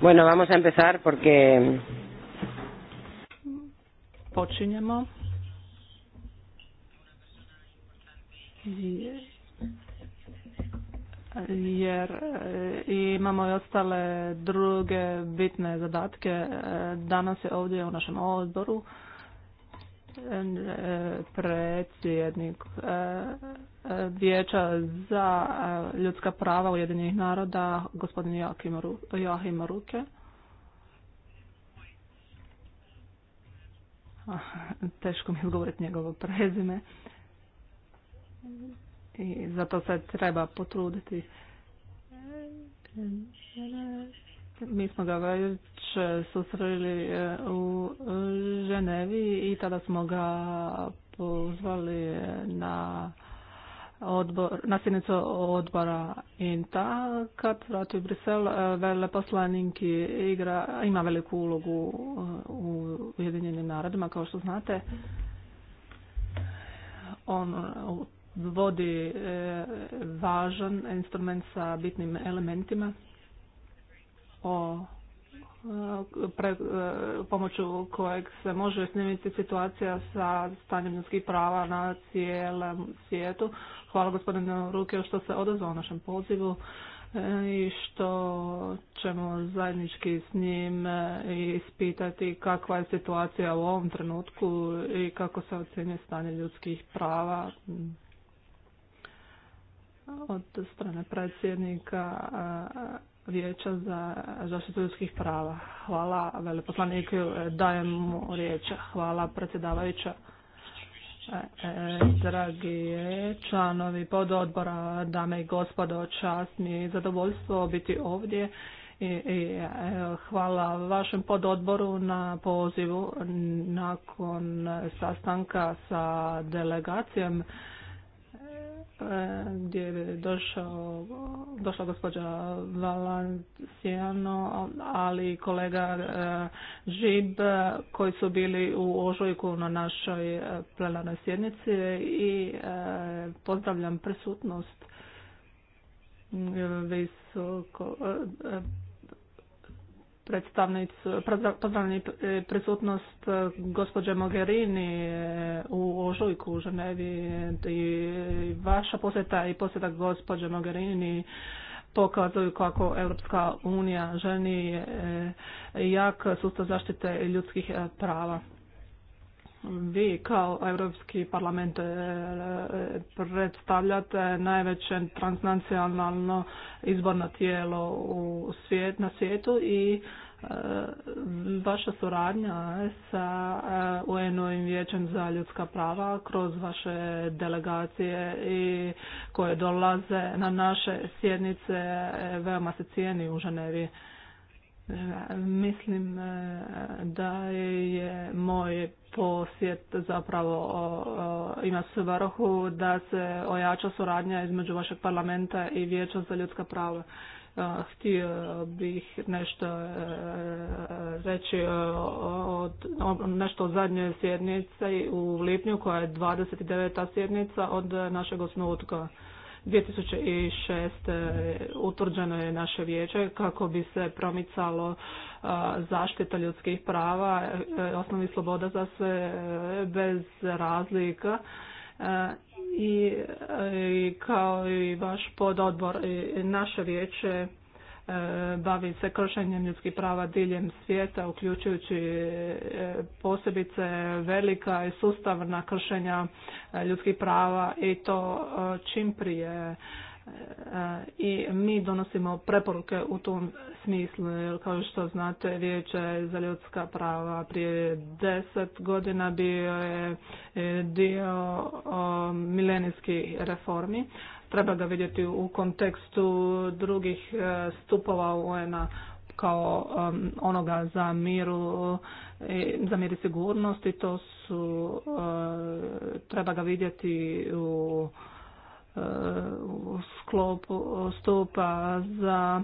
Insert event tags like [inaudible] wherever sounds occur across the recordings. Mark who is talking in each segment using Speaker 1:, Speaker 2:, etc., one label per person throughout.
Speaker 1: Bueno, vamos a empezar porque... Počinjemo.
Speaker 2: Jer eh, imamo i ostale druge bitne zadatke. Eh, danas je ovdje u našem odboru predsjednik e, e, Vijeća za e, ljudska prava Ujedinjenih naroda, gospodin Joachim Ruke. [laughs] Teško mi je govoriti njegovo prezime. I zato se treba potruditi mi smo ga već e, susreli e, u e, Ženevi i tada smo ga pozvali na odbor, na sjednicu odbora INTA. Kad vrati u Brisel, poslaninki igra, ima veliku ulogu u Ujedinjenim narodima, kao što znate. On vodi važan instrument sa bitnim elementima o e, e, pomoću kojeg se može snimiti situacija sa stanjem ljudskih prava na cijelom svijetu. Hvala gospodinu Rukio što se odazvao našem pozivu e, i što ćemo zajednički s njim ispitati kakva je situacija u ovom trenutku i kako se ocjenjuje stanje ljudskih prava od strane predsjednika vijeća za zaštitu ljudskih prava. Hvala veleposlaniku, e, dajem mu riječ. Hvala predsjedavajuća. E, e, dragi članovi pododbora, dame i gospodo, čast mi je zadovoljstvo biti ovdje. I, i e, hvala vašem pododboru na pozivu nakon sastanka sa delegacijom gdje je došao, došla gospođa Valanciano, ali kolega e, Žib koji su bili u ožujku na našoj e, plenarnoj sjednici i e, pozdravljam prisutnost visoko, pozdravljam e, prisutnost e, gospođe Mogherini e, u Ožujku u Ženevi i vaša posjeta i posjeta gospođe Mogherini pokazuju kako Europska unija ženi jak sustav zaštite ljudskih prava vi kao Europski parlament e, predstavljate najveće transnacionalno izborno tijelo u na svijetu i e, vaša suradnja sa e, UN-ovim vijećem za ljudska prava kroz vaše delegacije i koje dolaze na naše sjednice veoma se cijeni u Ženevi. Mislim e, da je moj posjet zapravo i na svrhu da se ojača suradnja između vašeg parlamenta i Vijeća za ljudska prava. E, htio bih nešto e, reći od nešto o zadnjoj sjednici u lipnju koja je 29. sjednica od našeg osnutka. 2006. E, utvrđeno je naše vijeće kako bi se promicalo e, zaštita ljudskih prava, e, osnovnih sloboda za sve bez razlika i kao i vaš pododbor naše vijeće bavi se kršenjem ljudskih prava diljem svijeta, uključujući e, posebice velika i sustavna kršenja e, ljudskih prava i to e, čim prije i mi donosimo preporuke u tom smislu, jer kao što znate Vijeće za ljudska prava prije deset godina bio je dio milenijskih reformi, Treba ga vidjeti u kontekstu drugih e, stupova un kao onoga za miru, e, za mir i sigurnost i to su, e, treba ga vidjeti u u sklopu stupa za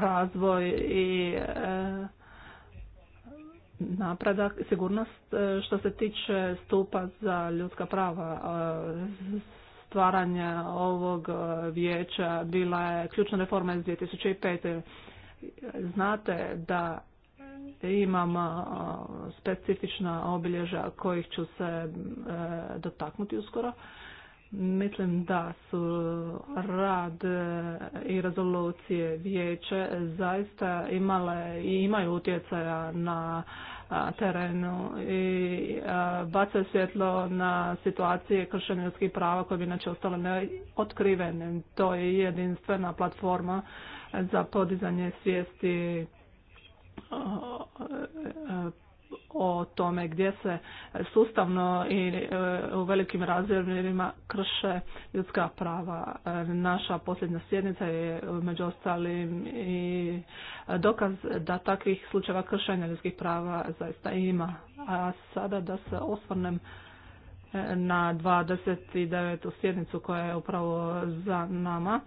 Speaker 2: razvoj i napredak, sigurnost što se tiče stupa za ljudska prava stvaranja ovog e, vijeća bila je ključna reforma iz 2005. Znate da imam e, specifična obilježa kojih ću se e, dotaknuti uskoro. Mislim da su rad i rezolucije vijeće zaista imale i imaju utjecaja na terenu i e, baca svjetlo na situacije kršenja ljudskih prava koje bi inače ostale neotkrivene. To je jedinstvena platforma za podizanje svijesti tome gdje se sustavno i e, u velikim razmjerima krše ljudska prava. E, naša posljednja sjednica je među ostalim i dokaz da takvih slučajeva kršenja ljudskih prava zaista ima. A sada da se osvrnem e, na 29. sjednicu koja je upravo za nama.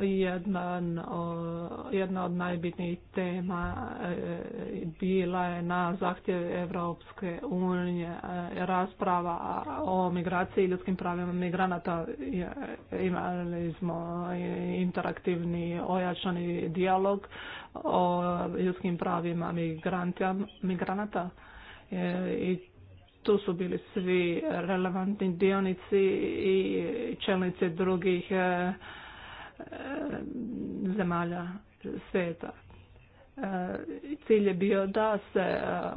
Speaker 2: Jedan, jedna od najbitnijih tema e, bila je na zahtjev Europske unije e, rasprava o migraciji i ljudskim pravima migranata. Imali smo interaktivni ojačani dijalog o ljudskim pravima migranata e, i tu su bili svi relevantni dionici i čelnici drugih Eh, zemalja svijeta. Eh, cilj je bio da se eh,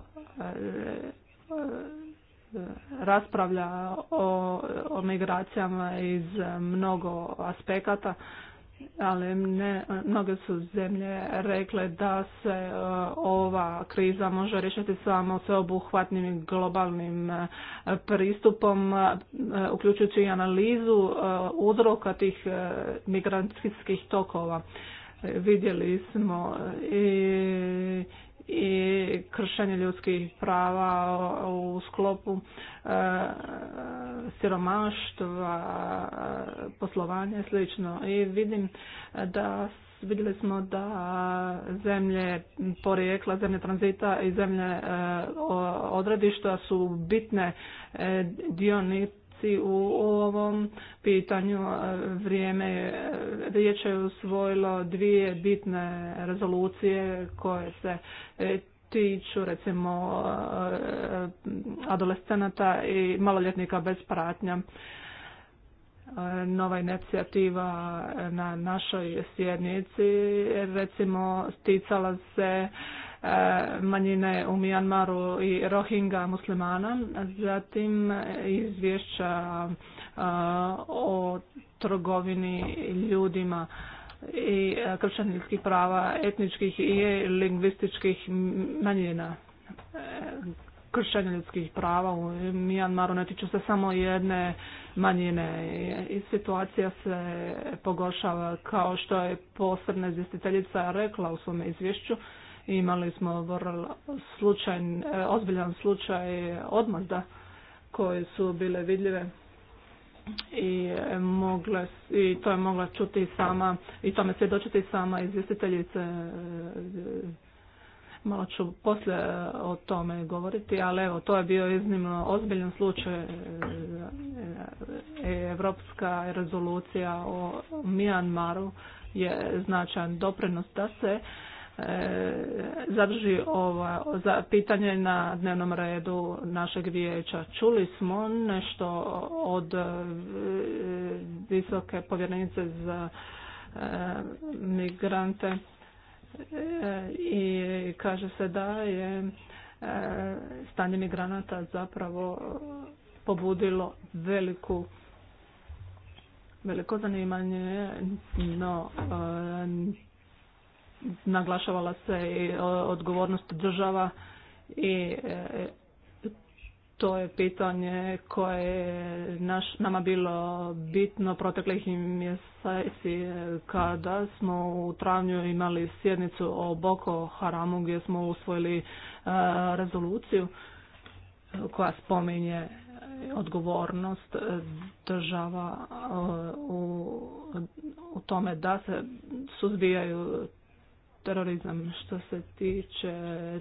Speaker 2: raspravlja o, o migracijama iz mnogo aspekata ali ne, mnoge su zemlje rekle da se e, ova kriza može riješiti samo sveobuhvatnim globalnim e, pristupom, e, uključujući i analizu uzroka tih migracijskih tokova. Vidjeli smo i i kršenje ljudskih prava u sklopu e, siromaštva, poslovanja i slično. I vidim da vidjeli smo da zemlje porijekla, zemlje tranzita i zemlje e, odredišta su bitne e, dioni u ovom pitanju. Vrijeme Riječ je usvojilo dvije bitne rezolucije koje se e, tiču recimo e, adolescenata i maloljetnika bez pratnja. E, nova inicijativa na našoj sjednici recimo sticala se Eh, manjine u Mijanmaru i Rohinga muslimana, zatim eh, izvješća eh, o trgovini ljudima i kršćanskih prava etničkih i lingvističkih manjina. Kršćanja prava u Mijanmaru ne tiču se samo jedne manjine i situacija se pogoršava kao što je posebna izvjestiteljica rekla u svome izvješću. Imali smo vrlo slučaj, e, ozbiljan slučaj odmazda koje su bile vidljive i, e, mogle, i to je mogla čuti sama i tome svjedočiti sama izvjestiteljice malo ću poslije e, o tome govoriti, ali evo, to je bio iznimno ozbiljan slučaj Evropska rezolucija o Mijanmaru je značajan doprinos da se E, zadrži ova za pitanje na dnevnom redu našeg vijeća. Čuli smo nešto od e, visoke povjerenice za e, migrante i kaže se da je stanje migranata zapravo pobudilo veliku veliko zanimanje, no naglašavala se i e, odgovornost država i e, to je pitanje koje je naš, nama bilo bitno proteklih mjeseci e, kada smo u travnju imali sjednicu o Boko Haramu gdje smo usvojili rezoluciju koja spominje odgovornost država u, u tome da se suzbijaju terorizam. Što se tiče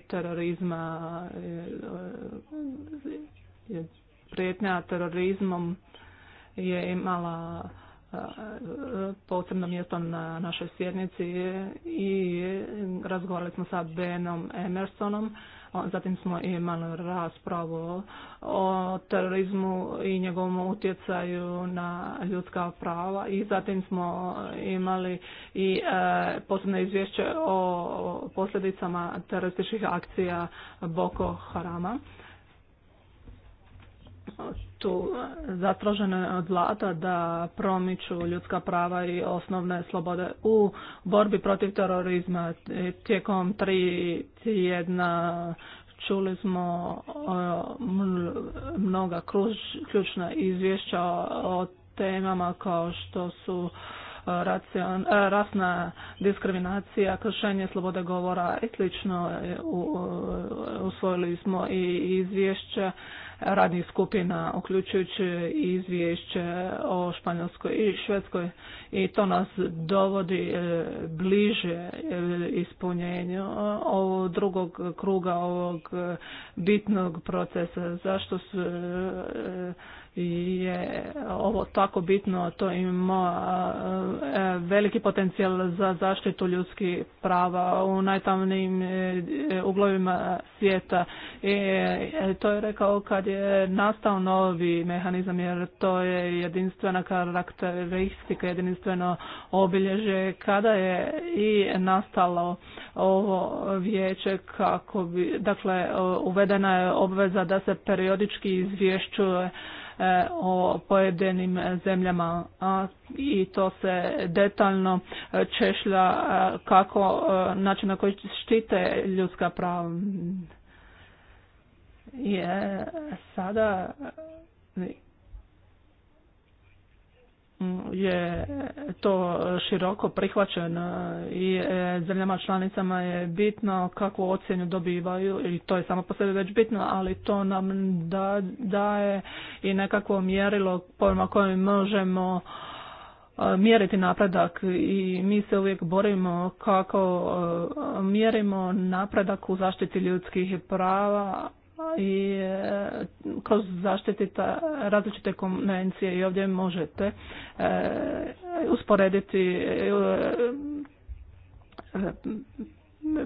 Speaker 2: terorizma, e, e, prijetnja terorizmom je imala e, posebno mjesto na našoj sjednici i razgovarali smo sa Benom Emersonom Zatim smo imali raspravu o terorizmu i njegovom utjecaju na ljudska prava i zatim smo imali i e, posebno izvješće o posljedicama terorističkih akcija Boko Harama tu zatraženo je od vlada da promiču ljudska prava i osnovne slobode u borbi protiv terorizma. Tijekom tri tjedna čuli smo mnoga ključna izvješća o temama kao što su e, racion, e, rasna diskriminacija, kršenje slobode govora i slično. E, usvojili smo i izvješće radnih skupina, uključujući izvješće o Španjolskoj i Švedskoj i to nas dovodi e, bliže e, ispunjenju e, ovog drugog kruga ovog bitnog procesa. Zašto su je ovo tako bitno, to ima e, veliki potencijal za zaštitu ljudskih prava u najtamnijim e, uglovima svijeta. I e, to je rekao kad je nastao novi mehanizam jer to je jedinstvena karakteristika, jedinstveno obilježje kada je i nastalo ovo vijeće kako bi, dakle uvedena je obveza da se periodički izvješćuje E, o pojedinim zemljama i to se detaljno e, češlja e, kako način na koji štite ljudska prava je sada je to široko prihvaćeno i e, zemljama članicama je bitno kakvu ocjenju dobivaju i to je samo po sebi već bitno, ali to nam da, daje i nekakvo mjerilo pojma kojim možemo e, mjeriti napredak i mi se uvijek borimo kako e, mjerimo napredak u zaštiti ljudskih prava i e, kroz ta različite konvencije i ovdje možete e, usporediti e,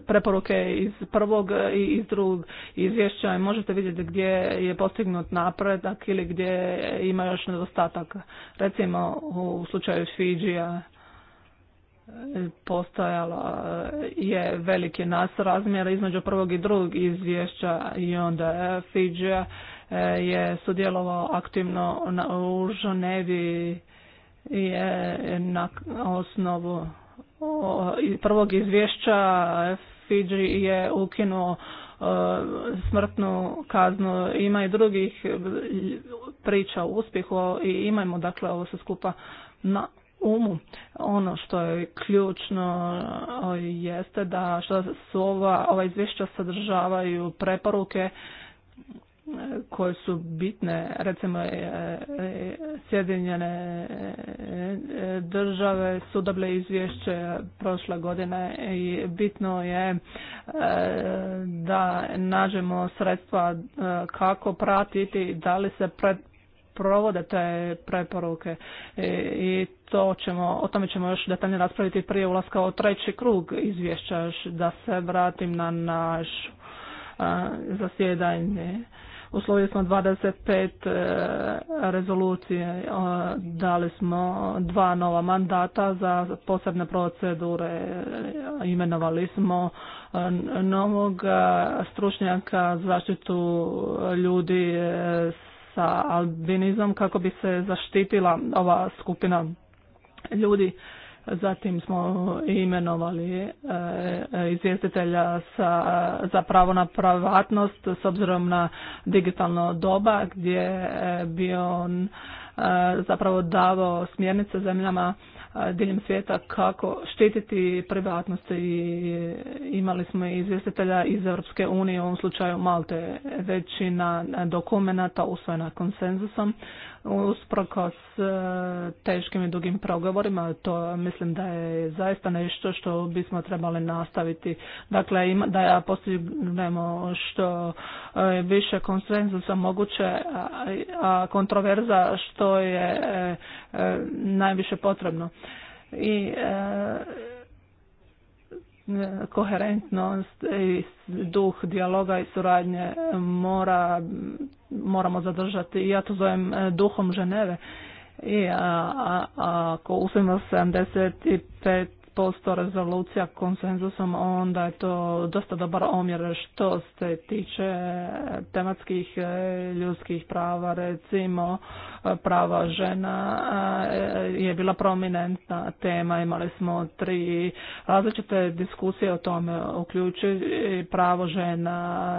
Speaker 2: preporuke iz prvog i iz drugog izvješća i možete vidjeti gdje je postignut napredak ili gdje ima još nedostatak, Recimo u slučaju Fidžija postojala e, je veliki nas razmjera između prvog i drugog izvješća i onda e, Fidžija e, je sudjelovao aktivno u Ženevi je na osnovu prvog izvješća Fidži je ukinuo smrtnu kaznu. Ima i drugih priča o uspjehu i imajmo dakle ovo se skupa na umu. Ono što je ključno jeste da što su ova, ova izvješća sadržavaju preporuke e, koje su bitne, recimo e, e, Sjedinjene države su dobile izvješće prošle godine i bitno je da nađemo sredstva kako pratiti da li se provode te preporuke e, i to ćemo, o tome ćemo još detaljnije raspraviti prije ulaska u treći krug izvješća da se vratim na naš e, zasjedanje. Uslovili smo 25 e, rezolucije, dali smo dva nova mandata za posebne procedure, imenovali smo novog stručnjaka zaštitu ljudi sa albinizom kako bi se zaštitila ova skupina ljudi. Zatim smo imenovali e, izvjestitelja sa, za pravo na privatnost s obzirom na digitalno doba gdje bi on e, zapravo davao smjernice zemljama diljem svijeta kako štititi privatnosti. i imali smo izvjestitelja iz Europske unije, u ovom slučaju Malte, većina dokumenata usvojena konsenzusom, usprkos e, teškim i dugim progovorima, to mislim da je zaista nešto što bismo trebali nastaviti. Dakle, ima da postignemo što e, više konsenzusa moguće, a kontroverza što je e, najviše potrebno. I koherentnost i duh dijaloga i suradnje mora, moramo zadržati. Ja to zovem e, duhom Ženeve. I a, a, ako usvojimo posto rezolucija konsenzusom, onda je to dosta dobar omjer što se tiče eh, tematskih eh, ljudskih prava, recimo eh, prava žena je bila prominentna tema, imali smo tri različite diskusije o tome, uključujući pravo žena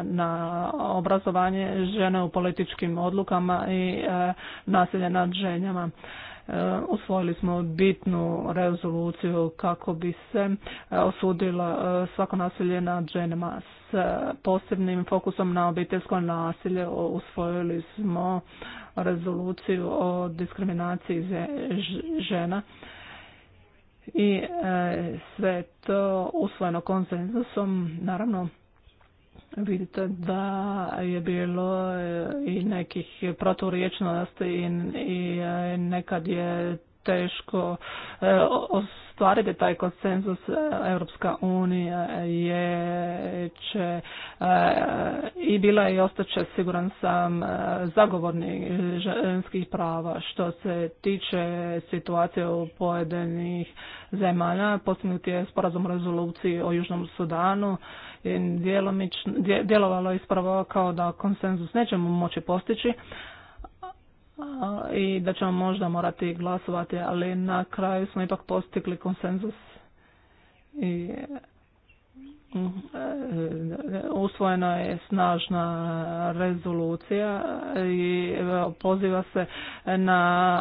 Speaker 2: na obrazovanje žene u političkim odlukama i nasilje nad ženjama. E, usvojili smo bitnu rezoluciju kako bi se e, osudila e, svako nasilje nad ženama s posebnim fokusom na obiteljsko nasilje. Usvojili smo rezoluciju o diskriminaciji žena i sve to usvojeno konsenzusom. Naravno, vidite da je bilo e, i nekih proturiječnosti i e, nekad je teško e, ostvariti taj konsenzus. Europska unija je će i bila i ostaće siguran sam zagovornik ženskih prava što se tiče situacije u pojedinih zemalja. Postignut je sporazum rezoluciji o Južnom Sudanu djelovalo ispravo kao da konsenzus nećemo moći postići i da ćemo možda morati glasovati, ali na kraju smo ipak postigli konsenzus i mm, e, usvojena je snažna rezolucija i poziva se na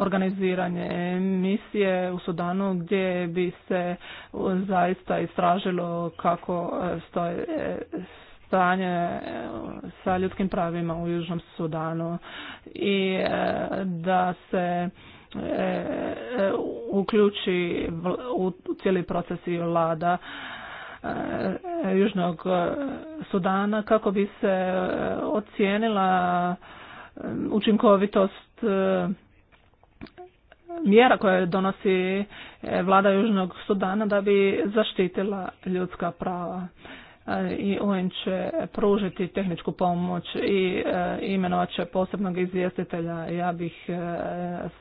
Speaker 2: organiziranje misije u Sudanu gdje bi se zaista istražilo kako e, stoje e, stanje e, sa ljudskim pravima u Južnom Sudanu i da se uključi u cijeli proces i vlada Južnog Sudana kako bi se ocijenila učinkovitost mjera koje donosi e, vlada Južnog Sudana da bi zaštitila ljudska prava e, i UN će pružiti tehničku pomoć i e, imenovat će posebnog izvjestitelja. Ja bih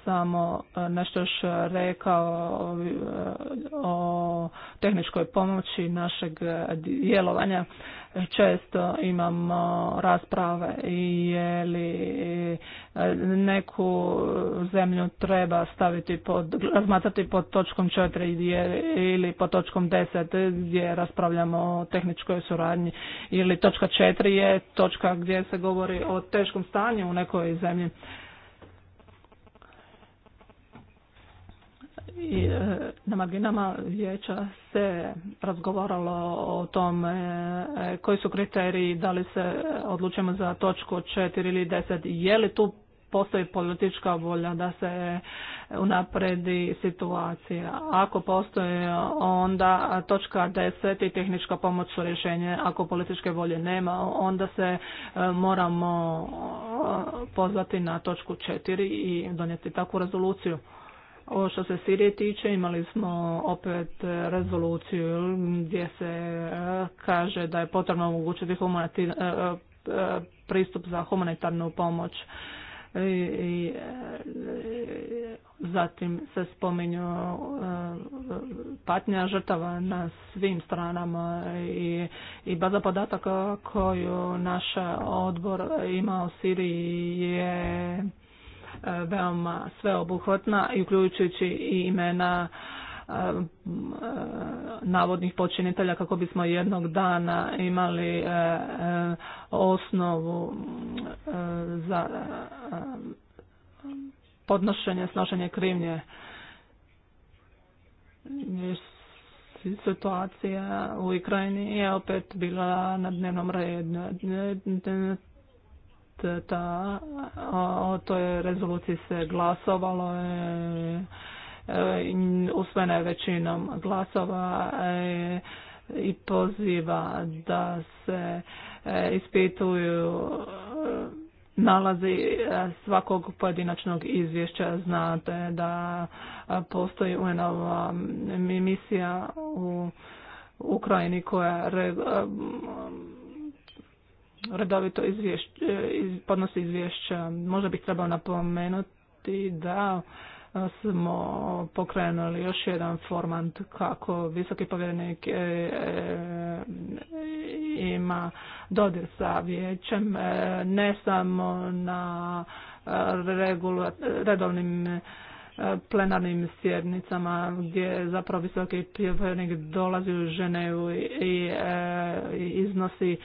Speaker 2: samo nešto još rekao o tehničkoj pomoći našeg djelovanja često imamo rasprave i je li e, neku zemlju treba staviti pod, razmatrati pod točkom 4 ili pod točkom 10 gdje raspravljamo o tehničkoj suradnji ili točka 4 je točka gdje se govori o teškom stanju u nekoj zemlji. i e, na marginama vijeća se razgovaralo o tom e, koji su kriteriji, da li se odlučujemo za točku 4 ili 10, je li tu postoji politička volja da se unapredi situacija. Ako postoji onda točka 10 i tehnička pomoć su rješenje. Ako političke volje nema onda se e, moramo pozvati na točku 4 i donijeti takvu rezoluciju. Ovo što se Sirije tiče, imali smo opet rezoluciju gdje se e, kaže da je potrebno omogućiti e, e, pristup za humanitarnu pomoć. I, zatim se spominju patnja žrtava na svim stranama i, i baza podataka koju naš odbor ima u Siriji je E, veoma sveobuhvatna i uključujući i imena e, e, navodnih počinitelja kako bismo jednog dana imali osnovu za podnošenje, snošenje krivnje. Situacija u Ukrajini je opet bila na dnevnom redu ta, o toj rezoluciji se glasovalo je e, usvojena je većinom glasova e, i poziva da se e, ispituju nalazi svakog pojedinačnog izvješća. Znate da postoji un misija u Ukrajini koja redovito izvješće podnosi izvješća. Možda bih trebao napomenuti da e, smo pokrenuli još jedan format kako visoki povjerenik e, e, ima dodir sa vijećem, ne samo na redovnim plenarnim sjednicama gdje zapravo visoki pjevojnik dolazi u žene e, i iznosi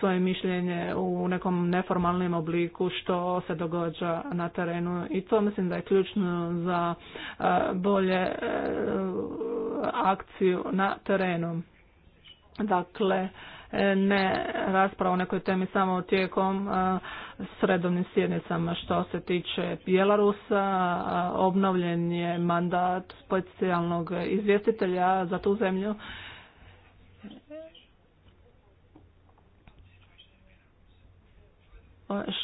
Speaker 2: svoje mišljenje u nekom neformalnim obliku što se događa na terenu i to mislim da je ključno za e, bolje e, akciju na terenu. Dakle, E, ne raspravu o nekoj temi samo tijekom e, sredovnim sjednicama. Što se tiče Bjelarusa, e, obnovljen je mandat specijalnog izvjestitelja za tu zemlju.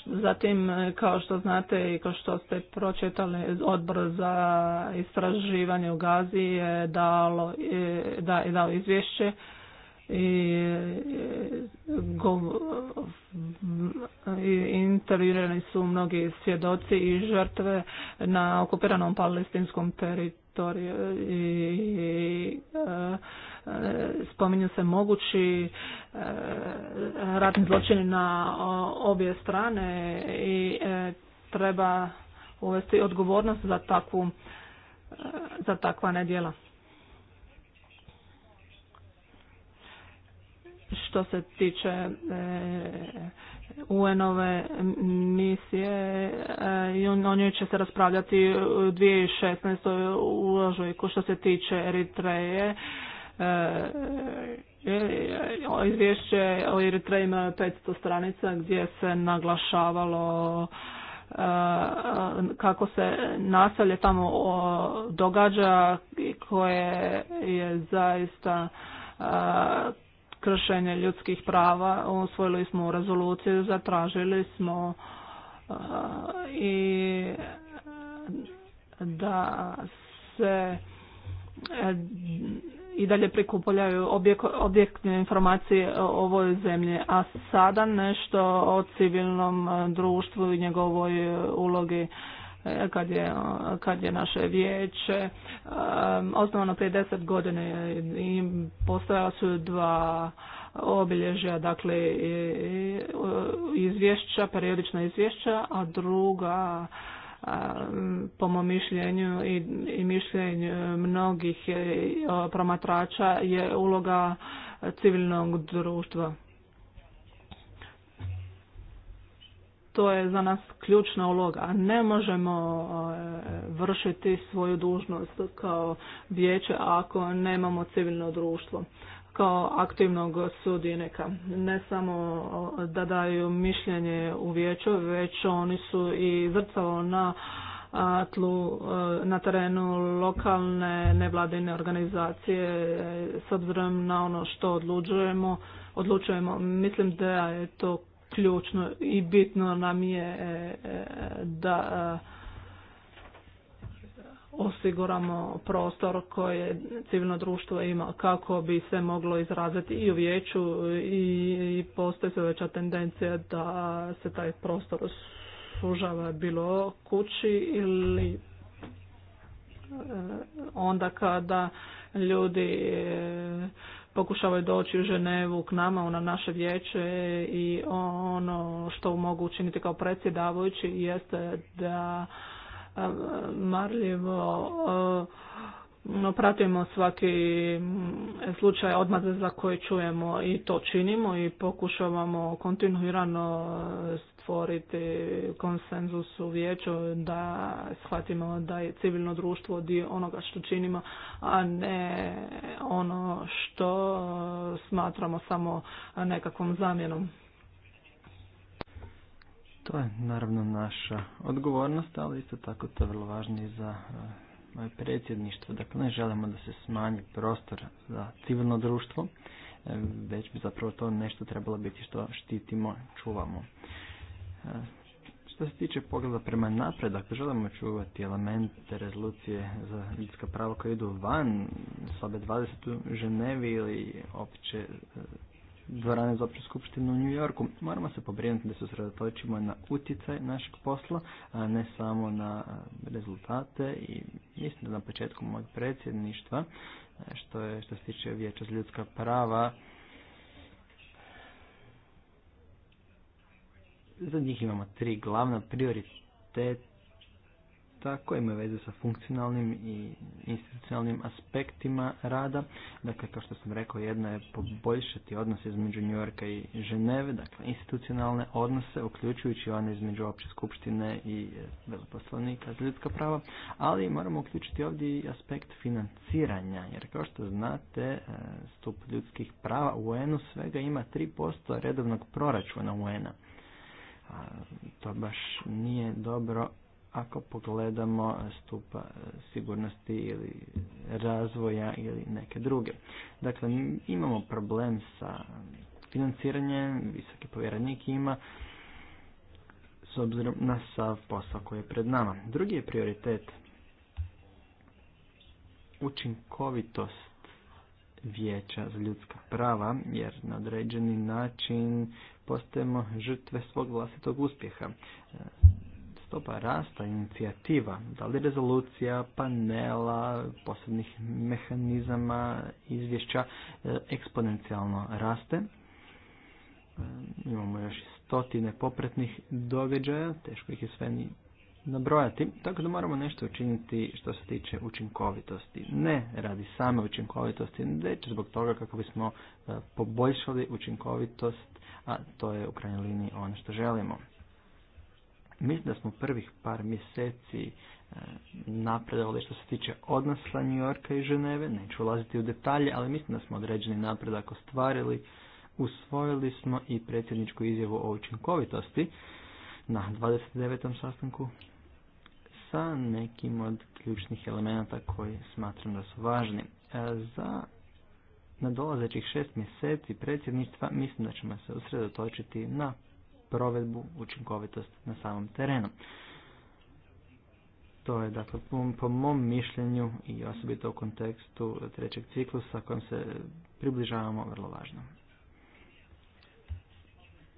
Speaker 2: Zatim, kao što znate i kao što ste pročitali, odbor za istraživanje u Gazi je dalo, da, je dao izvješće i intervjuirani su mnogi svjedoci i žrtve na okupiranom palestinskom teritoriju i e, spominju se mogući e, ratni zločini na obje strane i e, treba uvesti odgovornost za takvu za takva nedjela. Što se tiče e, UN-ove misije, e, o njoj će se raspravljati u 2016. u što se tiče Eritreje. E, izvješće o Eritreji ima 500 stranica gdje se naglašavalo kako se naselje tamo događa koje je zaista kršenje ljudskih prava. Usvojili smo rezoluciju, zatražili smo eh, i da se eh, i dalje prikupljaju objektne informacije o ovoj zemlji, a sada nešto o civilnom eh, društvu i njegovoj ulogi E, kad je, kad je naše vijeće e, osnovano prije deset godina e, i postojala su dva obilježja, dakle izvješća, periodična izvješća, a druga po mom mišljenju i, i mišljenju mnogih promatrača je uloga civilnog društva to je za nas ključna uloga. Ne možemo e, vršiti svoju dužnost kao vijeće ako nemamo civilno društvo kao aktivnog sudionika. Ne samo da daju mišljenje u vijeću, već oni su i zrcalo na tlu, e, na terenu lokalne nevladine organizacije e, s obzirom na ono što odlučujemo. odlučujemo. Mislim da je to ključno i bitno nam je e, e, da e, osiguramo prostor koje civilno društvo ima kako bi se moglo izraziti i u vijeću i postoji se veća tendencija da se taj prostor sužava bilo kući ili onda kada ljudi pokušavaju doći u Ženevu k nama, na naše vijeće i ono što mogu učiniti kao predsjedavajući jeste da marljivo pratimo svaki slučaj odmah za koji čujemo i to činimo i pokušavamo kontinuirano stvoriti konsenzus u vijeću da shvatimo da je civilno društvo dio onoga što činimo, a ne ono što smatramo samo nekakvom zamjenom.
Speaker 3: To je naravno naša odgovornost, ali isto tako to je vrlo važno i za e, moje predsjedništvo. Dakle, ne želimo da se smanji prostor za civilno društvo, e, već bi zapravo to nešto trebalo biti što štitimo, čuvamo. Što se tiče pogleda prema napred, ako želimo čuvati elemente rezolucije za ljudska prava koje idu van sobe 20 u Ženevi ili opće e, dvorane za opću skupštinu u New Yorku, moramo se pobrinuti da se usredotočimo na utjecaj našeg posla, a ne samo na e, rezultate i mislim da na početku mojeg predsjedništva, e, što, je, što se tiče vijeća za ljudska prava, Za njih imamo tri glavna prioriteta koje imaju veze sa funkcionalnim i institucionalnim aspektima rada. Dakle, kao što sam rekao, jedno je poboljšati odnose između Yorka i Ženeve, dakle institucionalne odnose, uključujući one između opće skupštine i e, veleposlanika za ljudska prava, ali moramo uključiti ovdje i aspekt financiranja, jer kao što znate, e, stup ljudskih prava u UN-u svega ima 3% redovnog proračuna UN-a. To baš nije dobro ako pogledamo stupa e, sigurnosti ili razvoja ili neke druge. Dakle, imamo problem sa financiranjem, visoki povjerenik ima s obzirom na sav posao koji je pred nama. Drugi je prioritet učinkovitost vijeća za ljudska prava, jer na određeni način postajemo žrtve svog vlastitog uspjeha. E, stopa rasta inicijativa, da li rezolucija, panela, posebnih mehanizama, izvješća, e, eksponencijalno raste. E, imamo još stotine popretnih događaja, teško ih je sve ni nabrojati, tako da moramo nešto učiniti što se tiče učinkovitosti. Ne radi same učinkovitosti, već zbog toga kako bismo e, poboljšali učinkovitost, a to je u krajnjoj liniji ono što želimo. Mislim da smo prvih par mjeseci e, napredovali što se tiče odnosa New Yorka i Ženeve, neću ulaziti u detalje, ali mislim da smo određeni napredak ostvarili, usvojili smo i predsjedničku izjavu o učinkovitosti na 29. sastanku sa nekim od ključnih elemenata koji smatram da su važni. E, za nadolazećih šest mjeseci predsjedništva mislim da ćemo se usredotočiti na provedbu učinkovitost na samom terenu. To je dakle po mom mišljenju i osobito u kontekstu trećeg ciklusa kojem se približavamo vrlo važno.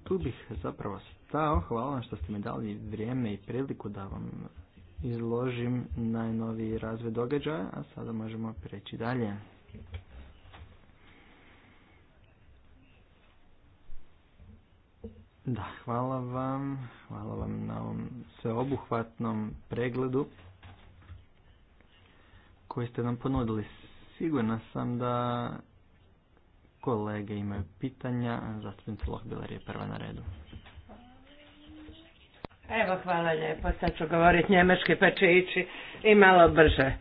Speaker 3: Tu bih zapravo stao. Hvala vam što ste mi dali vrijeme i priliku da vam izložim najnoviji razvoj događaja, a sada možemo preći dalje. Da, hvala vam. Hvala vam na ovom sveobuhvatnom pregledu koji ste nam ponudili. Sigurna sam da kolege imaju pitanja, a zastupnica Lohbiler je prva na redu.
Speaker 4: Evo, hvala lijepo. Sad ću govoriti njemački pa će ići i malo brže.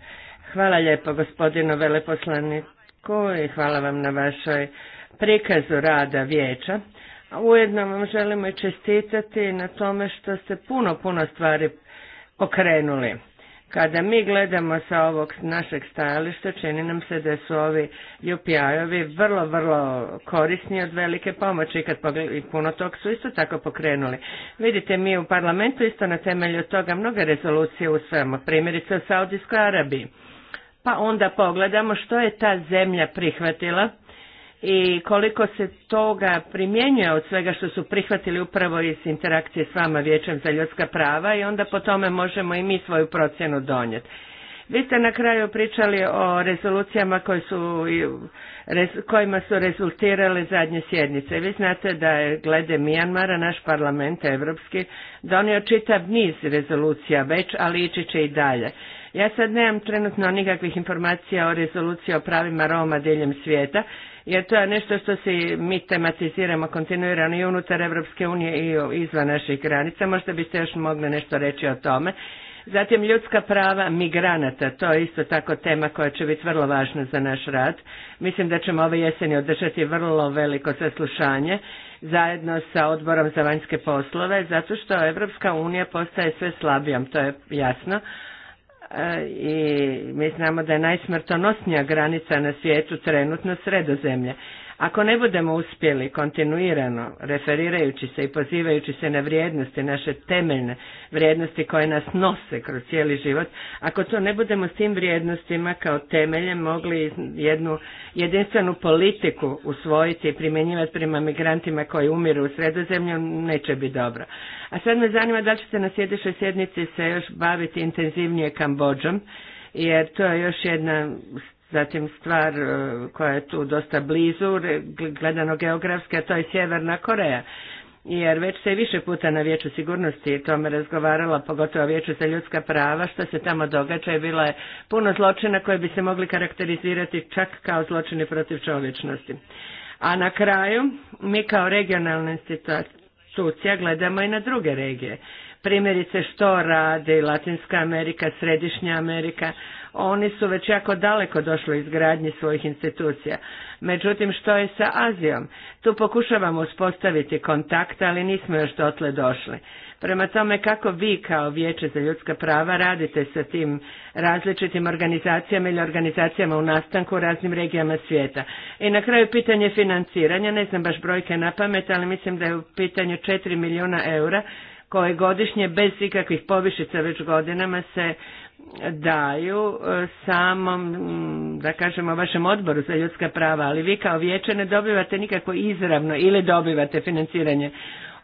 Speaker 4: Hvala lijepo gospodinu veleposlaniku i hvala vam na vašoj prikazu rada vijeća. Ujedno vam želimo i čestitati na tome što ste puno, puno stvari pokrenuli. Kada mi gledamo sa ovog našeg stajališta, čini nam se da su ovi UPI-ovi vrlo, vrlo korisni od velike pomoći kad i puno tog su isto tako pokrenuli. Vidite, mi u parlamentu isto na temelju toga mnoge rezolucije usvajamo, primjerice u Saudijskoj Arabiji. Pa onda pogledamo što je ta zemlja prihvatila i koliko se toga primjenjuje od svega što su prihvatili upravo iz interakcije s vama Vijećem za ljudska prava i onda po tome možemo i mi svoju procjenu donijeti. Vi ste na kraju pričali o rezolucijama koje su, kojima su rezultirale zadnje sjednice. Vi znate da je glede Mijanmara naš parlament evropski donio čitav niz rezolucija već, ali ići će i dalje. Ja sad nemam trenutno nikakvih informacija o rezoluciji o pravima Roma diljem svijeta, jer to je nešto što si mi tematiziramo kontinuirano i unutar Evropske unije i izvan naših granica. Možda biste još mogli nešto reći o tome. Zatim ljudska prava migranata, to je isto tako tema koja će biti vrlo važna za naš rad. Mislim da ćemo ove jeseni održati vrlo veliko saslušanje zajedno sa odborom za vanjske poslove, zato što Evropska unija postaje sve slabijom, to je jasno E, i mi znamo da je najsmrtonosnija granica na svijetu trenutno sredozemlje. Ako ne budemo uspjeli kontinuirano, referirajući se i pozivajući se na vrijednosti, naše temeljne vrijednosti koje nas nose kroz cijeli život, ako to ne budemo s tim vrijednostima kao temeljem mogli jednu jedinstvenu politiku usvojiti i primjenjivati prema migrantima koji umiru u sredozemlju, neće biti dobro. A sad me zanima da li ćete na sljedećoj sjednici se još baviti intenzivnije Kambođom, jer to je još jedna Zatim stvar e, koja je tu dosta blizu, gledano geografske, a to je Sjeverna Koreja. Jer već se više puta na Vijeću sigurnosti o tome razgovarala, pogotovo Vijeću za ljudska prava, što se tamo događa je bila je puno zločina koje bi se mogli karakterizirati čak kao zločine protiv čovječnosti. A na kraju mi kao regionalna institucija gledamo i na druge regije. Primjerice što radi Latinska Amerika, Središnja Amerika, oni su već jako daleko došli izgradnje svojih institucija. Međutim, što je sa Azijom? Tu pokušavamo uspostaviti kontakt, ali nismo još dotle došli. Prema tome, kako vi kao Vijeće za ljudska prava radite sa tim različitim organizacijama ili organizacijama u nastanku u raznim regijama svijeta? I na kraju pitanje financiranja, ne znam baš brojke na pamet, ali mislim da je u pitanju 4 milijuna eura koje godišnje bez ikakvih povišica već godinama se daju e, samom, mm, da kažemo, vašem odboru za ljudska prava, ali vi kao vijeće ne dobivate nikako izravno ili dobivate financiranje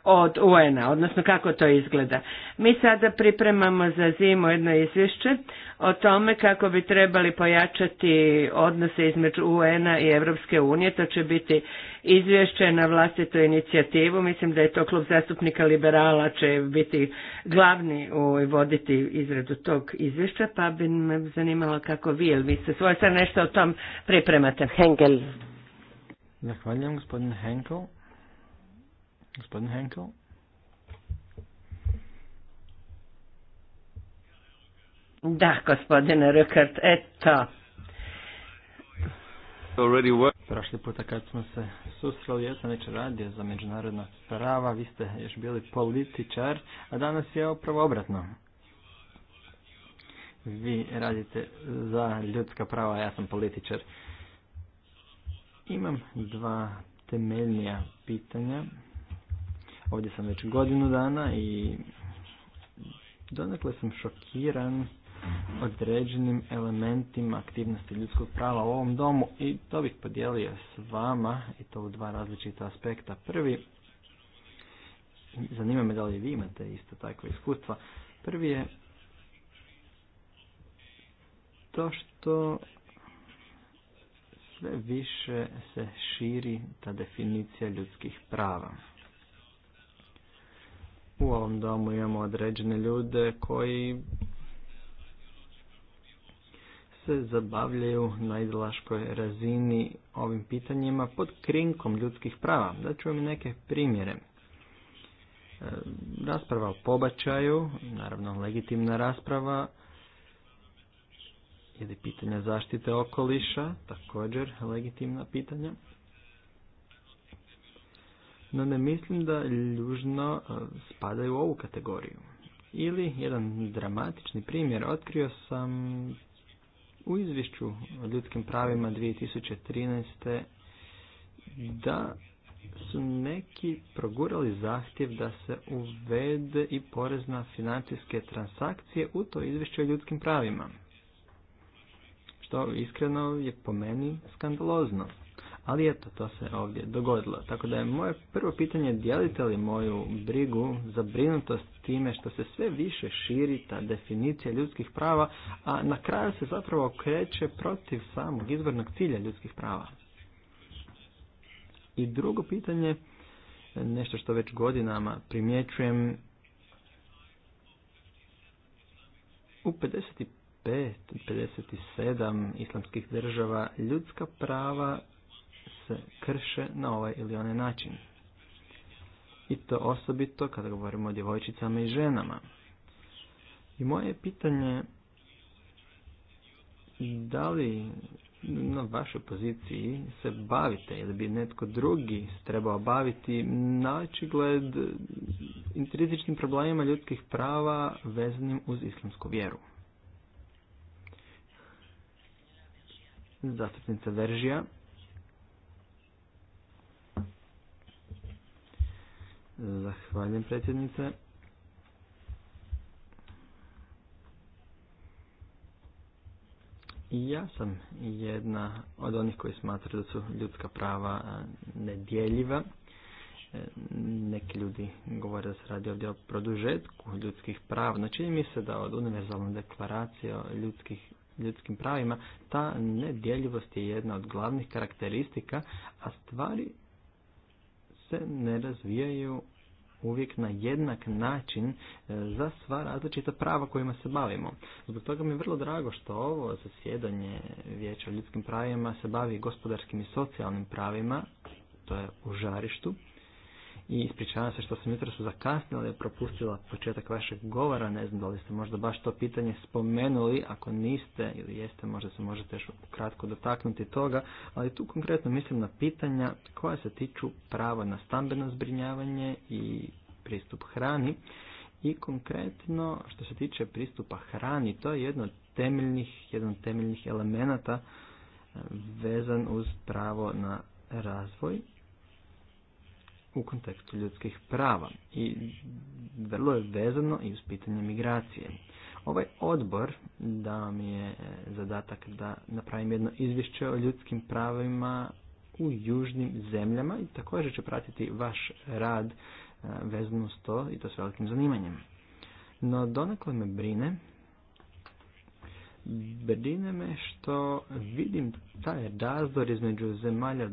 Speaker 4: od UN-a, odnosno kako to izgleda. Mi sada pripremamo za zimu jedno izvješće o tome kako bi trebali pojačati odnose između un i Europske unije. To će biti izvješće na vlastitu inicijativu. Mislim da je to klub zastupnika liberala će biti glavni u voditi izradu tog izvješća, pa bi me zanimalo kako vi, ili vi ste svoje sad nešto o tom pripremate.
Speaker 3: Henkel. Zahvaljujem gospodin Henkel. Gospodin Henkel.
Speaker 4: Da, gospodine Rukert, eto.
Speaker 3: Prošli puta kad smo se susreli, ja sam već radio za međunarodna prava, vi ste još bili političar, a danas je upravo obratno. Vi radite za ljudska prava, ja sam političar. Imam dva temeljnija pitanja. Ovdje sam već godinu dana i donekle sam šokiran određenim elementima aktivnosti ljudskog prava u ovom domu i to bih podijelio s vama i to u dva različita aspekta. Prvi, zanima me da li vi imate isto takve iskustva. Prvi je to što sve više se širi ta definicija ljudskih prava. U ovom domu imamo određene ljude koji se zabavljaju na izlaškoj razini ovim pitanjima pod krinkom ljudskih prava. Da ću vam neke primjere. E, rasprava o pobačaju, naravno legitimna rasprava, ili pitanja zaštite okoliša, također legitimna pitanja. No ne mislim da ljužno e, spadaju u ovu kategoriju. Ili jedan dramatični primjer, otkrio sam u izvješću o ljudskim pravima 2013. da su neki progurali zahtjev da se uvede i porez na financijske transakcije u to izvješće o ljudskim pravima. Što iskreno je po meni skandalozno. Ali eto, to se ovdje dogodilo. Tako da je moje prvo pitanje, dijelite li moju brigu, zabrinutost time što se sve više širi ta definicija ljudskih prava, a na kraju se zapravo kreće protiv samog izvornog cilja ljudskih prava. I drugo pitanje, nešto što već godinama primjećujem, u 55, 57 islamskih država ljudska prava se krše na ovaj ili onaj način. I to osobito kada govorimo o djevojčicama i ženama. I moje pitanje da li na vašoj poziciji se bavite ili bi netko drugi trebao baviti gled intrinzičnim problemima ljudskih prava vezanim uz islamsku vjeru. Zastupnica Veržija. Zahvaljujem predsjednice. Ja sam jedna od onih koji smatraju da su ljudska prava e, nedjeljiva. E, neki ljudi govore da se radi ovdje o produžetku ljudskih prava. No čini mi se da od univerzalne deklaracije o ljudskih, ljudskim pravima ta nedjeljivost je jedna od glavnih karakteristika, a stvari se ne razvijaju uvijek na jednak način e, za sva različita prava kojima se bavimo. Zbog toga mi je vrlo drago što ovo zasjedanje Vijeća o ljudskim pravima se bavi gospodarskim i socijalnim pravima, to je u žarištu, i ispričavam se što sam jutro su zakasnila i propustila početak vašeg govora, ne znam da li ste možda baš to pitanje spomenuli, ako niste ili jeste možda se možete još kratko dotaknuti toga, ali tu konkretno mislim na pitanja koja se tiču prava na stambeno zbrinjavanje i pristup hrani i konkretno što se tiče pristupa hrani, to je jedno od temeljnih, jedan od temeljnih elemenata eh, vezan uz pravo na razvoj u kontekstu ljudskih prava i vrlo je vezano i uz pitanje migracije. Ovaj odbor dao mi je e, zadatak da napravim jedno izvješće o ljudskim pravima u južnim zemljama i također će pratiti vaš rad e, vezano s to i to s velikim zanimanjem. No donekle me brine brine me što vidim taj razdor između zemalja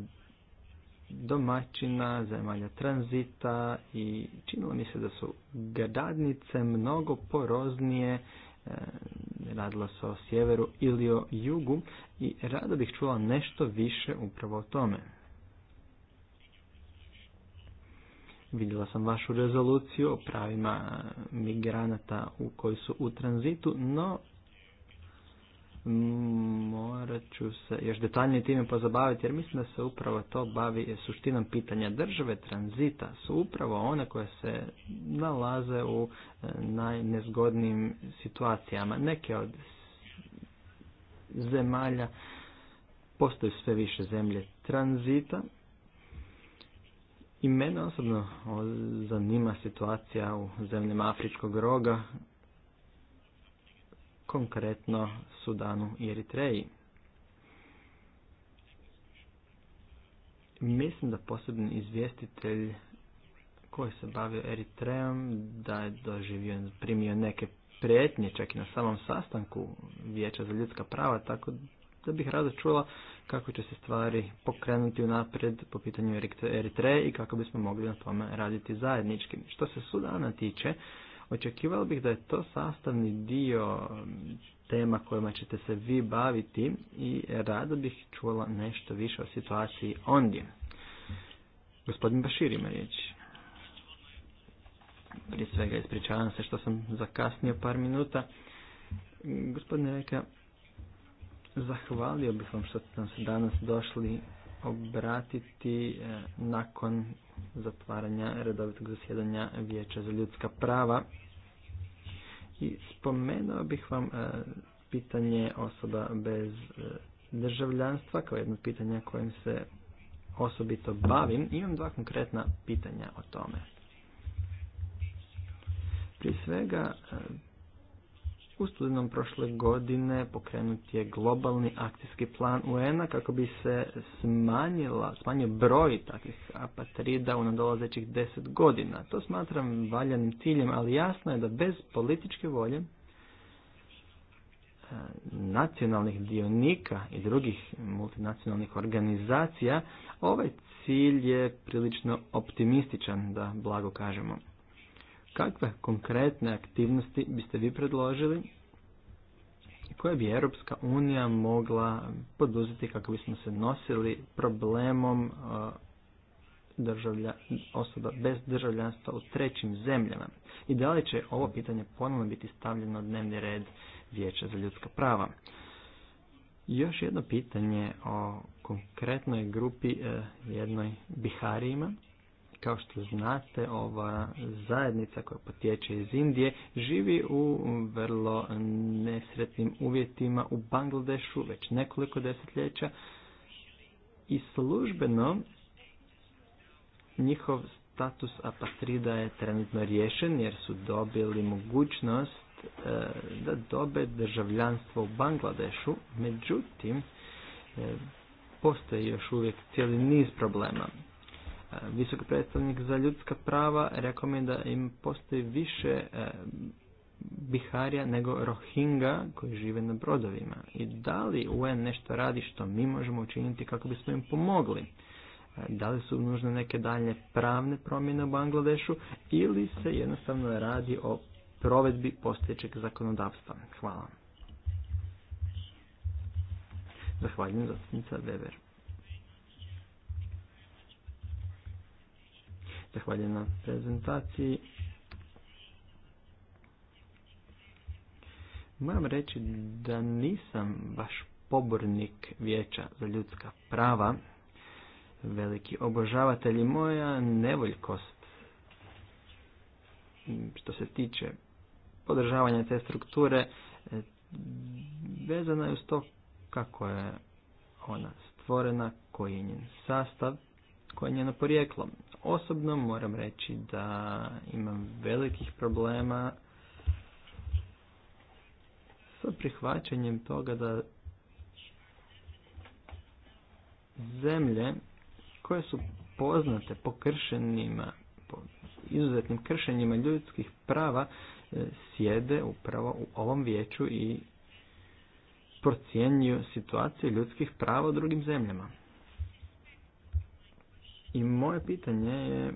Speaker 3: domaćina, zemalja tranzita i činilo mi se da su gradnice mnogo poroznije e, radilo se o sjeveru ili o jugu i rado bih čula nešto više upravo o tome. Vidjela sam vašu rezoluciju o pravima migranata u koji su u tranzitu, no Mm, morat ću se još detaljnije time pozabaviti jer mislim da se upravo to bavi suštinom pitanja države tranzita su upravo one koje se nalaze u e, najnezgodnijim situacijama. Neke od zemalja postaju sve više zemlje tranzita i mene osobno zanima situacija u zemljama Afričkog roga konkretno Sudanu i Eritreji. Mislim da posebni izvjestitelj koji se bavio Eritrejom da je doživio, primio neke prijetnje čak i na samom sastanku Vijeća za ljudska prava, tako da bih rado čula kako će se stvari pokrenuti unaprijed po pitanju Eritreje i kako bismo mogli na tome raditi zajednički. Što se Sudana tiče, Očekivalo bih da je to sastavni dio tema kojima ćete se vi baviti i rado bih čula nešto više o situaciji ondje. Gospodin Bašir ima riječ. Prije svega ispričavam se što sam zakasnio par minuta. Gospodine Reka, zahvalio bih vam što ste nam se danas došli obratiti e, nakon zatvaranja redovitog zasjedanja Vijeća za ljudska prava. I spomenuo bih vam e, pitanje osoba bez e, državljanstva kao jedno pitanje kojim se osobito bavim. Imam dva konkretna pitanja o tome. Prije svega u studenom prošle godine pokrenut je globalni akcijski plan UN-a kako bi se smanjila, smanjio broj takvih apatrida u nadolazećih deset godina. To smatram valjanim ciljem, ali jasno je da bez političke volje e, nacionalnih dionika i drugih multinacionalnih organizacija, ovaj cilj je prilično optimističan, da blago kažemo kakve konkretne aktivnosti biste vi predložili koje bi Europska unija mogla poduzeti kako bismo se nosili problemom uh, osoba bez državljanstva u trećim zemljama i da li će ovo pitanje ponovno biti stavljeno na dnevni red Vijeća za ljudska prava. Još jedno pitanje o konkretnoj grupi uh, jednoj Biharijima kao što znate, ova zajednica koja potječe iz Indije živi u vrlo nesretnim uvjetima u Bangladešu već nekoliko desetljeća i službeno njihov status apatrida je trenutno riješen jer su dobili mogućnost e, da dobe državljanstvo u Bangladešu, međutim e, postoji još uvijek cijeli niz problema visoki predstavnik za ljudska prava rekao mi da im postoji više e, Biharija nego Rohinga koji žive na brodovima. I da li UN nešto radi što mi možemo učiniti kako bismo im pomogli? E, da li su nužne neke dalje pravne promjene u Bangladešu ili se jednostavno radi o provedbi postojećeg zakonodavstva? Hvala. Zahvaljujem zastupnica Weber. Zahvaljujem na prezentaciji. Moram reći da nisam vaš pobornik vijeća za ljudska prava, veliki obožavatelj moja nevoljkost što se tiče podržavanja te strukture vezana je uz to kako je ona stvorena, koji je njen sastav, koje je njeno porijeklo. Osobno moram reći da imam velikih problema sa prihvaćanjem toga da zemlje koje su poznate po izuzetnim kršenjima ljudskih prava e, sjede upravo u ovom vijeću i procjenjuju situaciju ljudskih prava u drugim zemljama. I moje pitanje je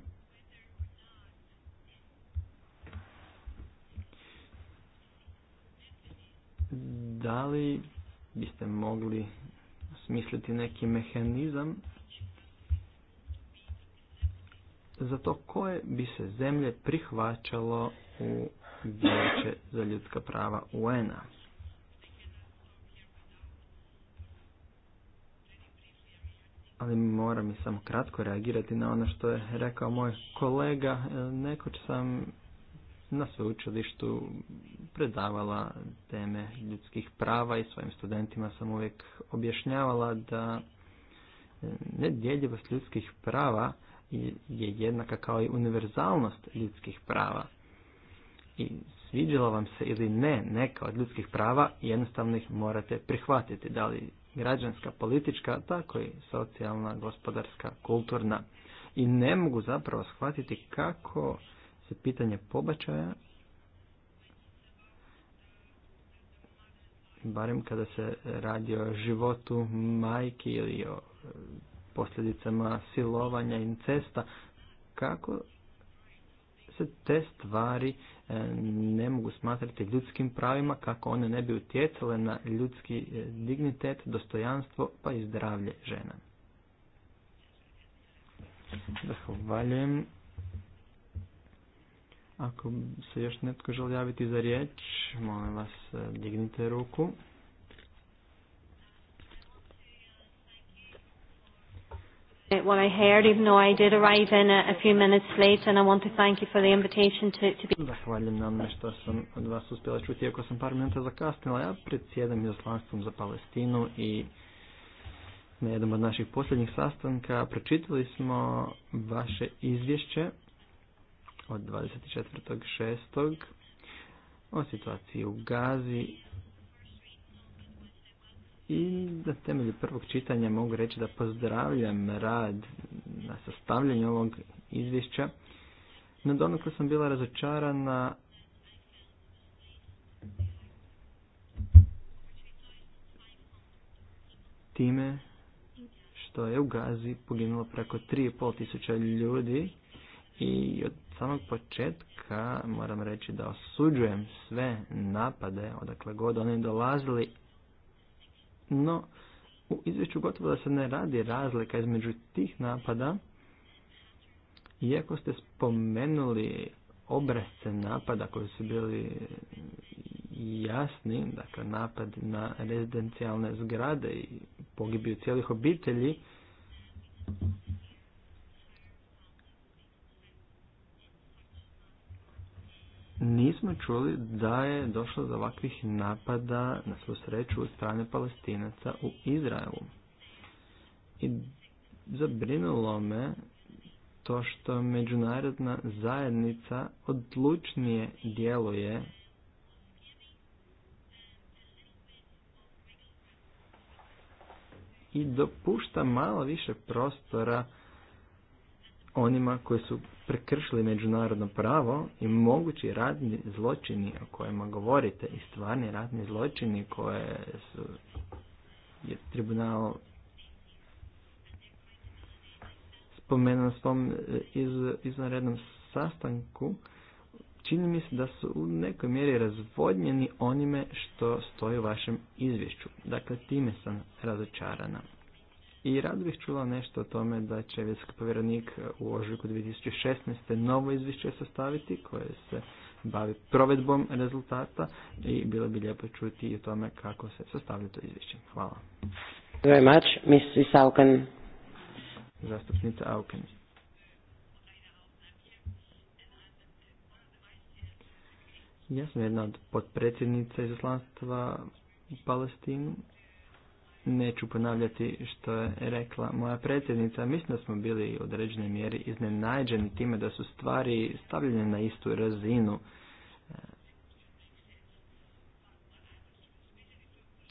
Speaker 3: da li biste mogli smisliti neki mehanizam za to koje bi se zemlje prihvaćalo u vijeće za ljudska prava UN-a. ali moram i samo kratko reagirati na ono što je rekao moj kolega. E, Nekoć sam na sveučilištu predavala teme ljudskih prava i svojim studentima sam uvijek objašnjavala da e, nedjeljivost ljudskih prava je jednaka kao i univerzalnost ljudskih prava. I sviđalo vam se ili ne neka od ljudskih prava, jednostavno ih morate prihvatiti. Da li građanska, politička, tako i socijalna, gospodarska, kulturna. I ne mogu zapravo shvatiti kako se pitanje pobačaja, barem kada se radi o životu majke ili o posljedicama silovanja, incesta, kako se te stvari e, ne mogu smatrati ljudskim pravima kako one ne bi utjecale na ljudski e, dignitet, dostojanstvo pa i zdravlje žena. Zahvaljujem. Ako se još netko želi javiti za riječ, molim vas e, dignite ruku.
Speaker 2: what I heard, even though I did arrive in a, few minutes late and I want to thank you
Speaker 3: for the invitation to, to be... Zahvaljujem na što sam od vas uspjela čuti, iako sam par minuta zakasnila. Ja predsjedam izoslanstvom za Palestinu i na jednom od naših posljednjih sastanka pročitali smo vaše izvješće od 24.6. o situaciji u Gazi i na temelju prvog čitanja mogu reći da pozdravljam rad na sastavljanju ovog izvješća. na donekle sam bila razočarana time što je u Gazi poginulo preko 3,5 tisuća ljudi i od samog početka moram reći da osuđujem sve napade odakle god oni dolazili, no, u izvješću gotovo da se ne radi razlika između tih napada, iako ste spomenuli obrazce napada koji su bili jasni, dakle napad na rezidencijalne zgrade i pogibiju cijelih obitelji, nismo čuli da je došlo do ovakvih napada na svu sreću od strane palestinaca u Izraelu. I zabrinulo me to što međunarodna zajednica odlučnije djeluje i dopušta malo više prostora onima koji su prekršili međunarodno pravo i mogući radni zločini o kojima govorite i stvarni radni zločini koje su, je tribunal spomenuo na svom e, iz, izvanrednom sastanku, čini mi se da su u nekoj mjeri razvodnjeni onime što stoji u vašem izvješću. Dakle, time sam razočarana. I rad bih čula nešto o tome da će vjetski povjerenik u ožujku 2016. novo izvješće sastaviti koje se bavi provedbom rezultata i bilo bi lijepo čuti i o tome kako se sastavlja to izvješće. Hvala.
Speaker 1: Very Auken.
Speaker 3: Zastupnica Auken. Ja sam jedna od potpredsjednica iz u Palestinu Neću ponavljati što je rekla moja predsjednica. Mislim da smo bili u određenoj mjeri iznenađeni time da su stvari stavljene na istu razinu.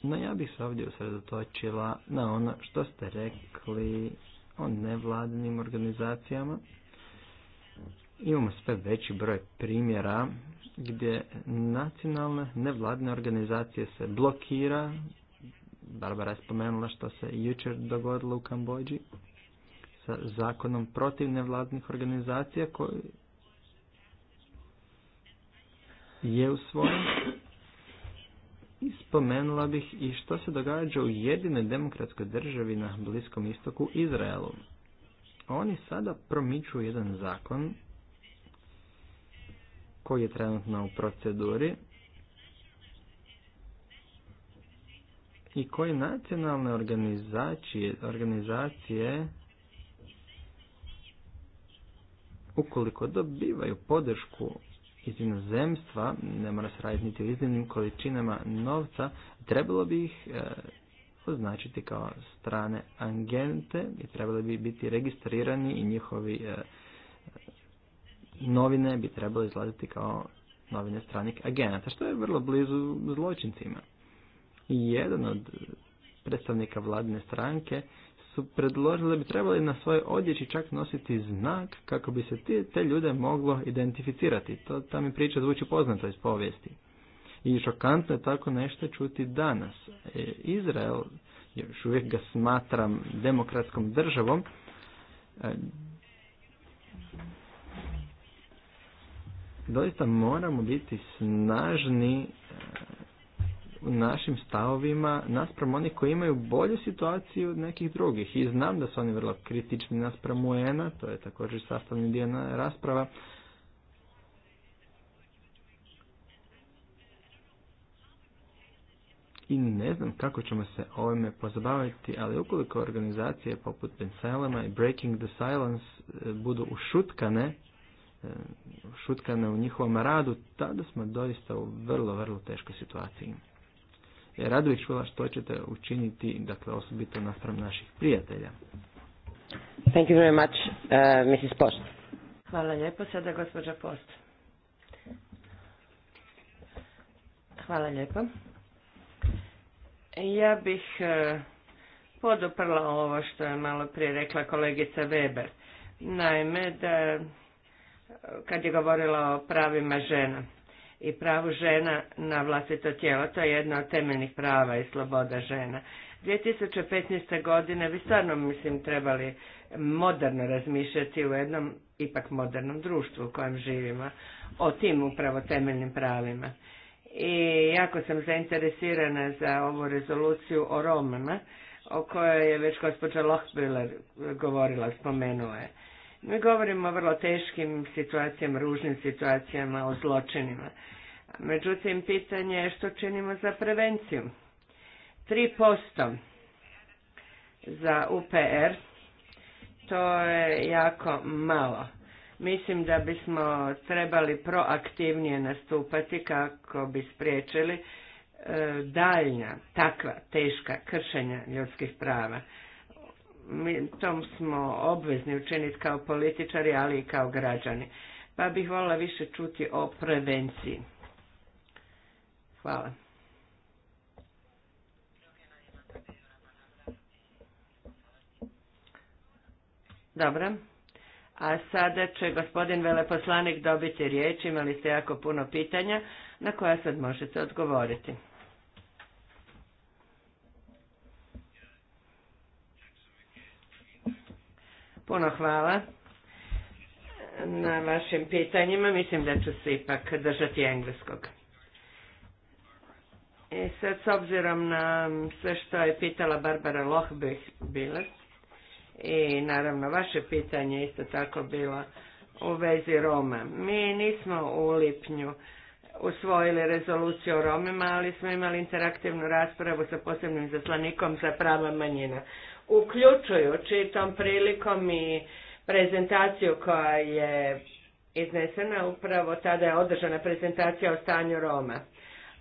Speaker 3: No ja bih se ovdje usredotočila na ono što ste rekli o nevladinim organizacijama. Imamo sve veći broj primjera gdje nacionalne nevladne organizacije se blokira Barbara je spomenula što se jučer dogodilo u Kambođi sa zakonom protiv nevladnih organizacija koji je usvojen. I spomenula bih i što se događa u jedinoj demokratskoj državi na Bliskom istoku Izraelu. Oni sada promiču jedan zakon koji je trenutno u proceduri i koje nacionalne organizacije, organizacije ukoliko dobivaju podršku iz inozemstva, ne mora se raditi niti u iznimnim količinama novca, trebalo bi ih e, označiti kao strane agente i trebali bi biti registrirani i njihovi e, novine bi trebali izlaziti kao novine stranih agenta, što je vrlo blizu zločincima jedan od predstavnika vladne stranke su predložili da bi trebali na svojoj odjeći čak nositi znak kako bi se te, te ljude moglo identificirati. To, ta mi priča zvuči poznato iz povijesti. I šokantno je tako nešto čuti danas. E, Izrael, još uvijek ga smatram demokratskom državom, e, doista moramo biti snažni e, u našim stavovima naspram onih koji imaju bolju situaciju od nekih drugih. I znam da su oni vrlo kritični naspram un to je također sastavni dio rasprava. I ne znam kako ćemo se ovime pozabaviti, ali ukoliko organizacije poput Pencelema i Breaking the Silence e, budu ušutkane, e, šutkane u njihovom radu, tada smo doista u vrlo, vrlo teškoj situaciji rado raduje čula što ćete učiniti, dakle, osobito naspram naših prijatelja. Thank you very much, uh, Mrs. Post.
Speaker 4: Hvala lijepo, sada gospođa Post. Hvala lijepo. Ja bih uh, poduprla ovo što je malo prije rekla kolegica Weber. Naime, da kad je govorila o pravima žena i pravu žena na vlastito tijelo. To je jedno od temeljnih prava i sloboda žena. 2015. godine bi stvarno, mislim, trebali moderno razmišljati u jednom ipak modernom društvu u kojem živimo o tim upravo temeljnim pravima. I jako sam zainteresirana za ovu rezoluciju o Romama, o kojoj je već gospođa Lochbiller govorila, spomenula je. Mi govorimo o vrlo teškim situacijama, ružnim situacijama, o zločinima. Međutim, pitanje je što činimo za prevenciju. 3% za UPR, to je jako malo. Mislim da bismo trebali proaktivnije nastupati kako bi spriječili e, daljnja takva teška kršenja ljudskih prava mi tom smo obvezni učiniti kao političari, ali i kao građani. Pa bih voljela više čuti o prevenciji. Hvala. Dobro. A sada će gospodin veleposlanik dobiti riječ, imali ste jako puno pitanja na koja sad možete odgovoriti. Puno hvala na vašim pitanjima. Mislim da ću se ipak držati engleskog. I e sad s obzirom na sve što je pitala Barbara Lohbih bila i naravno vaše pitanje isto tako bilo u vezi Roma. Mi nismo u lipnju usvojili rezoluciju o Romima, ali smo imali interaktivnu raspravu sa posebnim zaslanikom za prava manjina uključujući tom prilikom i prezentaciju koja je iznesena, upravo tada je održana prezentacija o stanju Roma.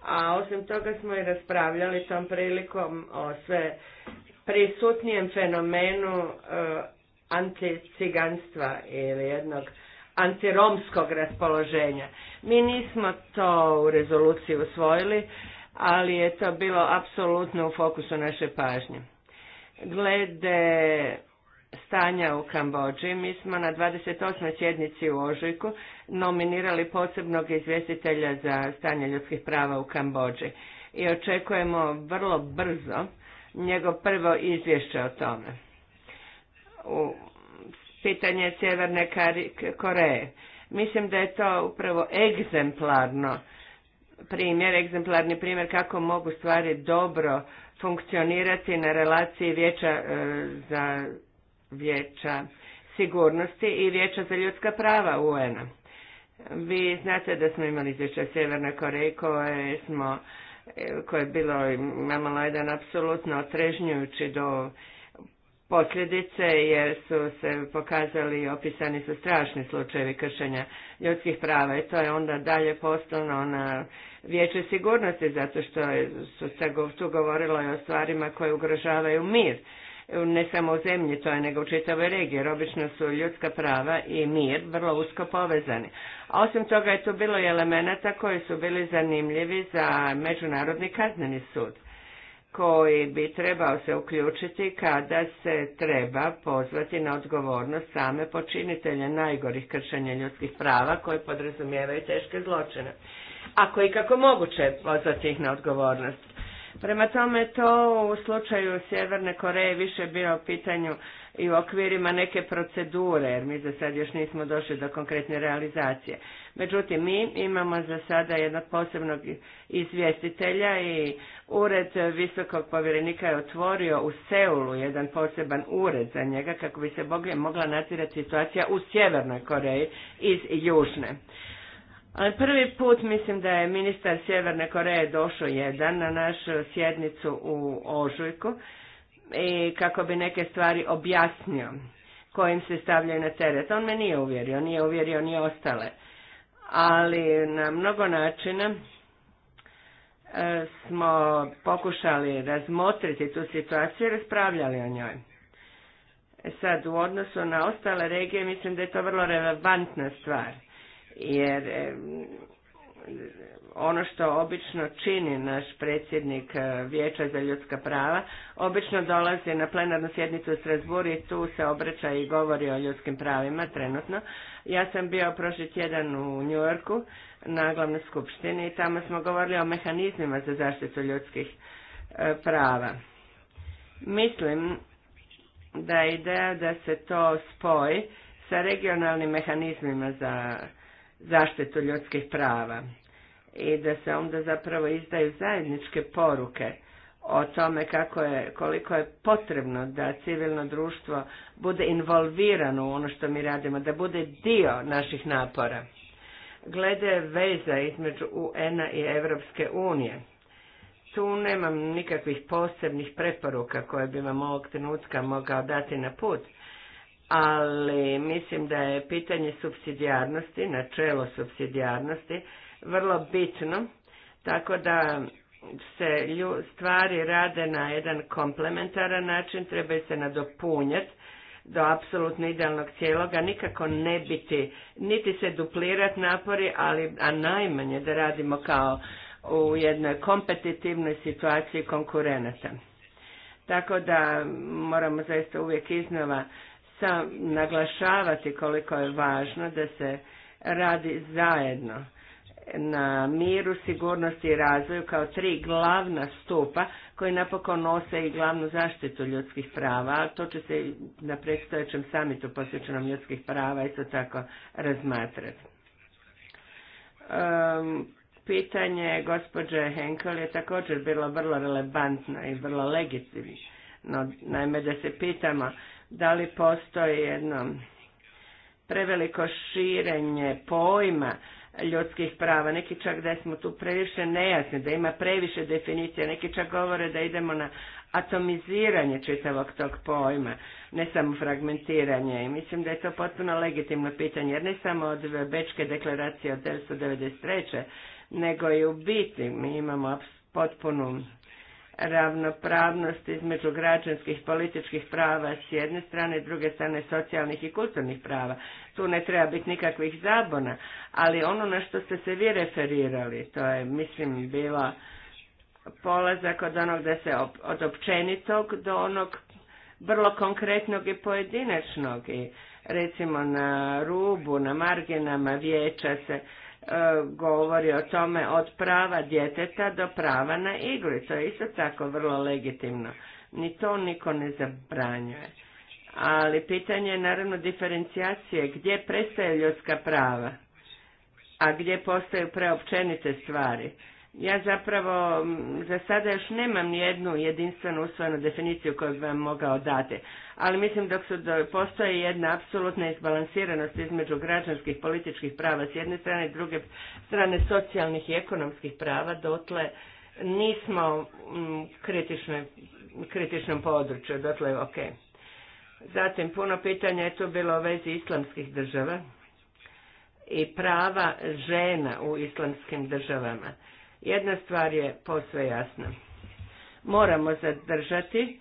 Speaker 4: A osim toga smo i raspravljali tom prilikom o sve prisutnijem fenomenu e, anticiganstva ili jednog antiromskog raspoloženja. Mi nismo to u rezoluciji usvojili, ali je to bilo apsolutno u fokusu naše pažnje glede stanja u Kambođi. Mi smo na 28. sjednici u Ožujku nominirali posebnog izvjestitelja za stanje ljudskih prava u Kambođi i očekujemo vrlo brzo njegov prvo izvješće o tome. U pitanje Sjeverne Koreje. Mislim da je to upravo egzemplarno primjer, egzemplarni primjer kako mogu stvari dobro funkcionirati na relaciji vijeća e, za vijeća sigurnosti i vijeća za ljudska prava UN-a. Vi znate da smo imali izvješće Sjeverne Koreje koje smo e, koje je bilo, imamo jedan apsolutno otrežnjujući do posljedice jer su se pokazali i opisani su strašni slučajevi kršenja ljudskih prava i to je onda dalje postalo na vijeće sigurnosti zato što su se tu govorilo i o stvarima koje ugrožavaju mir ne samo u zemlji to je, nego u čitavoj regiji, jer obično su ljudska prava i mir vrlo usko povezani. A osim toga je tu bilo i elemenata koji su bili zanimljivi za Međunarodni kazneni sud koji bi trebao se uključiti kada se treba pozvati na odgovornost same počinitelje najgorih kršenja ljudskih prava koji podrazumijevaju teške zločine. Ako i kako moguće pozvati ih na odgovornost. Prema tome to u slučaju Sjeverne Koreje više bio pitanju i u okvirima neke procedure, jer mi za sad još nismo došli do konkretne realizacije. Međutim, mi imamo za sada jednog posebnog izvjestitelja i ured visokog povjerenika je otvorio u Seulu jedan poseban ured za njega kako bi se mogla nadzirati situacija u Sjevernoj Koreji iz Južne. prvi put mislim da je ministar Sjeverne Koreje došao jedan na našu sjednicu u Ožujku i kako bi neke stvari objasnio kojim se stavljaju na teret. On me nije uvjerio, nije uvjerio ni ostale ali na mnogo načina e, smo pokušali razmotriti tu situaciju i raspravljali o njoj. E sad, u odnosu na ostale regije, mislim da je to vrlo relevantna stvar, jer e, ono što obično čini naš predsjednik Vijeća za ljudska prava, obično dolazi na plenarnu sjednicu u Strasburu i tu se obraća i govori o ljudskim pravima trenutno, ja sam bio prošli tjedan u Yorku na glavnoj skupštini i tamo smo govorili o mehanizmima za zaštitu ljudskih e, prava. Mislim da je ideja da se to spoji sa regionalnim mehanizmima za zaštitu ljudskih prava i da se onda zapravo izdaju zajedničke poruke o tome kako je, koliko je potrebno da civilno društvo bude involvirano u ono što mi radimo, da bude dio naših napora. Glede veza između UN-a i Evropske unije, tu nemam nikakvih posebnih preporuka koje bi vam ovog trenutka mogao dati na put, ali mislim da je pitanje subsidijarnosti, načelo subsidijarnosti, vrlo bitno, tako da se stvari rade na jedan komplementaran način, trebaju se nadopunjati do apsolutno idealnog cijeloga, nikako ne biti, niti se duplirati napori, ali, a najmanje da radimo kao u jednoj kompetitivnoj situaciji konkurenata. Tako da moramo zaista uvijek iznova sam naglašavati koliko je važno da se radi zajedno na miru, sigurnosti i razvoju kao tri glavna stupa koji napokon nose i glavnu zaštitu ljudskih prava, a to će se na predstojećem samitu posvećenom ljudskih prava isto tako razmatrati. pitanje gospođe Henkel je također bilo vrlo relevantno i vrlo legitimno. Naime, da se pitamo da li postoji jedno preveliko širenje pojma ljudskih prava. Neki čak da smo tu previše nejasni, da ima previše definicija. Neki čak govore da idemo na atomiziranje čitavog tog pojma, ne samo fragmentiranje. I mislim da je to potpuno legitimno pitanje, jer ne samo od Bečke deklaracije od 1993. nego i u biti mi imamo potpunu ravnopravnost između građanskih političkih prava s jedne strane, s druge strane socijalnih i kulturnih prava tu ne treba biti nikakvih zabona, ali ono na što ste se vi referirali, to je, mislim, bila polazak od onog da se od općenitog do onog vrlo konkretnog i pojedinačnog i recimo na rubu, na marginama vijeća se e, govori o tome od prava djeteta do prava na igru. To je isto tako vrlo legitimno. Ni to niko ne zabranjuje ali pitanje je naravno diferencijacije gdje prestaje ljudska prava, a gdje postaju preopćenite stvari. Ja zapravo za sada još nemam nijednu jedinstvenu usvojenu definiciju koju bi vam mogao dati, ali mislim dok su postoji jedna apsolutna izbalansiranost između građanskih političkih prava s jedne strane i druge strane socijalnih i ekonomskih prava, dotle nismo u kritičnom području, dotle je okej. Zatim, puno pitanja je tu bilo u vezi islamskih država i prava žena u islamskim državama. Jedna stvar je posve jasna. Moramo zadržati,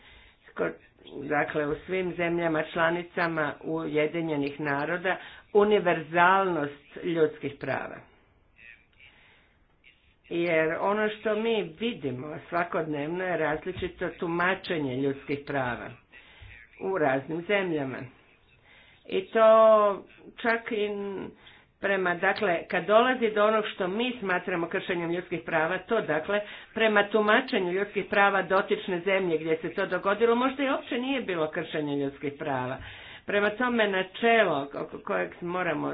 Speaker 4: dakle u svim zemljama članicama Ujedinjenih naroda, univerzalnost ljudskih prava. Jer ono što mi vidimo svakodnevno je različito tumačenje ljudskih prava u raznim zemljama. I to čak i prema, dakle, kad dolazi do onog što mi smatramo kršenjem ljudskih prava, to dakle, prema tumačenju ljudskih prava dotične zemlje gdje se to dogodilo, možda i uopće nije bilo kršenje ljudskih prava. Prema tome načelo oko kojeg moramo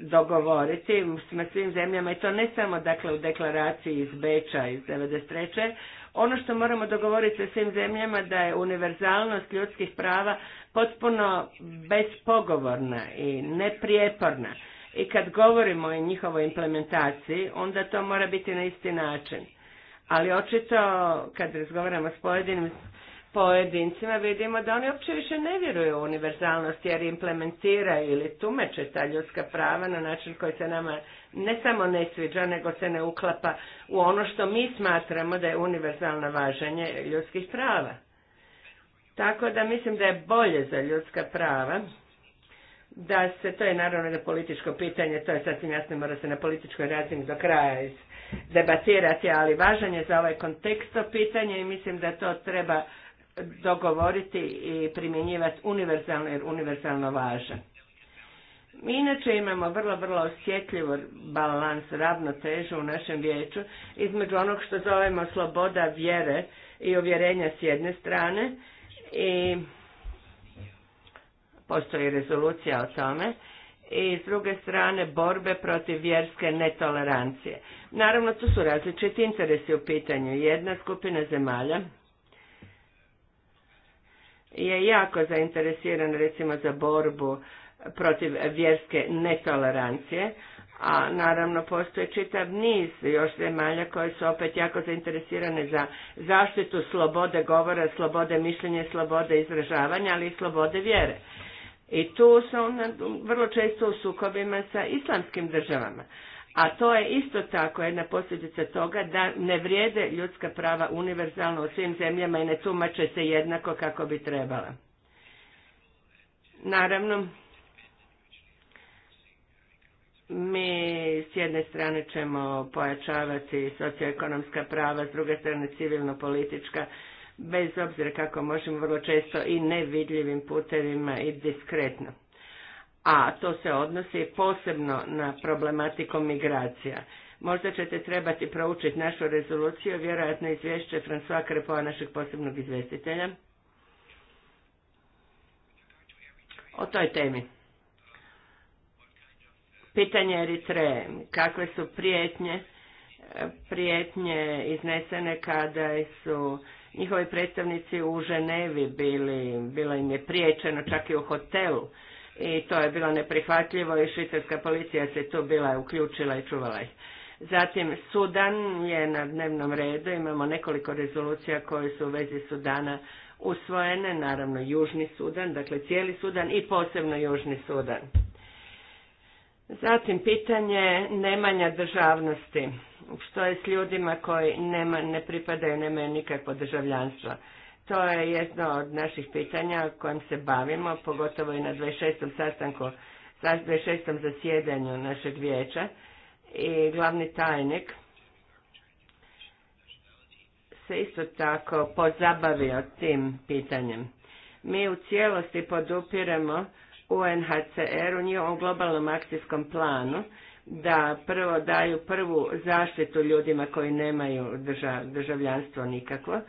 Speaker 4: dogovoriti s svim zemljama i to ne samo dakle u deklaraciji iz Beča iz 93. Ono što moramo dogovoriti sa svim zemljama da je univerzalnost ljudskih prava potpuno bespogovorna i neprijeporna. I kad govorimo o njihovoj implementaciji, onda to mora biti na isti način. Ali očito, kad razgovaramo s pojedinim pojedincima, vidimo da oni uopće više ne vjeruju u univerzalnost, jer implementira ili tumače ta ljudska prava na način koji se nama ne samo ne sviđa, nego se ne uklapa u ono što mi smatramo da je univerzalno važanje ljudskih prava. Tako da mislim da je bolje za ljudska prava da se, to je naravno da političko pitanje, to je sasvim jasno, mora se na političkoj razini do kraja debatirati, ali važan je za ovaj kontekst to pitanje i mislim da to treba dogovoriti i primjenjivati univerzalno jer univerzalno važan. Mi inače imamo vrlo, vrlo osjetljiv balans, ravnotežu u našem vijeću između onog što zovemo sloboda vjere i uvjerenja s jedne strane i postoji rezolucija o tome i s druge strane borbe protiv vjerske netolerancije. Naravno, tu su različiti interesi u pitanju. Jedna skupina zemalja je jako zainteresirana recimo za borbu protiv vjerske netolerancije, a naravno postoje čitav niz još zemalja koje su opet jako zainteresirane za zaštitu slobode govora, slobode mišljenja, slobode izražavanja, ali i slobode vjere. I tu su vrlo često u sukobima sa islamskim državama. A to je isto tako jedna posljedica toga da ne vrijede ljudska prava univerzalno u svim zemljama i ne tumače se jednako kako bi trebala. Naravno, mi s jedne strane ćemo pojačavati socioekonomska prava, s druge strane civilno-politička, bez obzira kako možemo vrlo često i nevidljivim putevima i diskretno. A to se odnosi posebno na problematiku migracija. Možda ćete trebati proučiti našu rezoluciju, vjerojatno izvješće François Crepoa, našeg posebnog izvjestitelja. O toj temi pitanje Eritreje, kakve su prijetnje, e, prijetnje iznesene kada su njihovi predstavnici u Ženevi bili, bilo im je priječeno čak i u hotelu i to je bilo neprihvatljivo i švicarska policija se tu bila uključila i čuvala ih. Zatim Sudan je na dnevnom redu, imamo nekoliko rezolucija koje su u vezi Sudana usvojene, naravno Južni Sudan, dakle cijeli Sudan i posebno Južni Sudan. Zatim pitanje nemanja državnosti. Što je s ljudima koji nema, ne pripadaju, nemaju nikakvo državljanstvo? To je jedno od naših pitanja kojim se bavimo, pogotovo i na 26. sastanku, 26. zasjedanju našeg vijeća. I glavni tajnik se isto tako pozabavio tim pitanjem. Mi u cijelosti podupiremo UNHCR u njihovom globalnom akcijskom planu da prvo daju prvu zaštitu ljudima koji nemaju državljanstvo nikakvo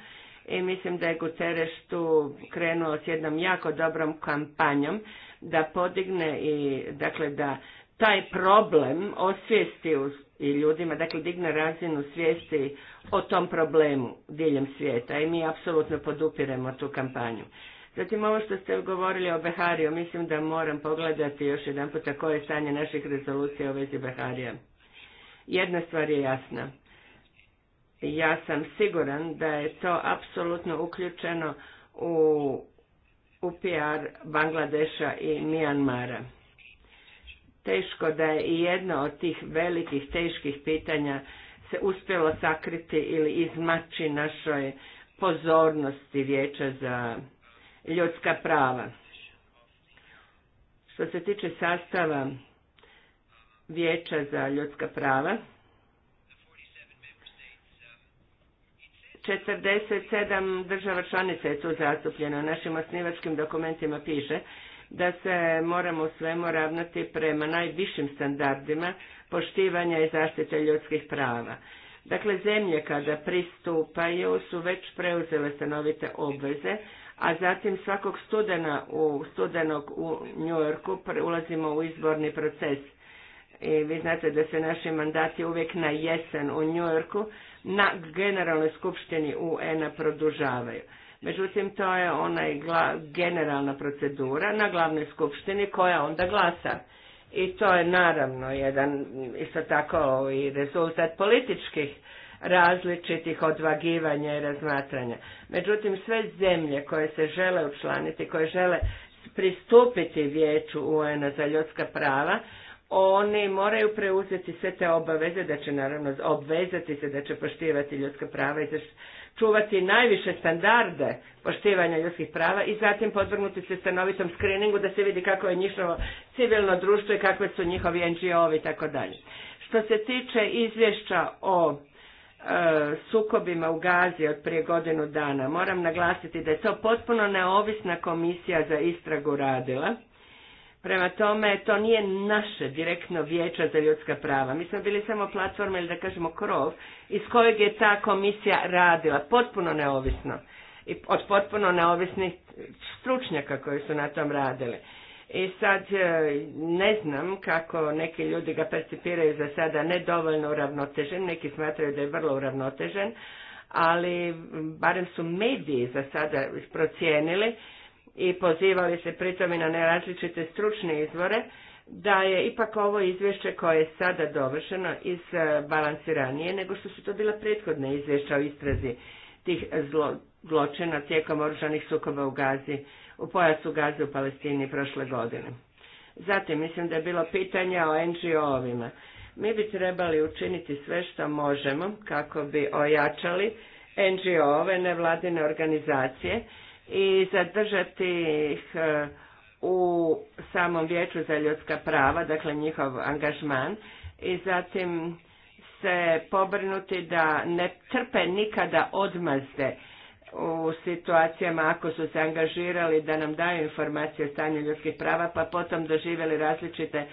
Speaker 4: i mislim da je Guterres tu krenuo s jednom jako dobrom kampanjom da podigne i dakle da taj problem osvijesti i ljudima, dakle digne razinu svijesti o tom problemu diljem svijeta i mi apsolutno podupiremo tu kampanju. Zatim ovo što ste govorili o Behariju, mislim da moram pogledati još jedan puta koje je stanje naših rezolucija u vezi Beharija. Jedna stvar je jasna. Ja sam siguran da je to apsolutno uključeno u, u PR Bangladeša i Mijanmara. Teško da je i jedno od tih velikih, teških pitanja se uspjelo sakriti ili izmaći našoj pozornosti vijeća za ljudska prava. Što se tiče sastava Vijeća za ljudska prava, 47 država članica je tu zastupljeno. U našim osnivačkim dokumentima piše da se moramo svemu ravnati prema najvišim standardima poštivanja i zaštite ljudskih prava. Dakle, zemlje kada pristupaju su već preuzele stanovite obveze a zatim svakog studena u studenog u New Yorku ulazimo u izborni proces. I vi znate da se naši mandati uvijek na jesen u New Yorku na generalnoj skupštini UN-a produžavaju. Međutim, to je ona generalna procedura na glavnoj skupštini koja onda glasa. I to je naravno jedan isto tako i rezultat političkih različitih odvagivanja i razmatranja. Međutim, sve zemlje koje se žele učlaniti, koje žele pristupiti vijeću UN-a za ljudska prava, oni moraju preuzeti sve te obaveze, da će naravno obvezati se da će poštivati ljudska prava i čuvati najviše standarde poštivanja ljudskih prava i zatim podvrnuti se stanovitom skriningu da se vidi kako je njihovo civilno društvo i kakve su njihovi ngo ovi i tako dalje. Što se tiče izvješća o sukobima u Gazi od prije godinu dana. Moram naglasiti da je to potpuno neovisna komisija za istragu radila. Prema tome, to nije naše direktno vijeće za ljudska prava. Mi smo bili samo platforma ili da kažemo krov iz kojeg je ta komisija radila, potpuno neovisno i od potpuno neovisnih stručnjaka koji su na tom radili. I sad e, ne znam kako neki ljudi ga percipiraju za sada nedovoljno uravnotežen, neki smatraju da je vrlo uravnotežen, ali barem su mediji za sada procijenili i pozivali se pritom i na različite stručne izvore, da je ipak ovo izvješće koje je sada dovršeno izbalansiranije e, nego što su to bila prethodne izvješća o istrazi tih zločina tijekom oružanih sukoba u Gazi u pojasu gazu u Palestini prošle godine. Zatim, mislim da je bilo pitanja o NGO-ovima. Mi bi trebali učiniti sve što možemo kako bi ojačali NGO-ove, nevladine organizacije i zadržati ih e, u samom vijeću za ljudska prava, dakle njihov angažman i zatim se pobrinuti da ne trpe nikada odmazde u situacijama ako su se angažirali da nam daju informacije o stanju ljudskih prava pa potom doživjeli različite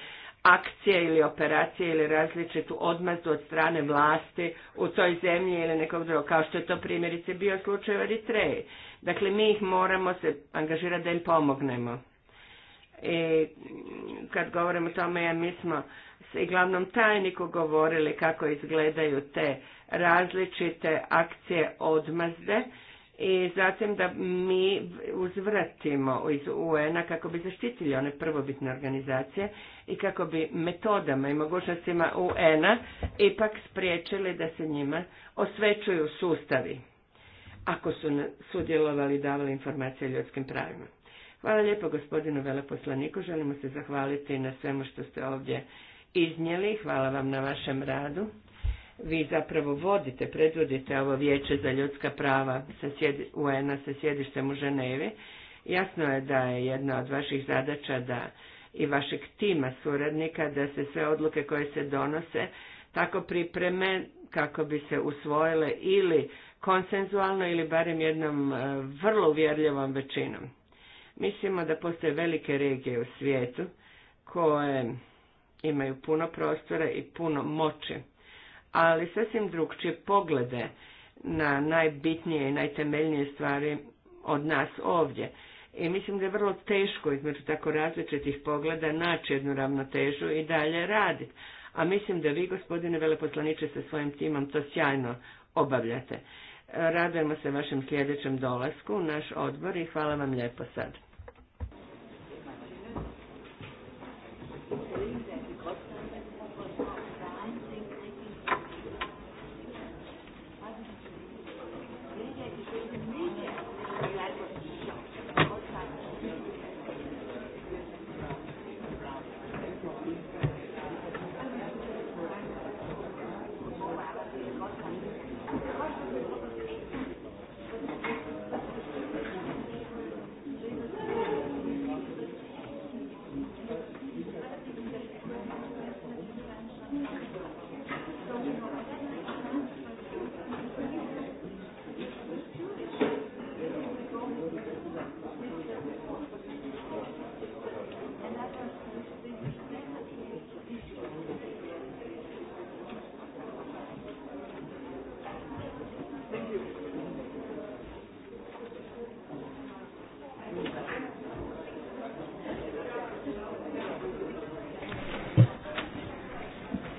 Speaker 4: akcije ili operacije ili različitu odmazdu od strane vlasti u toj zemlji ili nekog drugog, kao što je to primjerice bio slučaj u Eritreji. Dakle, mi ih moramo se angažirati da im pomognemo. I kad govorimo o tome, ja, mi smo i glavnom tajniku govorili kako izgledaju te različite akcije odmazde i zatim da mi uzvratimo iz UN-a kako bi zaštitili one prvobitne organizacije i kako bi metodama i mogućnostima UN-a ipak spriječili da se njima osvećuju sustavi ako su sudjelovali i davali informacije o ljudskim pravima. Hvala lijepo gospodinu veleposlaniku, želimo se zahvaliti na svemu što ste ovdje iznijeli, hvala vam na vašem radu vi zapravo vodite, predvodite ovo vijeće za ljudska prava sa UN-a sa sjedištem u Ženevi. Jasno je da je jedna od vaših zadaća da i vašeg tima suradnika da se sve odluke koje se donose tako pripreme kako bi se usvojile ili konsenzualno ili barem jednom e, vrlo uvjerljivom većinom. Mislimo da postoje velike regije u svijetu koje imaju puno prostora i puno moći ali sasvim drugčije poglede na najbitnije i najtemeljnije stvari od nas ovdje. I mislim da je vrlo teško između tako različitih pogleda naći jednu ravnotežu i dalje raditi. A mislim da vi, gospodine veleposlaniče, sa svojim timom to sjajno obavljate. Radujemo se vašem sljedećem dolasku u naš odbor i hvala vam lijepo sad.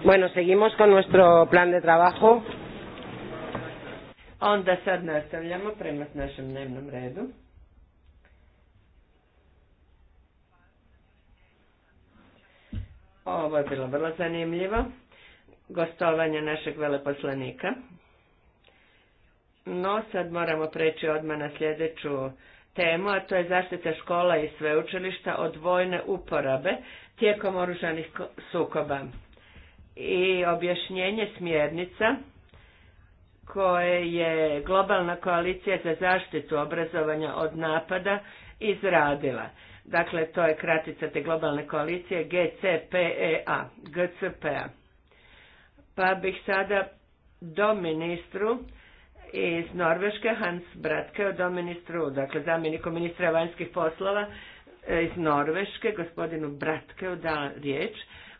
Speaker 1: Bueno, seguimos con nuestro plan de trabajo. Onda sad
Speaker 4: nastavljamo prema našem dnevnom redu. Ovo je bilo vrlo zanimljivo. Gostovanje našeg veleposlanika. No, sad moramo preći odmah na sljedeću temu, a to je zaštita škola i sveučilišta od vojne uporabe tijekom oružanih sukoba i objašnjenje smjernica koje je globalna koalicija za zaštitu obrazovanja od napada izradila. Dakle, to je kratica te globalne koalicije GCPEA. GCPA. Pa bih sada do ministru iz Norveške, Hans Bratke, do ministru, dakle zamjeniku ministra vanjskih poslova e, iz Norveške, gospodinu Bratkeu da riječ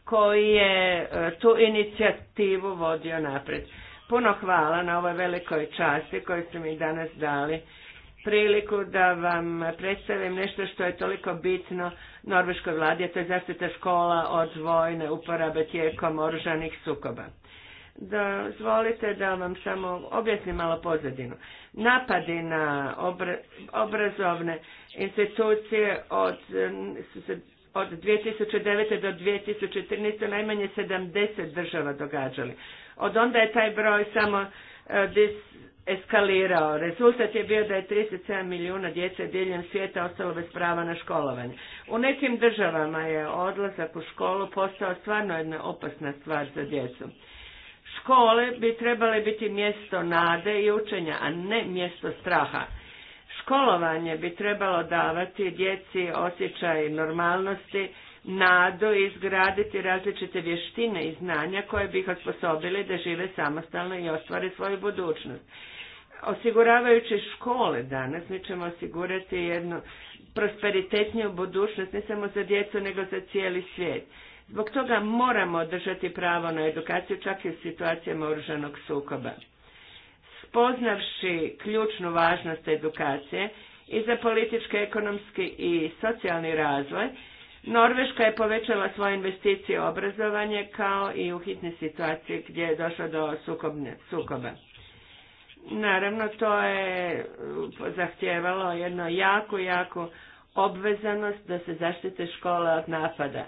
Speaker 4: koji je e, tu inicijativu vodio naprijed. Puno hvala na ovoj velikoj časti koju ste mi danas dali priliku da vam predstavim nešto što je toliko bitno norveškoj vladi, a to je zaštita škola od vojne uporabe tijekom oružanih sukoba. Da Dozvolite da vam samo objasnim malo pozadinu. Napadi na obrazovne institucije od, su se od 2009. do 2014. najmanje 70 država događali. Od onda je taj broj samo e, eskalirao. Rezultat je bio da je 37 milijuna djece diljem svijeta ostalo bez prava na školovanje. U nekim državama je odlazak u školu postao stvarno jedna opasna stvar za djecu. Škole bi trebale biti mjesto nade i učenja, a ne mjesto straha školovanje bi trebalo davati djeci osjećaj normalnosti, nadu i izgraditi različite vještine i znanja koje bi ih osposobili da žive samostalno i ostvare svoju budućnost. Osiguravajući škole danas, mi ćemo osigurati jednu prosperitetniju budućnost ne samo za djecu nego za cijeli svijet. Zbog toga moramo držati pravo na edukaciju čak i u situacijama oružanog sukoba. Poznavši ključnu važnost edukacije i za politički, ekonomski i socijalni razvoj, Norveška je povećala svoje investicije u obrazovanje kao i u hitne situacije gdje je došlo do sukoba. Naravno, to je uh, zahtjevalo jedno jako, jako obvezanost da se zaštite škole od napada.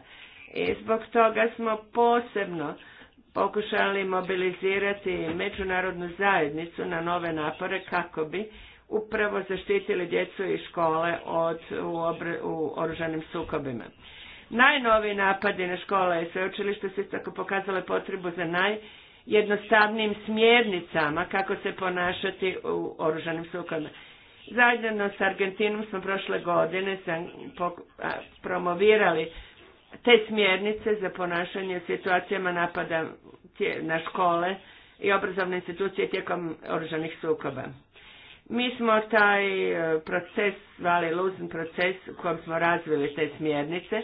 Speaker 4: I zbog toga smo posebno pokušali mobilizirati međunarodnu zajednicu na nove napore kako bi upravo zaštitili djecu i škole od, u, oružanim sukobima. Najnoviji napadi na škole i sveučilište su tako pokazale potrebu za najjednostavnijim smjernicama kako se ponašati u oružanim sukobima. Zajedno s Argentinom smo prošle godine promovirali te smjernice za ponašanje u situacijama napada na škole i obrazovne institucije tijekom oružanih sukoba. Mi smo taj e, proces, vali Luzin proces, u kojem smo razvili te smjernice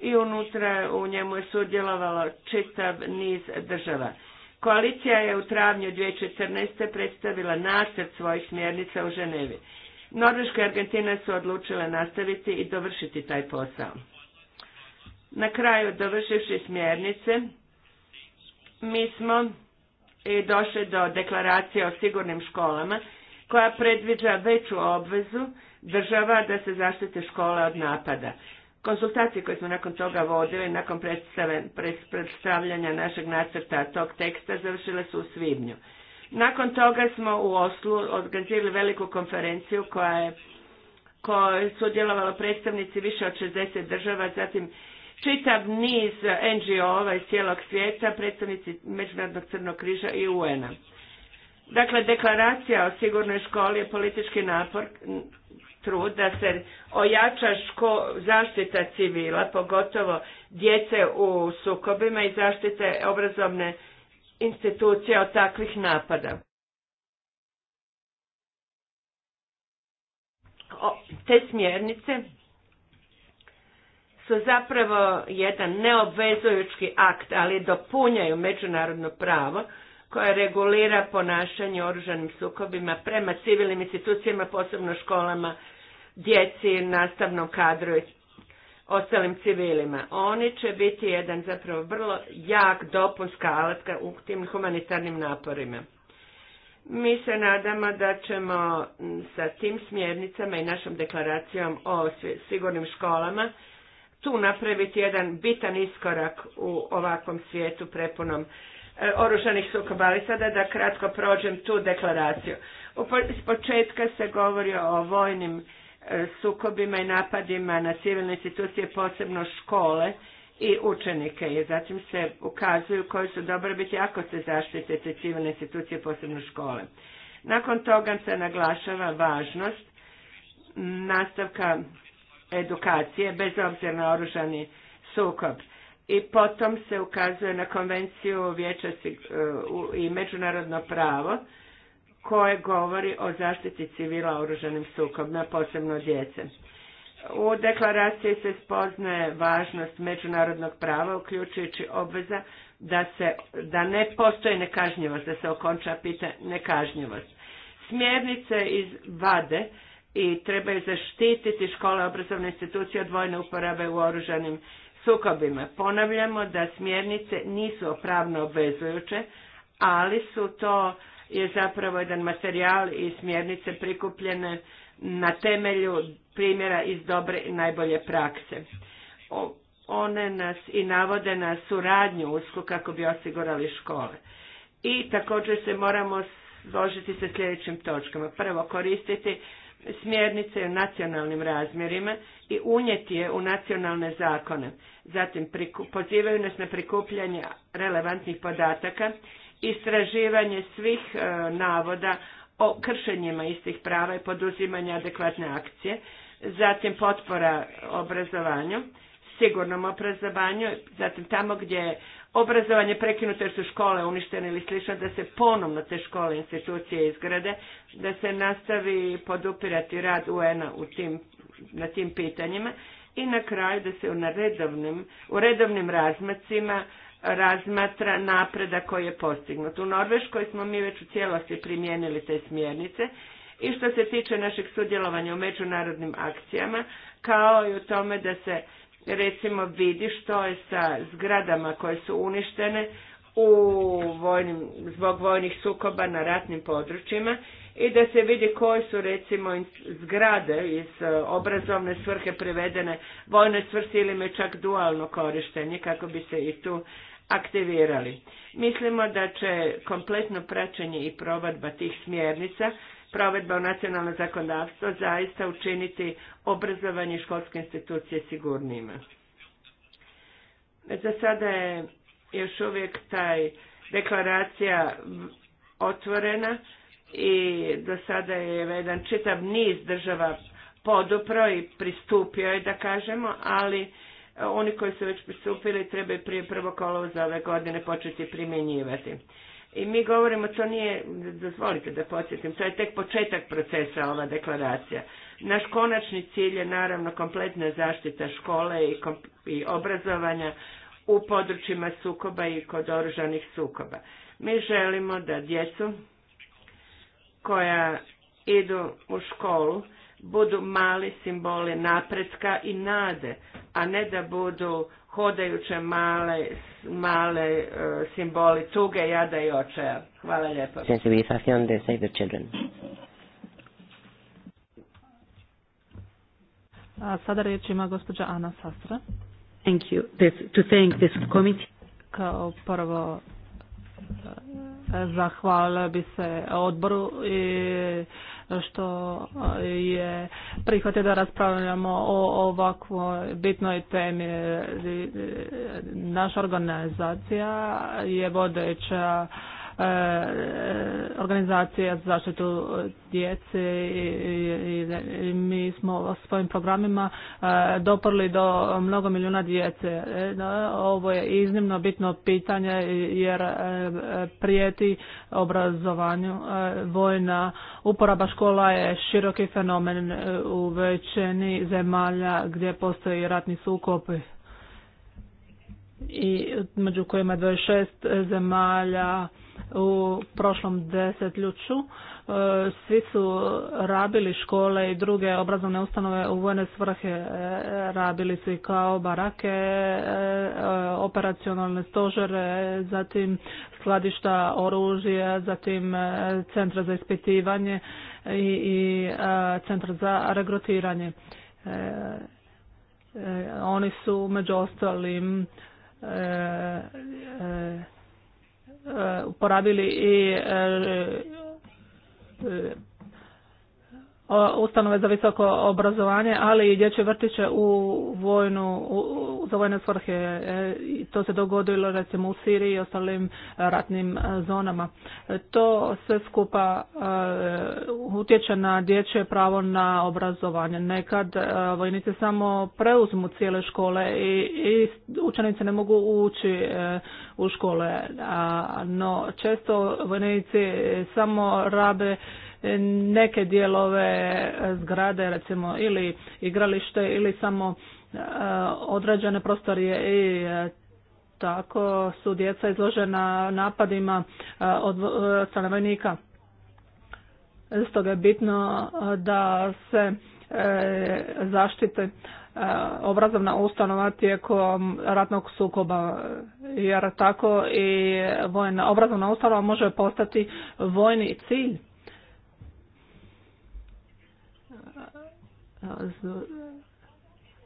Speaker 4: i unutra u njemu je sudjelovalo čitav niz država. Koalicija je u travnju 2014. predstavila nacrt svojih smjernica u Ženevi. Norveška i Argentina su odlučile nastaviti i dovršiti taj posao. Na kraju, dovršivši smjernice, mi smo i došli do deklaracije o sigurnim školama, koja predviđa veću obvezu država da se zaštite škole od napada. Konsultacije koje smo nakon toga vodili, nakon predstavljanja našeg nacrta tog teksta, završile su u svibnju. Nakon toga smo u Oslu organizirali veliku konferenciju koja je kojoj su djelovalo predstavnici više od 60 država, zatim čitav niz NGO-ova iz cijelog svijeta, predstavnici Međunarodnog crnog križa i UN-a. Dakle, deklaracija o sigurnoj školi je politički napor, trud da se ojača ško, zaštita civila, pogotovo djece u sukobima i zaštite obrazovne institucije od takvih napada. O, te smjernice su zapravo jedan neobvezujući akt, ali dopunjaju međunarodno pravo koje regulira ponašanje u oružanim sukobima prema civilnim institucijama, posebno školama, djeci, nastavnom kadru i ostalim civilima. Oni će biti jedan zapravo vrlo jak dopunska alatka u tim humanitarnim naporima. Mi se nadamo da ćemo sa tim smjernicama i našom deklaracijom o sigurnim školama tu napraviti jedan bitan iskorak u ovakvom svijetu prepunom e, oružanih sukoba, ali sada da kratko prođem tu deklaraciju. S početka se govori o vojnim e, sukobima i napadima na civilne institucije, posebno škole i učenike. I zatim se ukazuju koji su dobrobiti ako se zaštite te civilne institucije, posebno škole. Nakon toga se naglašava važnost nastavka edukacije, bez obzira na oružani sukob. I potom se ukazuje na konvenciju vijeća e, i međunarodno pravo koje govori o zaštiti civila oružanim na posebno djece. U deklaraciji se spoznaje važnost međunarodnog prava, uključujući obveza da, se, da ne postoji nekažnjivost, da se okonča pita nekažnjivost. Smjernice iz VADE i trebaju zaštititi škole obrazovne institucije od vojne uporabe u oružanim sukobima. Ponavljamo da smjernice nisu opravno obvezujuće, ali su to je zapravo jedan materijal i smjernice prikupljene na temelju primjera iz dobre i najbolje prakse. One nas i navode na suradnju usku kako bi osigurali škole. I također se moramo složiti sa sljedećim točkama. Prvo, koristiti smjernice u nacionalnim razmjerima i unijeti je u nacionalne zakone. Zatim pozivaju nas na prikupljanje relevantnih podataka, istraživanje svih e, navoda o kršenjima istih prava i poduzimanja adekvatne akcije, zatim potpora obrazovanju, sigurnom obrazovanju, zatim tamo gdje je obrazovanje prekinuto jer su škole uništene ili slično, da se ponovno te škole, institucije izgrade, da se nastavi podupirati rad UN-a na tim pitanjima i na kraju da se u, redovnim, u redovnim razmacima razmatra napreda koji je postignut. U Norveškoj smo mi već u cijelosti primijenili te smjernice i što se tiče našeg sudjelovanja u međunarodnim akcijama, kao i u tome da se recimo vidi što je sa zgradama koje su uništene u vojnim, zbog vojnih sukoba na ratnim područjima i da se vidi koje su recimo zgrade iz e, obrazovne svrhe privedene vojne svrsi ili me čak dualno korištenje kako bi se i tu aktivirali. Mislimo da će kompletno praćenje i provadba tih smjernica provedba u nacionalno zakonodavstvo zaista učiniti obrazovanje školske institucije sigurnijima. Za sada je još uvijek taj deklaracija otvorena i do sada je jedan čitav niz država podupro i pristupio je da kažemo, ali oni koji su već pristupili trebaju prije 1. kolova za ove godine početi primjenjivati. I mi govorimo, to nije, dozvolite da podsjetim, to je tek početak procesa ova deklaracija. Naš konačni cilj je naravno kompletna zaštita škole i, i obrazovanja u područjima sukoba i kod oružanih sukoba. Mi želimo da djecu koja idu u školu budu mali simboli napretka i nade, a ne da budu hodajuće male, male uh, simboli tuge, jada i očaja. Hvala lijepo.
Speaker 1: Sensibilización de Save the Children.
Speaker 2: A sada riječ ima gospođa Ana Sastra.
Speaker 1: Thank you. This, to thank this committee.
Speaker 2: Kao prvo e, zahvalila bi se odboru i što je prihvatio da raspravljamo o ovakvoj bitnoj temi. Naša organizacija je vodeća E, organizacija za zaštitu djece i mi smo svojim programima e, doprli do mnogo milijuna djece. E, ovo je iznimno bitno pitanje jer prijeti obrazovanju vojna uporaba škola je široki fenomen u većini zemalja gdje postoji ratni sukop i među kojima 26 zemalja u prošlom desetljuću. E, svi su rabili škole i druge obrazovne ustanove u vojne svrhe. E, rabili su i kao barake, e, operacionalne stožere, zatim skladišta oružja, zatim centra za ispitivanje i centra za regrutiranje. Oni su među ostalim uporabili i e, e, ustanove za visoko obrazovanje, ali i dječje vrtiće u vojnu, u, za vojne svrhe. E, to se dogodilo recimo u Siriji i ostalim e, ratnim e, zonama. to sve skupa e, utječe na dječje pravo na obrazovanje. Nekad vojnici samo preuzmu cijele škole i, i učenice ne mogu ući u škole, a, no često vojnici samo rabe neke dijelove zgrade, recimo ili igralište ili samo e, određene prostorije i e, tako su djeca izložena napadima e, od strane vojnika. Stoga je bitno da se zaštite obrazovna ustanova tijekom ratnog sukoba jer tako i vojna obrazovna ustanova može postati vojni cilj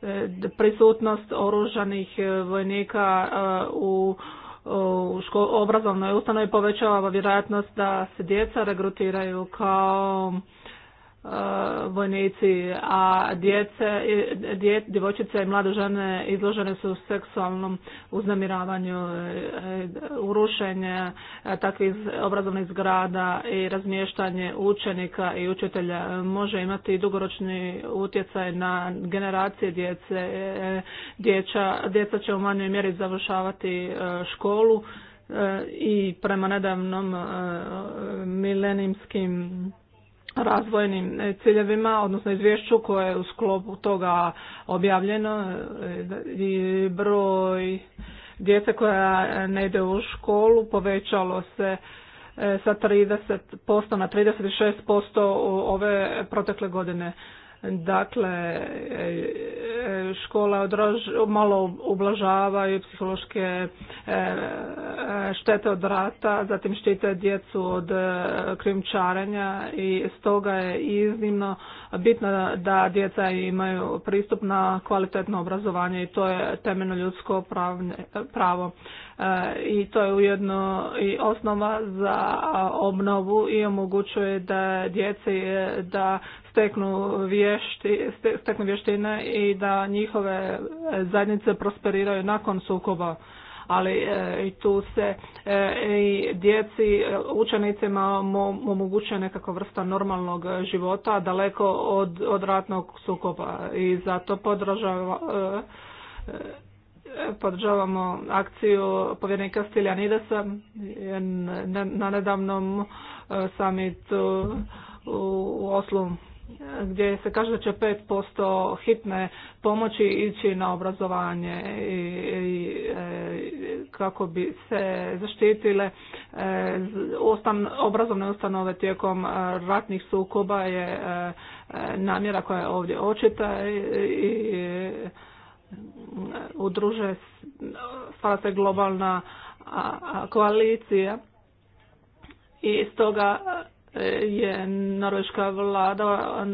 Speaker 2: E, prisutnost oružanih e, vojnika e, u obrazovnoj ustanovi povećava vjerojatnost da se djeca regrutiraju kao vojnici, a djece, dje, djevojčice i mlade žene izložene su seksualnom uznemiravanju, e, e, urušenje e, takvih obrazovnih zgrada i razmještanje učenika i učitelja može imati dugoročni utjecaj na generacije djece. Dječa, djeca će u manjoj mjeri završavati školu i prema nedavnom milenijskim razvojnim e, ciljevima, odnosno izvješću koje je u sklopu toga objavljeno e, i broj djece koja ne ide u školu povećalo se e, sa 30% na 36% ove protekle godine. Dakle, škola odraž, malo ublažavaju psihološke e, štete od rata, zatim štite djecu od e, krimčarenja i stoga je iznimno bitno da djeca imaju pristup na kvalitetno obrazovanje i to je temeljno ljudsko pravo. E, i to je ujedno i osnova za obnovu i omogućuje da djeci e, da steknu, vješti, steknu vještine i da njihove e, zajednice prosperiraju nakon sukoba ali i tu se i djeci, učenicima omogućuje nekakva vrsta normalnog života daleko od, od ratnog sukoba i zato podržava podržavamo akciju povjernika Stiljanidesa na nedavnom e, samitu u Oslu gdje se kaže da će 5% hitne pomoći ići na obrazovanje i, e, kako bi se zaštitile e, obrazovne ustanove tijekom ratnih sukoba je namjera koja je ovdje očita i udruže, stala se globalna koalicija i stoga e, je norveška vlada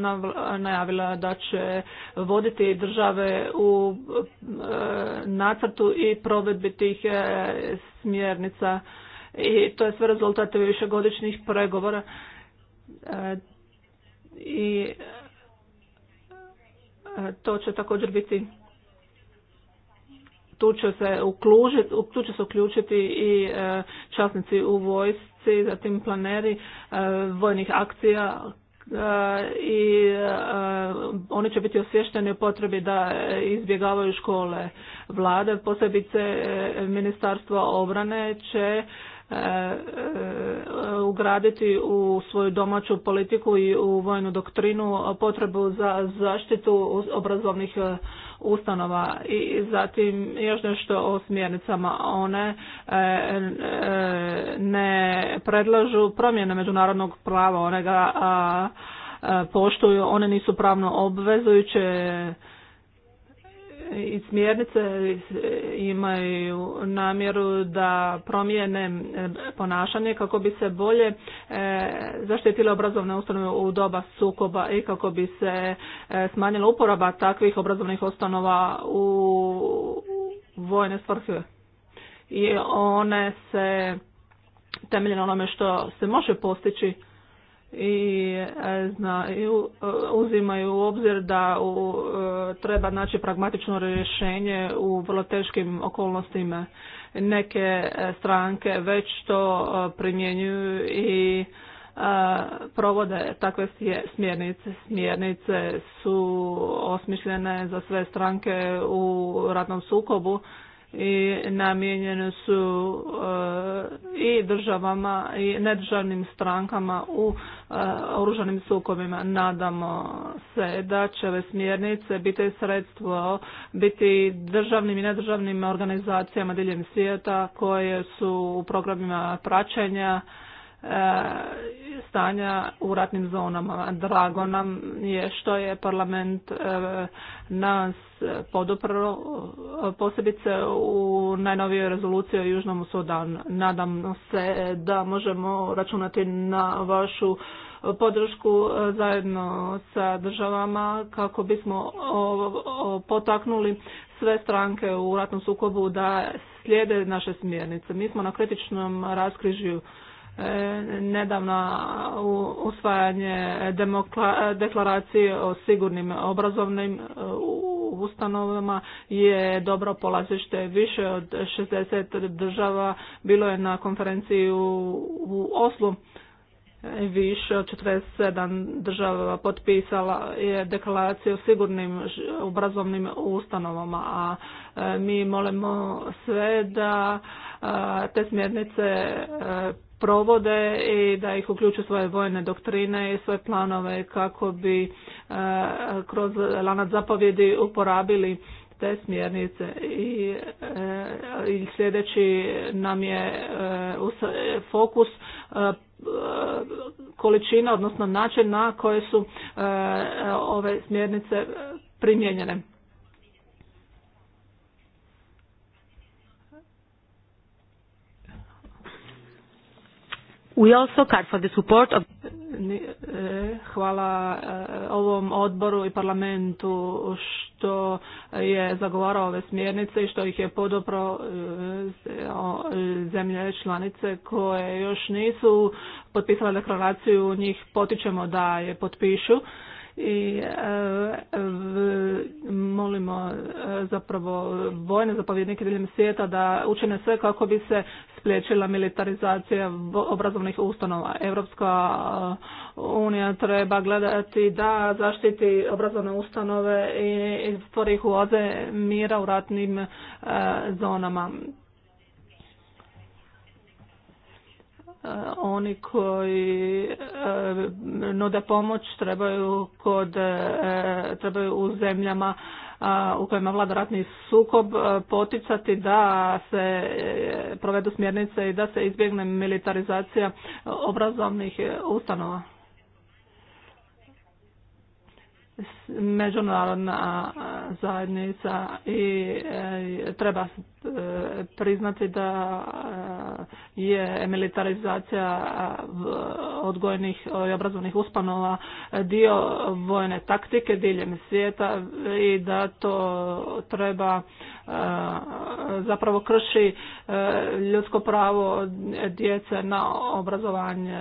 Speaker 2: najavila da će voditi države u e, nacrtu i provedbi tih e, smjernica i to je sve rezultate višegodišnjih pregovora i to će također biti tu će se, uključiti, tu će se uključiti i e, časnici u vojsci, zatim planeri e, vojnih akcija e, i oni će biti osvješteni o potrebi da izbjegavaju škole vlade, posebice ministarstva obrane će E, e, ugraditi u svoju domaću politiku i u vojnu doktrinu potrebu za zaštitu obrazovnih e, ustanova i zatim još nešto o smjernicama. One ne predlažu promjene međunarodnog prava, one ga poštuju, one nisu pravno obvezujuće i smjernice imaju namjeru da promijene ponašanje kako bi se bolje e, zaštitile obrazovne ustanove u doba sukoba i kako bi se e, smanjila uporaba takvih obrazovnih ustanova u vojne svrhe. I one se temelje na onome što se može postići i e, zna, uzimaju u obzir da u, e, treba naći pragmatično rješenje u vrlo teškim okolnostima. Neke e, stranke već to primjenjuju i provode takve smjernice. Smjernice su osmišljene za sve stranke u radnom sukobu i namijenjene su e, i državama i nedržavnim strankama u e, oružanim sukovima. Nadamo se da će ove smjernice biti sredstvo biti državnim i nedržavnim organizacijama diljem svijeta koje su u programima praćenja E, stanja u ratnim zonama. Drago nam je što je parlament e, nas podopro e, posebice u najnovijoj rezoluciji o Južnom Sudanu. Nadam se da možemo računati na vašu podršku zajedno sa državama kako bismo potaknuli sve stranke u ratnom sukobu da slijede naše smjernice. Mi smo na kritičnom raskrižju nedavno usvajanje deklaracije o sigurnim obrazovnim e, ustanovama je dobro polazište. Više od 60 država bilo je na konferenciji u Oslu. E, više od 47 država potpisala je deklaraciju o sigurnim obrazovnim ustanovama, a e, mi molimo sve da te smjernice provode i da ih uključuju svoje vojne doktrine i svoje planove kako bi e, kroz lanac zapovjedi uporabili te smjernice i, e, i sljedeći nam je e, fokus količina odnosno način na koje su ove smjernice primijenjene We also card for the support of... E, hvala e, ovom odboru i parlamentu što je zagovarao ove smjernice i što ih je podopro e, zemlje članice koje još nisu potpisale deklaraciju, njih potičemo da je potpišu i e, molimo e, zapravo vojne zapovjednike diljem svijeta da učine sve kako bi se spriječila militarizacija obrazovnih ustanova. Europska e, unija treba gledati da zaštiti obrazovne ustanove i stvori ih oze mira u ratnim zonama. oni koji e, nude pomoć trebaju kod e, trebaju u zemljama u kojima vlada ratni sukob e, poticati da se provedu smjernice i da se izbjegne militarizacija obrazovnih ustanova međunarodna zajednica i e, treba e, priznati da e, je militarizacija odgojnih i obrazovnih uspanova dio vojne taktike diljem svijeta i da to treba zapravo krši ljudsko pravo djece na obrazovanje.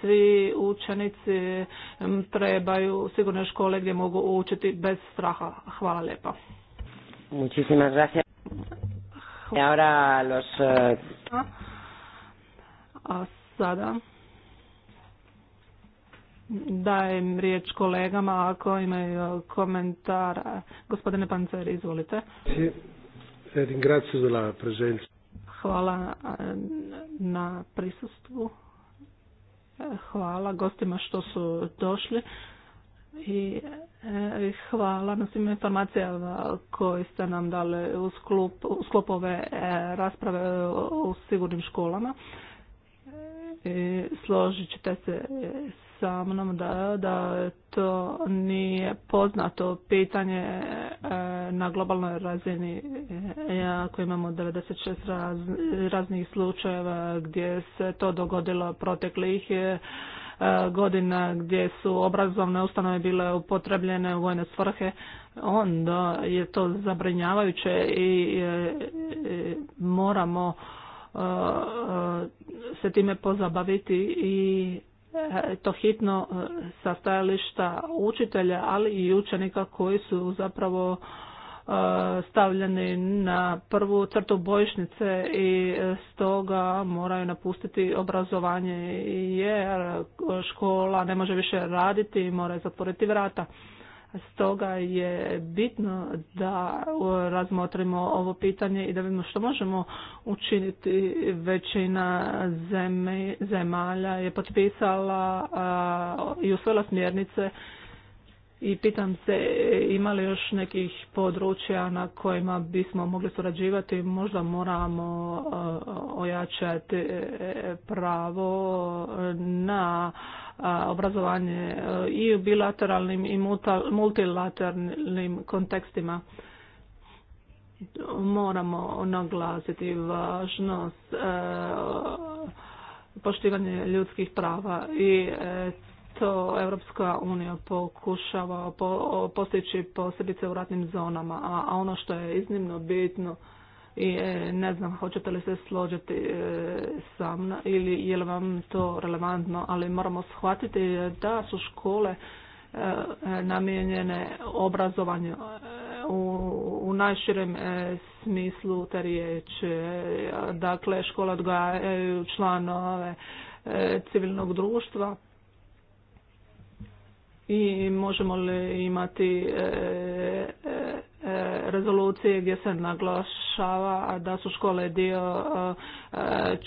Speaker 2: Svi učenici trebaju sigurne škole gdje mogu učiti bez straha. Hvala lijepa.
Speaker 1: Muchísimas gracias.
Speaker 2: Ahora los... Eh, A sada dajem riječ kolegama ako imaju komentar. Gospodine Panceri, izvolite. Eh, hvala eh, na prisustvu. Hvala gostima što su došli i E, hvala na svim informacijama koje ste nam dali u, sklop, e, rasprave u sigurnim školama. E, I složit ćete se sa mnom da, da to nije poznato pitanje na globalnoj razini. Ako imamo 96 raz, raznih slučajeva gdje se to dogodilo proteklih godina gdje su obrazovne ustanove bile upotrebljene u vojne svrhe, onda je to zabrinjavajuće i e, e, moramo e, se time pozabaviti i to hitno sa stajališta učitelja, ali i učenika koji su zapravo E, stavljeni na prvu crtu bojišnice i stoga moraju napustiti obrazovanje jer škola ne može više raditi i mora zatvoriti vrata. Stoga je bitno da razmotrimo ovo pitanje i da vidimo što možemo učiniti. Većina zemalja je potpisala e, i usvojila smjernice i pitam se ima li još nekih područja na kojima bismo mogli surađivati, možda moramo uh, ojačati e, pravo na obrazovanje e, i u bilateralnim i multilateralnim kontekstima. Moramo naglasiti važnost e, poštivanje ljudskih prava i to Europska unija pokušava postići posebice u ratnim zonama, a ono što je iznimno bitno i ne znam hoćete li se složiti e, mnom ili je li vam to relevantno, ali moramo shvatiti da su škole e, namijenjene obrazovanju e, u najširem smislu te riječi. Dakle, škole odgajaju članove civilnog društva, i možemo li imati e, e, e, rezolucije gdje se naglašava da su škole dio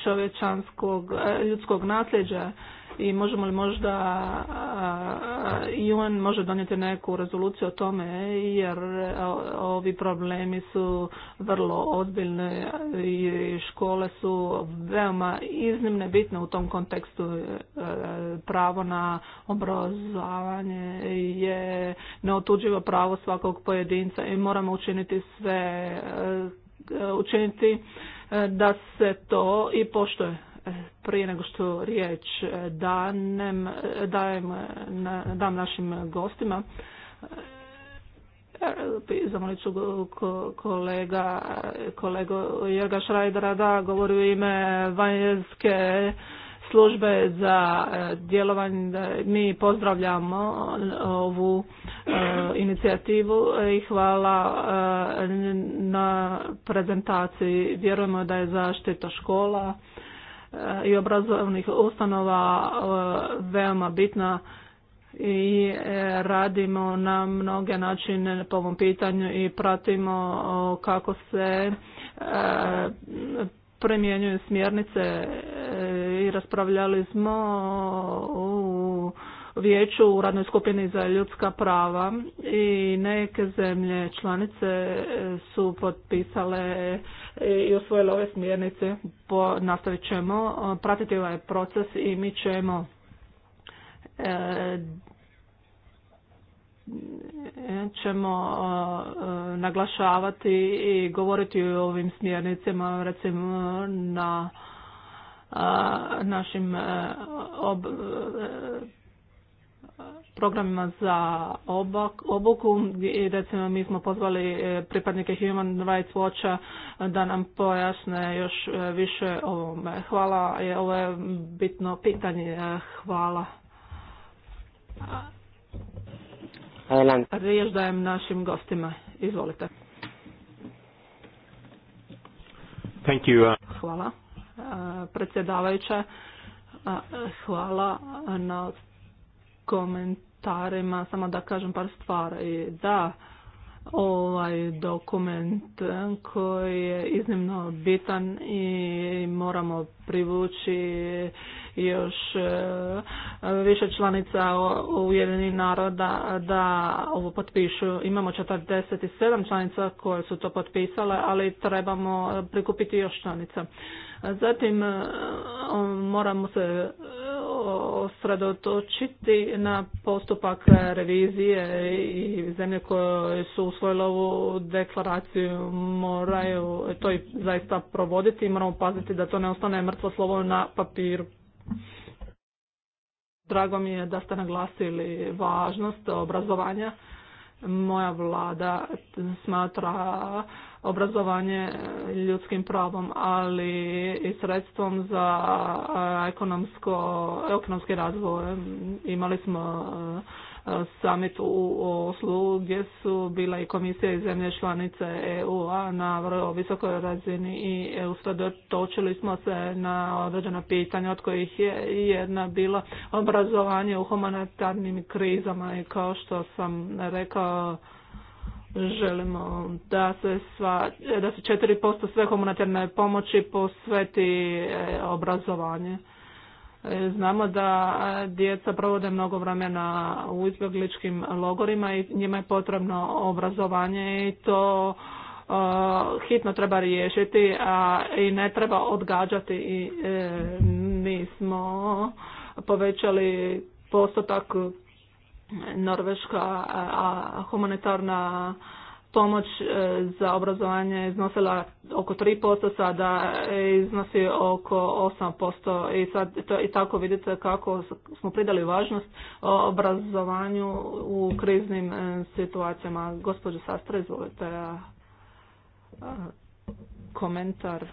Speaker 2: čovječanskog ljudskog nasljeđa i možemo li možda UN može donijeti neku rezoluciju o tome jer ovi problemi su vrlo ozbiljne i škole su veoma iznimne bitne u tom kontekstu e, pravo na obrazovanje je neotuđivo pravo svakog pojedinca i moramo učiniti sve e, učiniti e, da se to i poštuje prije nego što riječ e, danem, e, dajem, e, na, dam našim gostima, zamolit ću kolega, kolego Jerga Šrajdera da govori u ime vanjske službe za djelovanje. Mi pozdravljamo ovu inicijativu i hvala na prezentaciji. Vjerujemo da je zaštita škola Eh, i obrazovnih ustanova eh, veoma bitna i eh, radimo na mnoge načine po ovom pitanju i pratimo kako se primjenjuju smjernice i raspravljali smo u vijeću u radnoj skupini za ljudska prava i neke zemlje članice su potpisale i usvojila ove smjernice. Po, nastavit ćemo pratiti ovaj proces i mi ćemo e, ćemo naglašavati i govoriti o ovim smjernicama recimo na našim e, ob, e, programima za obuku i recimo mi smo pozvali e, pripadnike Human Rights Watcha e, da nam pojasne još e, više o ovome. Hvala, ovo je bitno pitanje. Hvala. Riješ dajem našim gostima. Izvolite.
Speaker 3: Thank uh,
Speaker 2: Hvala. Predsjedavajuća, hvala na komentarima, samo da kažem par stvari. Da, ovaj dokument koji je iznimno bitan i moramo privući još eh, više članica Ujedinih naroda da ovo potpišu. Imamo 47 članica koje su to potpisale, ali trebamo prikupiti još članica. Zatim eh, moramo se sredotočiti na postupak revizije i zemlje koje su usvojile ovu deklaraciju moraju to i zaista provoditi i moramo paziti da to ne ostane mrtvo slovo na papiru. Drago mi je da ste naglasili važnost obrazovanja. Moja vlada smatra obrazovanje ljudskim pravom, ali i sredstvom za e, ekonomsko, ekonomski razvoj. Imali smo e, summit u Oslu gdje su bila i komisija i zemlje članice EU-a na vrlo visokoj razini i usredotočili smo se na određena pitanja od kojih je jedna bila obrazovanje u humanitarnim krizama i kao što sam rekao Želimo da se, sva, da se 4% sve humanitarne pomoći posveti e, obrazovanje. E, znamo da e, djeca provode mnogo vremena u izbjegličkim logorima i njima je potrebno obrazovanje i to hitno treba riješiti a i ne treba odgađati i mi smo povećali postotak norveška humanitarna pomoć e, za obrazovanje iznosila oko 3%, sada iznosi oko 8% i, sad, to, i tako vidite kako smo pridali važnost obrazovanju u kriznim e, situacijama. Gospođo Sastra, izvolite komentar.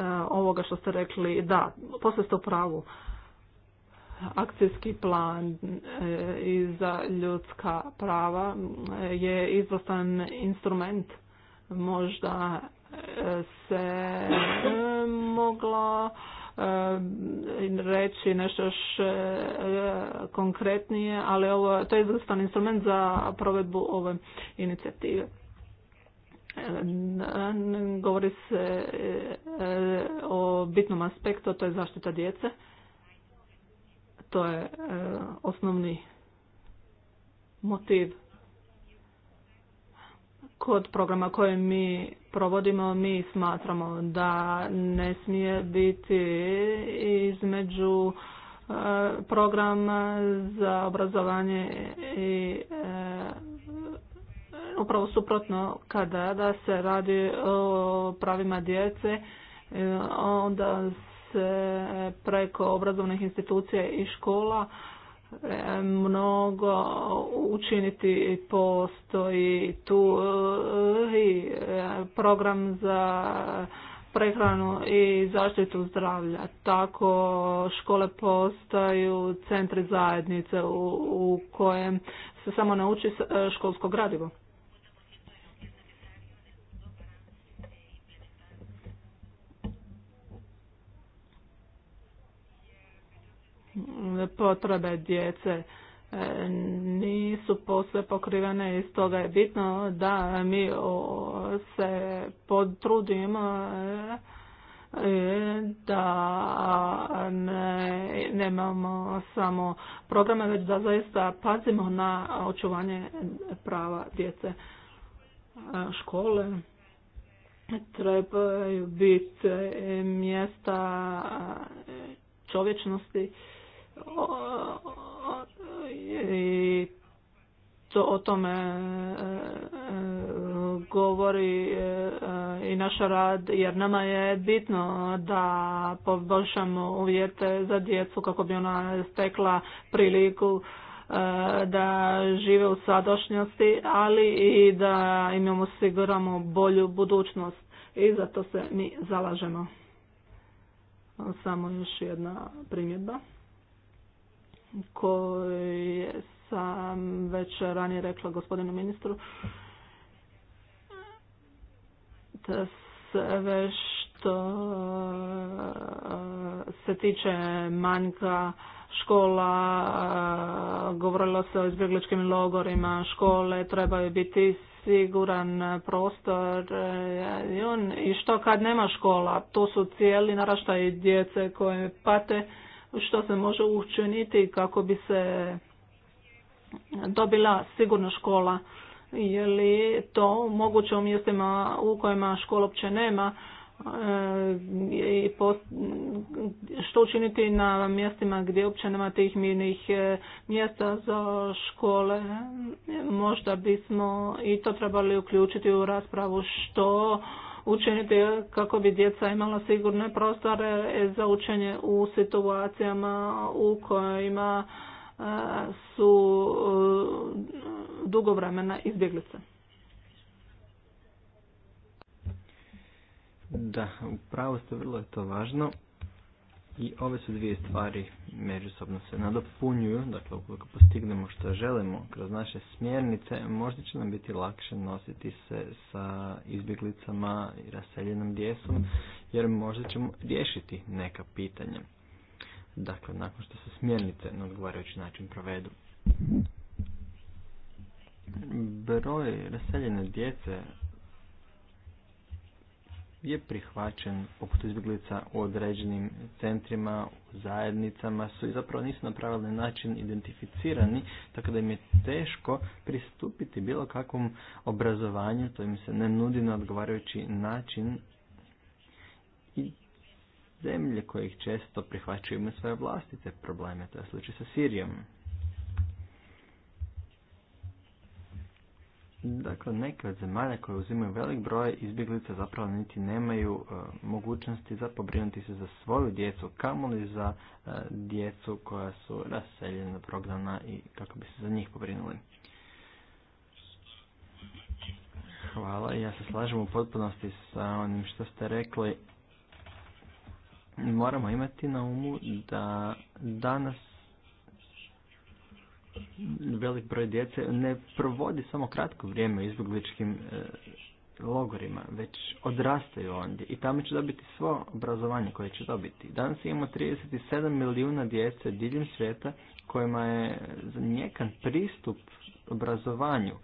Speaker 2: E, ovoga što ste rekli, da, posve ste u pravu. Akcijski plan e, i za ljudska prava e, je izvrstan instrument. Možda se mogla reći nešto još konkretnije, ali ovo, to je izvrstan instrument za provedbu ove inicijative. Govori se e, o bitnom aspektu, to je zaštita djece. To je e, osnovni motiv kod programa koje mi provodimo mi smatramo da ne smije biti između e, programa za obrazovanje i upravo suprotno kada da se radi o pravima djece e, onda se preko obrazovnih institucija i škola e, mnogo učiniti postoji tu e, i program za prehranu i zaštitu zdravlja. Tako škole postaju centri zajednice u, kojem se samo nauči školsko gradivo. potrebe djece e, nisu posve pokrivene i stoga je bitno da mi se potrudimo e, da ne, nemamo samo programe, već da zaista pazimo na očuvanje prava djece e, škole. Trebaju biti mjesta čovječnosti
Speaker 5: i
Speaker 2: to o tome e, e, govori e, i naš rad jer nama je bitno da poboljšamo uvjete za djecu kako bi ona stekla priliku da žive u sadašnjosti, ali i da im osiguramo bolju budućnost i za to se mi zalažemo. Samo još jedna primjedba koji sam već ranije rekla gospodinu ministru da sve što e, se tiče manjka škola, e, govorilo se o izbjegličkim logorima, škole trebaju biti siguran prostor e, i, on, i što kad nema škola, to su cijeli naraštaj djece koje pate što se može učiniti kako bi se dobila sigurna škola. Je li to moguće u mjestima u kojima škola uopće nema? E, i što učiniti na mjestima gdje uopće nema tih mirnih e, mjesta za škole. Možda bismo i to trebali uključiti u raspravu što učiniti kako bi djeca imala sigurne prostore za učenje u situacijama u kojima e, su e, dugo vremena izbjeglice.
Speaker 3: Da, upravo ste, vrlo je to važno. I ove su dvije stvari međusobno se nadopunjuju, dakle ukoliko postignemo što želimo kroz naše smjernice, možda će nam biti lakše nositi se sa izbjeglicama i raseljenom djecom, jer možda ćemo riješiti neka pitanja. Dakle, nakon što se smjernice na odgovarajući način provedu. Broj raseljene djece je prihvaćen poput izbjeglica u određenim centrima, u zajednicama su i zapravo nisu na pravilni način identificirani, tako da im je teško pristupiti bilo kakvom obrazovanju, to im se ne nudi na odgovarajući način i zemlje koje ih često prihvaćaju imaju svoje vlastite probleme, to je slučaj sa Sirijom. Dakle, neke od zemalja koje uzimaju velik broj izbjeglica zapravo niti nemaju e, mogućnosti za pobrinuti se za svoju djecu, kamoli za e, djecu koja su raseljena, prognana i kako bi se za njih pobrinuli. Hvala, ja se slažem u potpunosti sa onim što ste rekli. Moramo imati na umu da danas velik broj djece ne provodi samo kratko vrijeme u izbjegličkim e, logorima, već odrastaju ondje i tamo će dobiti svo obrazovanje koje će dobiti. Danas imamo 37 milijuna djece diljem svijeta kojima je njekan pristup obrazovanju.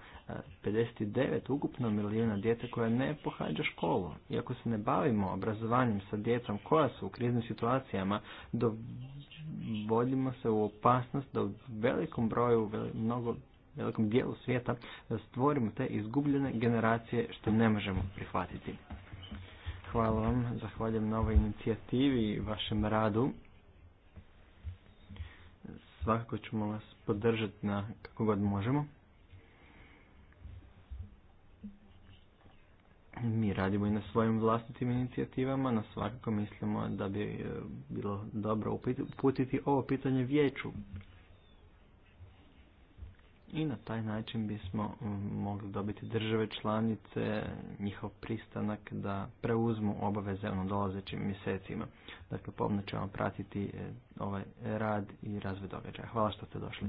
Speaker 3: 59 e, ukupno milijuna djece koja ne pohađa školu. Iako se ne bavimo obrazovanjem sa djecom koja su u kriznim situacijama, do vodimo se u opasnost da u velikom broju, mnogo, velikom dijelu svijeta stvorimo te izgubljene generacije što ne možemo prihvatiti. Hvala vam, zahvaljujem na ovoj inicijativi i vašem radu. Svakako ćemo vas podržati na kako god možemo. mi radimo i na svojim vlastitim inicijativama, na svakako mislimo da bi e, bilo dobro uputiti ovo pitanje vijeću. I na taj način bismo mogli dobiti države članice, njihov pristanak da preuzmu obaveze u dolazećim mjesecima. Dakle, pomno ćemo pratiti e, ovaj rad i razvoj događaja. Hvala što ste došli.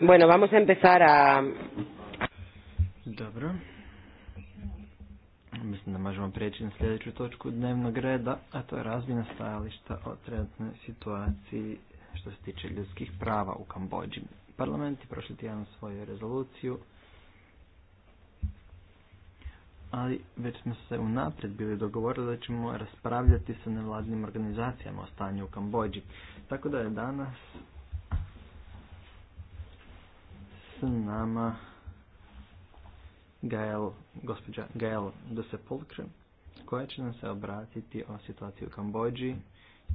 Speaker 3: Bueno, vamos a empezar a... Dobro. Mislim da možemo prijeći na sljedeću točku dnevnog reda, a to je razmjena stajališta o trenutnoj situaciji što se tiče ljudskih prava u Kambođi. Parlament je prošli tjedan svoju rezoluciju, ali već smo se unaprijed bili dogovorili da ćemo raspravljati sa nevladnim organizacijama o stanju u Kambođi. Tako da je danas s nama Gael, gospođa Gael Sepulcre koja će nam se obratiti o situaciji u Kambođi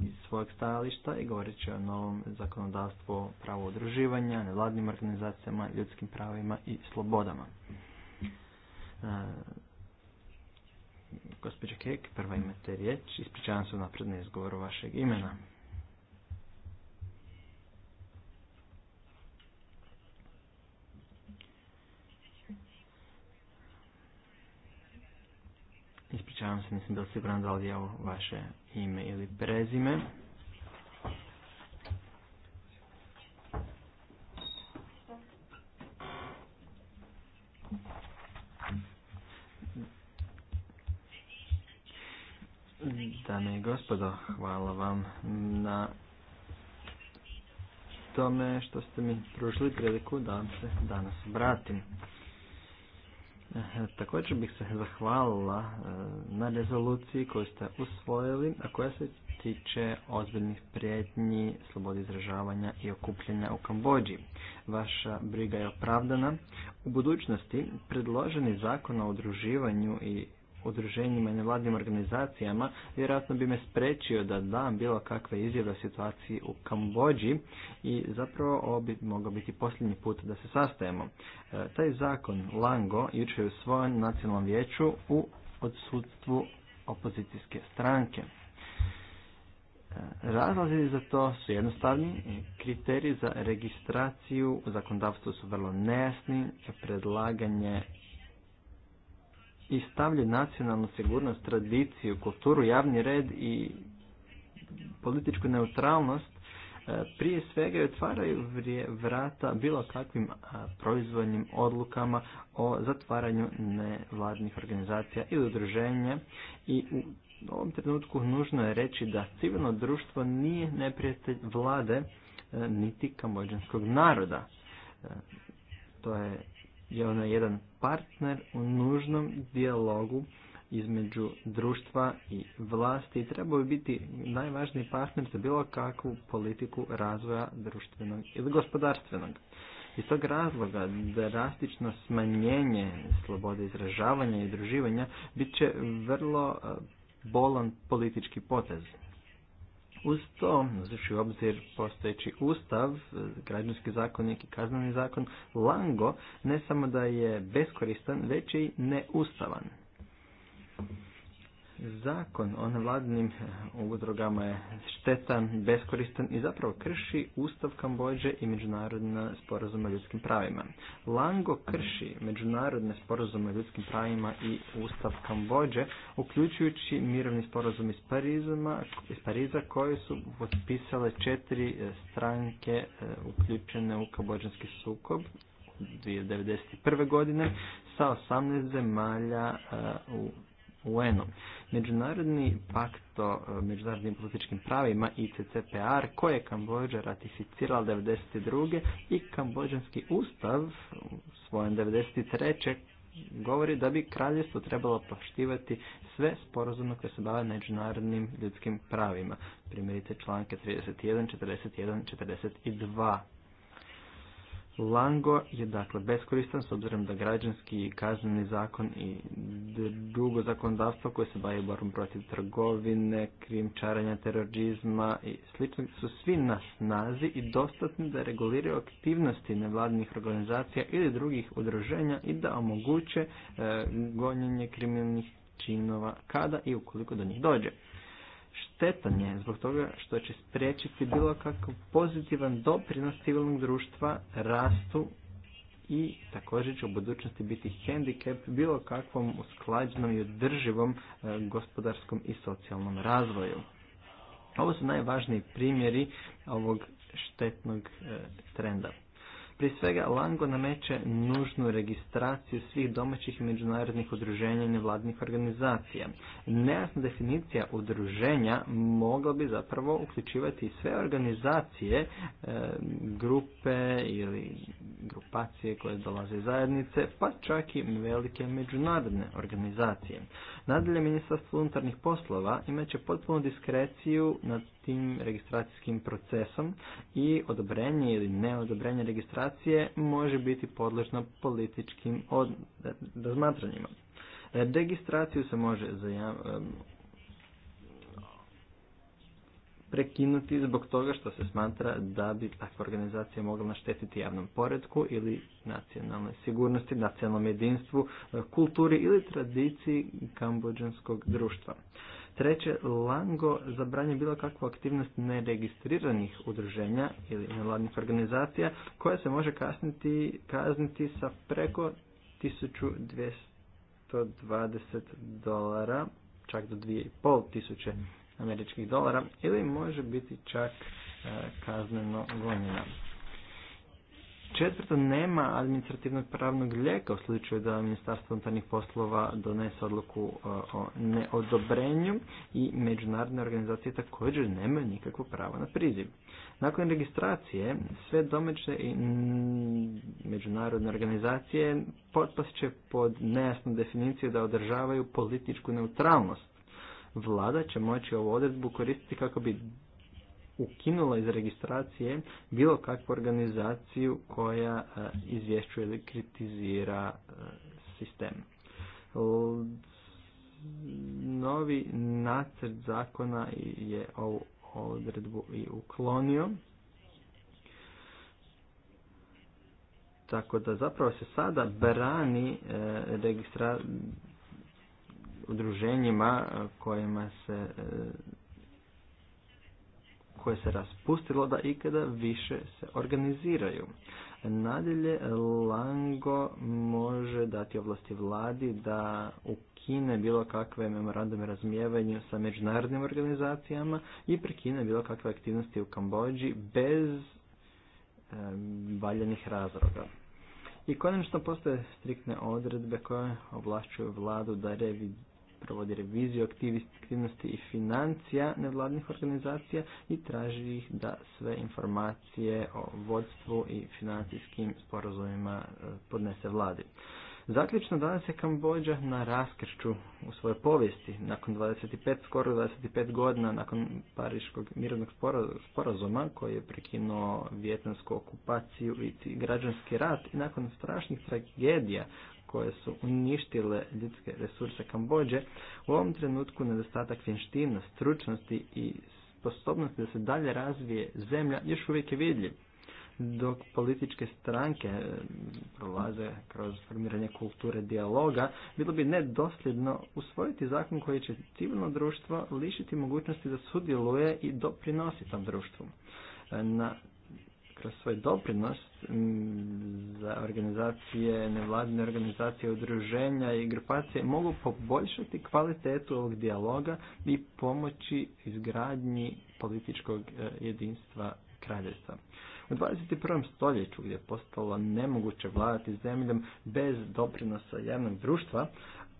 Speaker 3: iz svojeg stajališta i govorit će o novom zakonodavstvu pravo pravu udruživanja, nevladnim organizacijama, ljudskim pravima i slobodama. E, gospođa Kek, prva imate riječ, ispričavam se napred izgovoru vašeg imena. ispričavam se, nisam siguran da li je ovo vaše ime ili prezime. Dame i gospodo, hvala vam na tome što ste mi pružili priliku da se danas vratim. Također bih se zahvalila e, na rezoluciji koju ste usvojili, a koja se tiče ozbiljnih prijetnji, slobodi izražavanja i okupljenja u Kambođi. Vaša briga je opravdana. U budućnosti predloženi zakon o udruživanju i udruženjima i nevladnim organizacijama, vjerojatno bi me sprečio da dam bilo kakve izjave o situaciji u Kambođi i zapravo ovo bi mogao biti posljednji put da se sastajemo. E, taj zakon Lango jučer je svojem nacionalnom vijeću u odsudstvu opozicijske stranke. E, Razlazi za to su jednostavni, kriteriji za registraciju u zakonodavstvu su vrlo nejasni, predlaganje i stavlja nacionalnu sigurnost, tradiciju, kulturu, javni red i političku neutralnost e, prije svega otvaraju vrata bilo kakvim e, proizvodnim odlukama o zatvaranju nevladnih organizacija ili udruženja i u ovom trenutku nužno je reći da civilno društvo nije neprijatelj vlade e, niti kamođanskog naroda. To je je ono jedan partner u nužnom dijalogu između društva i vlasti i treba bi biti najvažniji partner za bilo kakvu politiku razvoja društvenog ili gospodarstvenog. Iz tog razloga drastično smanjenje slobode izražavanja i druživanja bit će vrlo eh, bolan politički potez. Uz to, uzavši u obzir postojeći ustav, građanski zakonnik i kazneni zakon, Lango ne samo da je beskoristan, već i neustavan. Zakon o nevladinim eh, udrogama je štetan, beskoristan i zapravo krši Ustav Kambođe i međunarodna sporazuma o ljudskim pravima. Lango krši međunarodne sporazume o ljudskim pravima i Ustav Kambođe, uključujući mirovni sporazum iz, iz Pariza koje su potpisale četiri eh, stranke eh, uključene u kambođanski sukob 1991. godine sa 18 zemalja u UN-u. Međunarodni pakt o e, međunarodnim političkim pravima ICCPR koje je Kambođa ratificirala 1992. i Kambođanski ustav u svojem 1993. govori da bi kraljevstvo trebalo poštivati sve sporazume koje se bave međunarodnim ljudskim pravima. Primjerice članke 31, 41, 42. Lango je dakle beskoristan s obzirom da građanski i kazneni zakon i drugo zakonodavstvo koje se bavi borbom protiv trgovine, krijumčarenja terorizma i slično su svi na snazi i dostatni da reguliraju aktivnosti nevladinih organizacija ili drugih udruženja i da omoguće e, gonjenje kriminalnih činova kada i ukoliko do njih dođe štetan je zbog toga što će spriječiti bilo kakav pozitivan doprinos civilnog društva, rastu i također će u budućnosti biti hendikep bilo kakvom usklađenom i održivom e, gospodarskom i socijalnom razvoju. Ovo su najvažniji primjeri ovog štetnog e, trenda. Prije svega, Lango nameće nužnu registraciju svih domaćih i međunarodnih udruženja i nevladnih organizacija. Nejasna definicija udruženja mogla bi zapravo uključivati sve organizacije, e, grupe ili grupe participacije koje dolaze zajednice, pa čak i velike međunarodne organizacije. Nadalje, ministarstvo unutarnjih poslova imaće će potpunu diskreciju nad tim registracijskim procesom i odobrenje ili neodobrenje registracije može biti podložno političkim razmatranjima. Registraciju se može prekinuti zbog toga što se smatra da bi takva organizacija mogla naštetiti javnom poredku ili nacionalnoj sigurnosti, nacionalnom jedinstvu, e, kulturi ili tradiciji kambođanskog društva. Treće, Lango zabranje bilo kakvu aktivnost neregistriranih udruženja ili nevladnih organizacija koja se može kasniti, kazniti sa preko 1220 dolara, čak do 2500 tisuće američkih dolara ili može biti čak e, kazneno gonjena. Četvrto, nema administrativnog pravnog lijeka u slučaju da Ministarstvo unutarnjih poslova donese odluku e, o neodobrenju i međunarodne organizacije također nemaju nikakvo pravo na priziv. Nakon registracije, sve domaće i međunarodne organizacije potpast će pod nejasnu definiciju da održavaju političku neutralnost vlada će moći ovu odredbu koristiti kako bi ukinula iz registracije bilo kakvu organizaciju koja eh, izvješćuje ili kritizira eh, sistem. Novi nacrt zakona je ovu odredbu i uklonio. Tako da zapravo se sada brani eh, registracija udruženjima e, kojima se e, koje se raspustilo da ikada više se organiziraju. Nadalje, Lango može dati ovlasti vladi da ukine bilo kakve memorandume razmijevanja sa međunarodnim organizacijama i prekine bilo kakve aktivnosti u Kambođi bez e, valjanih razloga. I konačno postoje striktne odredbe koje ovlašćuju vladu da revidira provodi reviziju aktivnosti i financija nevladnih organizacija i traži ih da sve informacije o vodstvu i financijskim sporazumima e, podnese vladi. Zaključno danas je Kambođa na raskršću u svojoj povijesti, nakon 25, skoro 25 godina, nakon Pariškog mirovnog sporazuma koji je prekinuo vjetnansku okupaciju i građanski rat i nakon strašnih tragedija koje su uništile ljudske resurse Kambođe, u ovom trenutku nedostatak vještina, stručnosti i sposobnosti da se dalje razvije zemlja još uvijek je vidljiv dok političke stranke eh, prolaze kroz formiranje kulture dijaloga, bilo bi nedosljedno usvojiti zakon koji će civilno društvo lišiti mogućnosti da sudjeluje i doprinosi tom društvu. Eh, na kroz svoj doprinos za organizacije, nevladine organizacije, udruženja i grupacije mogu poboljšati kvalitetu ovog dijaloga i pomoći izgradnji političkog e, jedinstva kraljevstva. U 21. stoljeću gdje je postalo nemoguće vladati zemljom bez doprinosa javnog društva,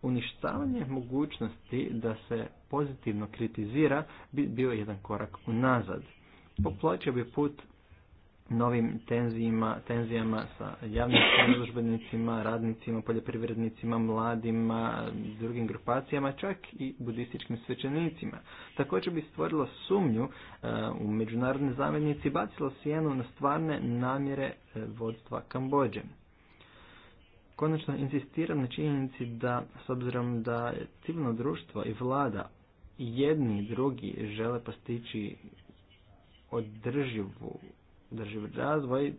Speaker 3: uništavanje mogućnosti da se pozitivno kritizira bi bio jedan korak unazad. Popločio bi put novim tenzijima, tenzijama sa javnim službenicima, radnicima, poljoprivrednicima, mladima, drugim grupacijama, čak i budističkim svećenicima. Također bi stvorilo sumnju e, u međunarodnoj i bacilo sjenu na stvarne namjere e, vodstva Kambođe. Konačno insistiram na činjenici da, s obzirom da civilno društvo i vlada jedni i drugi žele postići održivu održiv razvoj,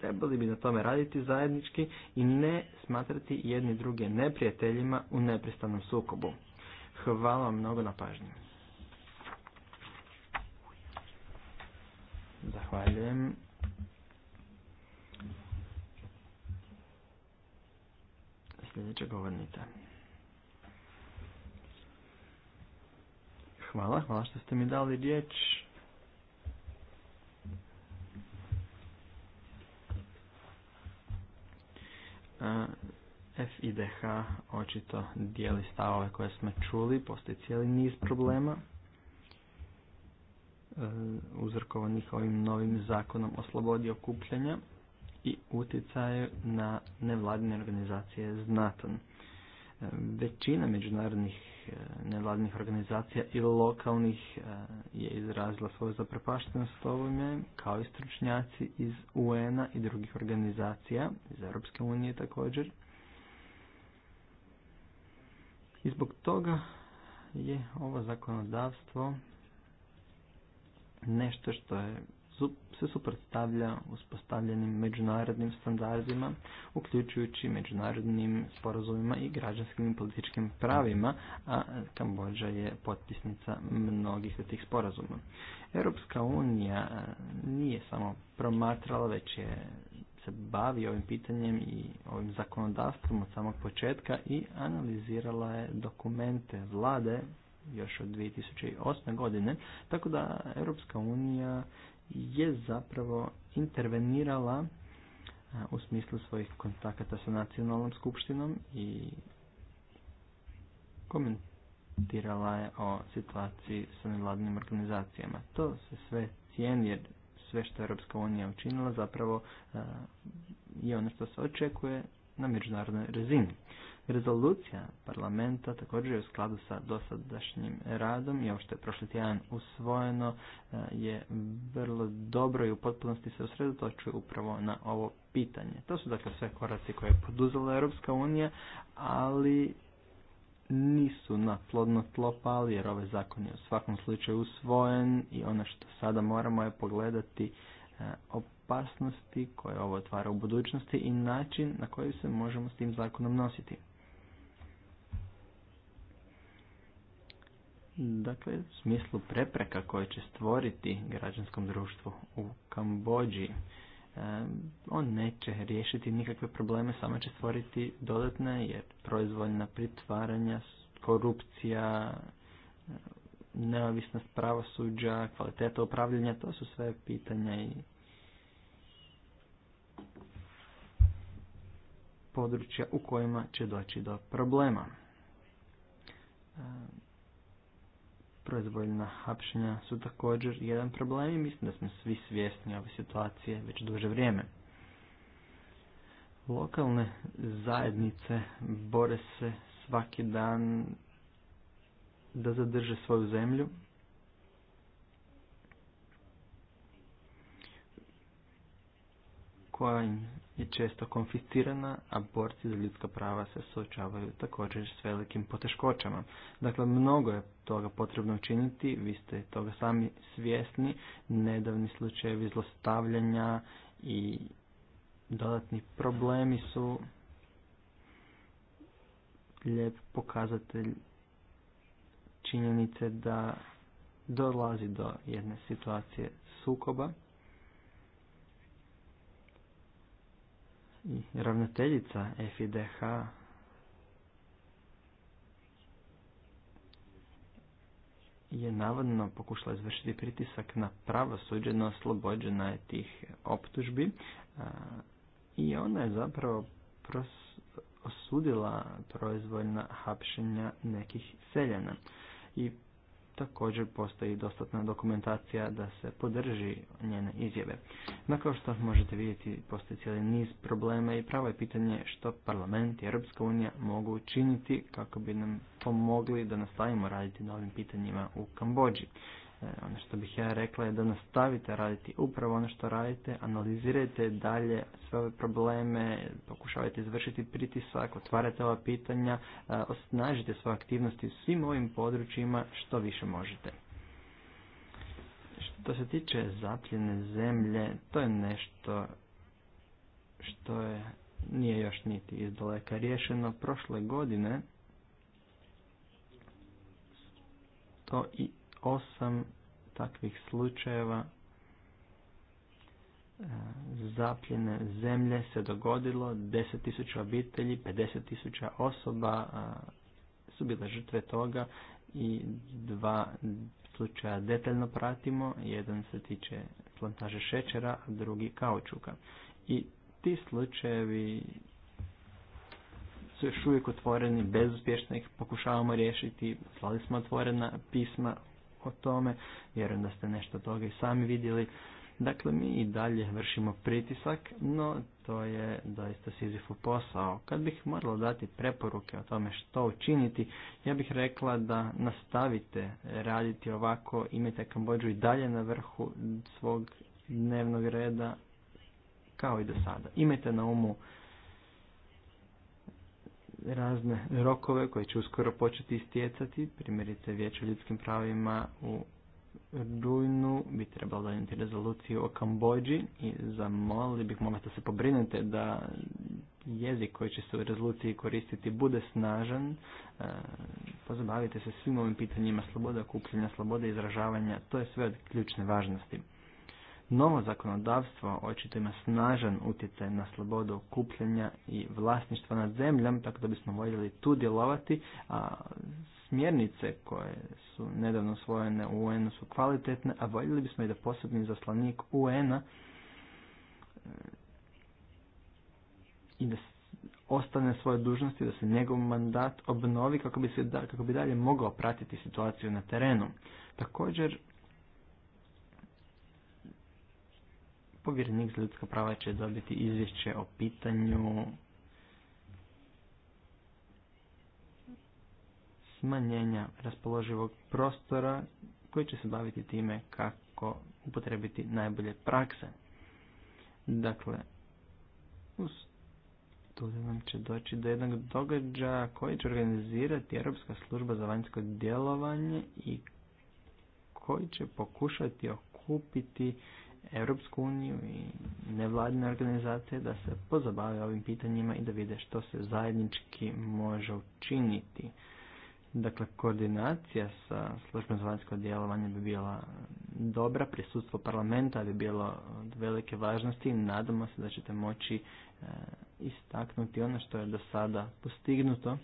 Speaker 3: trebali bi na tome raditi zajednički i ne smatrati jedni druge neprijateljima u nepristanom sukobu. Hvala vam mnogo na pažnju. Zahvaljujem. Sljedeća govornica. Hvala, hvala što ste mi dali riječ. E, FIDH očito dijeli stavove koje smo čuli, postoji cijeli niz problema e, uzrokovanih ovim novim zakonom o slobodi okupljanja i utjecaju na nevladine organizacije znatan. E, većina međunarodnih nevladnih organizacija i lokalnih e, je izrazila svoju zaprepaštenost ovome, kao i stručnjaci iz UN-a i drugih organizacija, iz Europske unije također. I zbog toga je ovo zakonodavstvo nešto što je se suprotstavlja uspostavljenim međunarodnim standardima, uključujući međunarodnim sporazumima i građanskim i političkim pravima, a Kambođa je potpisnica mnogih od tih sporazuma. Europska unija nije samo promatrala, već je se bavi ovim pitanjem i ovim zakonodavstvom od samog početka i analizirala je dokumente vlade još od 2008. godine, tako da Europska unija je zapravo intervenirala u smislu svojih kontakata sa nacionalnom skupštinom i komentirala je o situaciji sa nevladnim organizacijama. To se sve cijeni jer sve što je Europska unija učinila zapravo je ono što se očekuje na međunarodnoj razini. Rezolucija parlamenta također je u skladu sa dosadašnjim radom i ovo što je prošli tjedan usvojeno eh, je vrlo dobro i u potpunosti se osredotočuje upravo na ovo pitanje. To su dakle sve koraci koje je poduzela Europska unija, ali nisu na plodno tlo pali jer ovaj zakon je u svakom slučaju usvojen i ono što sada moramo je pogledati eh, opasnosti koje ovo otvara u budućnosti i način na koji se možemo s tim zakonom nositi. dakle, u smislu prepreka koje će stvoriti građanskom društvu u Kambođi. E, on neće riješiti nikakve probleme, samo će stvoriti dodatne jer proizvoljna pritvaranja, korupcija, e, neovisnost pravosuđa, kvaliteta upravljanja, to su sve pitanja i područja u kojima će doći do problema e, proizvoljna hapšenja su također jedan problem i mislim da smo svi svjesni ove situacije već duže vrijeme. Lokalne zajednice bore se svaki dan da zadrže svoju zemlju. koja im je često konfiscirana, a borci za ljudska prava se suočavaju također s velikim poteškoćama. Dakle, mnogo je toga potrebno učiniti, vi ste toga sami svjesni, nedavni slučajevi zlostavljanja i dodatni problemi su lijep pokazatelj činjenice da dolazi do jedne situacije sukoba i ravnateljica FIDH je navodno pokušala izvršiti pritisak na pravosuđe, no oslobođena je tih optužbi i ona je zapravo osudila proizvoljna hapšenja nekih seljana. I također postoji dostatna dokumentacija da se podrži njene izjave. No kao što možete vidjeti postoji cijeli niz problema i pravo je pitanje što parlament i Europska unija mogu učiniti kako bi nam pomogli da nastavimo raditi na ovim pitanjima u Kambođi. E, ono što bih ja rekla je da nastavite raditi upravo ono što radite, analizirajte dalje sve ove probleme, pokušavajte izvršiti pritisak, otvarajte ova pitanja, e, osnažite svoje aktivnosti u svim ovim područjima što više možete. Što se tiče zapljene zemlje, to je nešto što je nije još niti daleka riješeno prošle godine to i osam takvih slučajeva e, zapljene zemlje se dogodilo, 10.000 obitelji, 50.000 osoba e, su bile žrtve toga i dva slučaja detaljno pratimo, jedan se tiče plantaže šećera, a drugi kaučuka. I ti slučajevi su još uvijek otvoreni, bezuspješno ih pokušavamo riješiti, slali smo otvorena pisma o tome, vjerujem da ste nešto toga i sami vidjeli. Dakle, mi i dalje vršimo pritisak, no to je doista Sizifu posao. Kad bih morala dati preporuke o tome što učiniti, ja bih rekla da nastavite raditi ovako, imajte Kambođu i dalje na vrhu svog dnevnog reda, kao i do sada. Imajte na umu razne rokove koji će uskoro početi istjecati, primjerice Vijeće o ljudskim pravima u rujnu bi trebalo donijeti rezoluciju o Kambođi i zamolili bih molim da se pobrinete da jezik koji će se u rezoluciji koristiti bude snažan. E, pozabavite se svim ovim pitanjima sloboda, kupljenja slobode, izražavanja. To je sve od ključne važnosti. Novo zakonodavstvo očito ima snažan utjecaj na slobodu okupljanja i vlasništva nad zemljom, tako da bismo voljeli tu djelovati, a smjernice koje su nedavno usvojene u UN-u su kvalitetne, a voljeli bismo i da posebni zaslanik UN-a e, i da ostane svoje dužnosti, da se njegov mandat obnovi kako bi, se kako bi dalje mogao pratiti situaciju na terenu. Također povjerenik za ljudska prava će dobiti izvješće o pitanju smanjenja raspoloživog prostora koji će se baviti time kako upotrebiti najbolje prakse. Dakle, uz vam će doći do jednog događaja koji će organizirati Europska služba za vanjsko djelovanje i koji će pokušati okupiti Europsku uniju i nevladine organizacije da se pozabave ovim pitanjima i da vide što se zajednički može učiniti. Dakle, koordinacija sa službom za vanjsko djelovanje bi bila dobra, prisustvo parlamenta bi bilo od velike važnosti i nadamo se da ćete moći e, istaknuti ono što je do sada postignuto,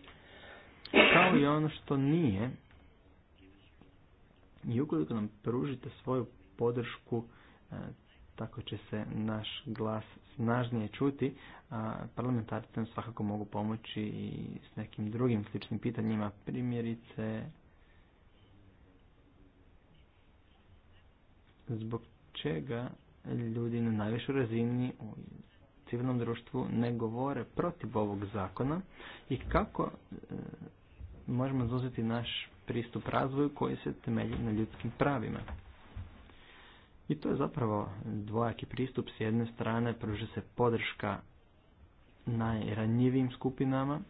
Speaker 3: kao i ono što nije. I ukoliko nam pružite svoju podršku, E, tako će se naš glas snažnije čuti, a parlamentarci nam svakako mogu pomoći i s nekim drugim sličnim pitanjima, primjerice zbog čega ljudi na najvišoj razini u civilnom društvu ne govore protiv ovog zakona i kako e, možemo zauzeti naš pristup razvoju koji se temelji na ljudskim pravima. I to je zapravo dvojaki pristup. S jedne strane pruži se podrška najranjivijim skupinama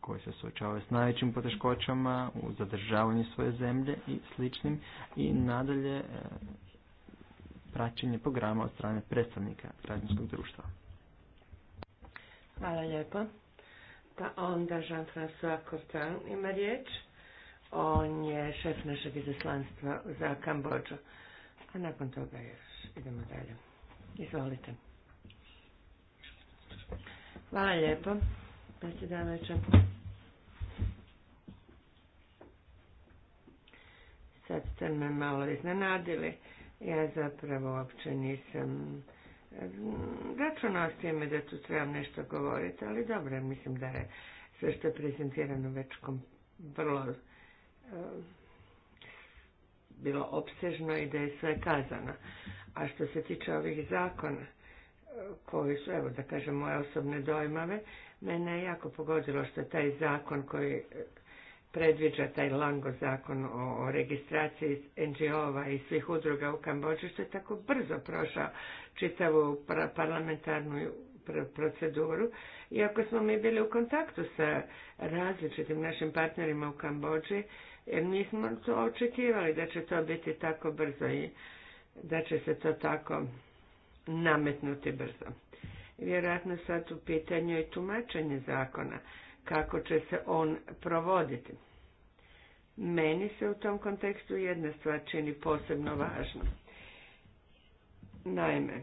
Speaker 3: koji se suočavaju s najvećim poteškoćama u zadržavanju svoje zemlje i sličnim i nadalje e, praćenje programa od strane predstavnika građanskog društva.
Speaker 4: Hvala lijepo. Pa onda Jean-François Cortin ima riječ. On je šef našeg izaslanstva za Kambođu. A nakon toga još idemo dalje. Izvolite. Hvala lijepo, predsjedavajuća. Sad ste me malo iznenadili. Ja zapravo uopće nisam mm, računao s time da tu trebam nešto govoriti, ali dobro, mislim da je sve što je prezentirano već vrlo eh, bilo opsežno i da je sve kazano. A što se tiče ovih zakona, e, koji su, evo da kažem, moje osobne dojmave, mene je jako pogodilo što taj zakon koji e, predviđa taj Lango zakon o, registraciji NGO-ova i svih udruga u Kambođu, što je tako brzo prošao čitavu parlamentarnu proceduru. Iako smo mi bili u kontaktu sa različitim našim partnerima u Kambođi jer nismo to očekivali da će to biti tako brzo i da će se to tako nametnuti brzo. Vjerojatno sad u pitanju je tumačenje zakona, kako će se on provoditi. Meni se u tom kontekstu jedna stvar čini posebno važna. Naime,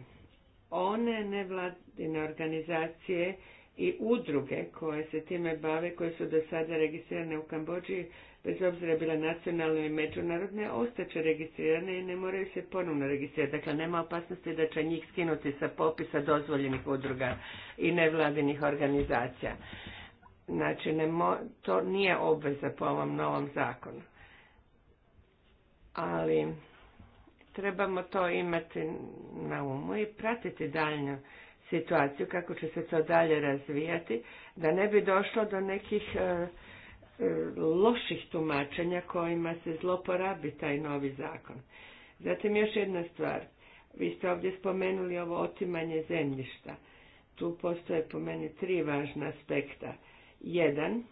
Speaker 4: one nevladine organizacije i udruge koje se time bave, koje su do sada registrirane u Kambodži bez obzira bila nacionalne i međunarodne, ostaće registrirane i ne moraju se ponovno registrirati. Dakle, nema opasnosti da će njih skinuti sa popisa dozvoljenih udruga i nevladinih organizacija. Znači, to nije obveza po ovom novom zakonu. Ali trebamo to imati na umu i pratiti daljnju situaciju, kako će se to dalje razvijati, da ne bi došlo do nekih e, loših tumačenja kojima se zloporabi taj novi zakon. Zatim još jedna stvar. Vi ste ovdje spomenuli ovo otimanje zemljišta. Tu postoje po meni tri važna aspekta. Jedan,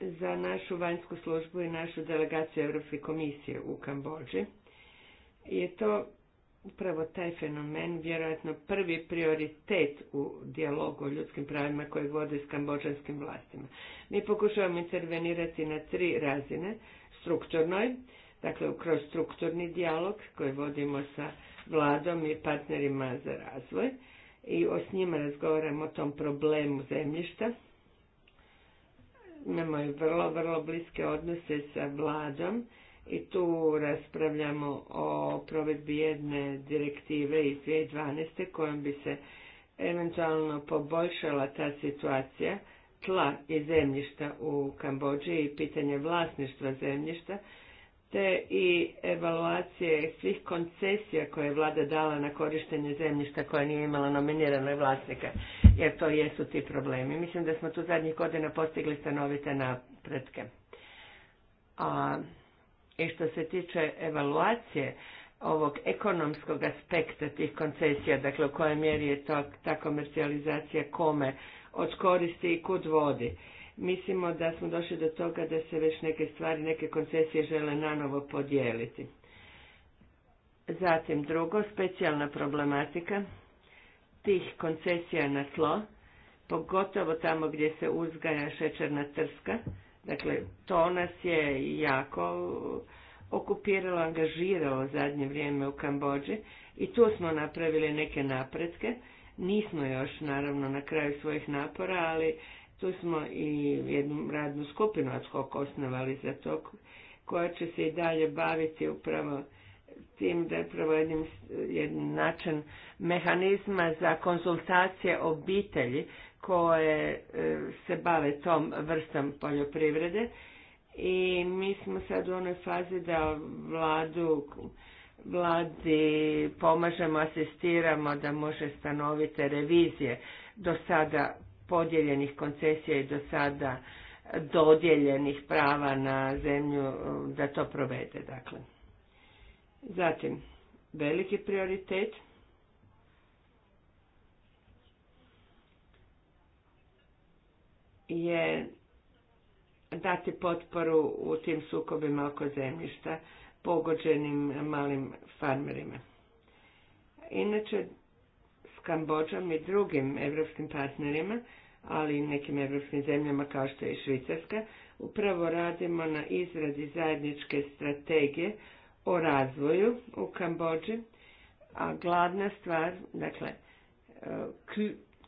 Speaker 4: za našu vanjsku službu i našu delegaciju Europske komisije u Kambođi je to upravo taj fenomen vjerojatno prvi prioritet u dijalogu o ljudskim pravima koji vode s kambođanskim vlastima. Mi pokušavamo intervenirati na tri razine, strukturnoj, dakle kroz strukturni dijalog koji vodimo sa vladom i partnerima za razvoj i o s njima razgovaramo o tom problemu zemljišta. Imamo i vrlo, vrlo bliske odnose sa vladom i tu raspravljamo o provedbi jedne direktive iz 2012. kojom bi se eventualno poboljšala ta situacija tla i zemljišta u Kambođi i pitanje vlasništva zemljišta, te i evaluacije svih koncesija koje je vlada dala na korištenje zemljišta koja nije imala nominirane vlasnika, jer to jesu ti problemi. Mislim da smo tu zadnjih godina postigli stanovite napretke. A i e što se tiče evaluacije ovog ekonomskog aspekta tih koncesija, dakle u kojoj mjeri je to, ta komercijalizacija kome od koristi i kud vodi. Mislimo da smo došli do toga da se već neke stvari, neke koncesije žele nanovo podijeliti. Zatim drugo, specijalna problematika tih koncesija na tlo, pogotovo tamo gdje se uzgaja šećerna trska, Dakle, to nas je jako okupiralo, angažiralo zadnje vrijeme u Kambođi i tu smo napravili neke napretke. Nismo još naravno na kraju svojih napora, ali tu smo i jednu radnu skupinu ad hoc osnovali za to koja će se i dalje baviti upravo tim da je jedan način mehanizma za konzultacije obitelji koje e, se bave tom vrstom poljoprivrede i mi smo sad u onoj fazi da vladu vladi pomažemo, asistiramo da može stanovite revizije do sada podijeljenih koncesija i do sada dodijeljenih prava na zemlju e, da to provede. Dakle. Zatim, veliki prioritet je dati potporu u tim sukobima oko zemljišta pogođenim malim farmerima. Inače, s Kambođom i drugim evropskim partnerima, ali i nekim evropskim zemljama kao što je i Švicarska, upravo radimo na izradi zajedničke strategije o razvoju u Kambođi, a glavna stvar, dakle, e,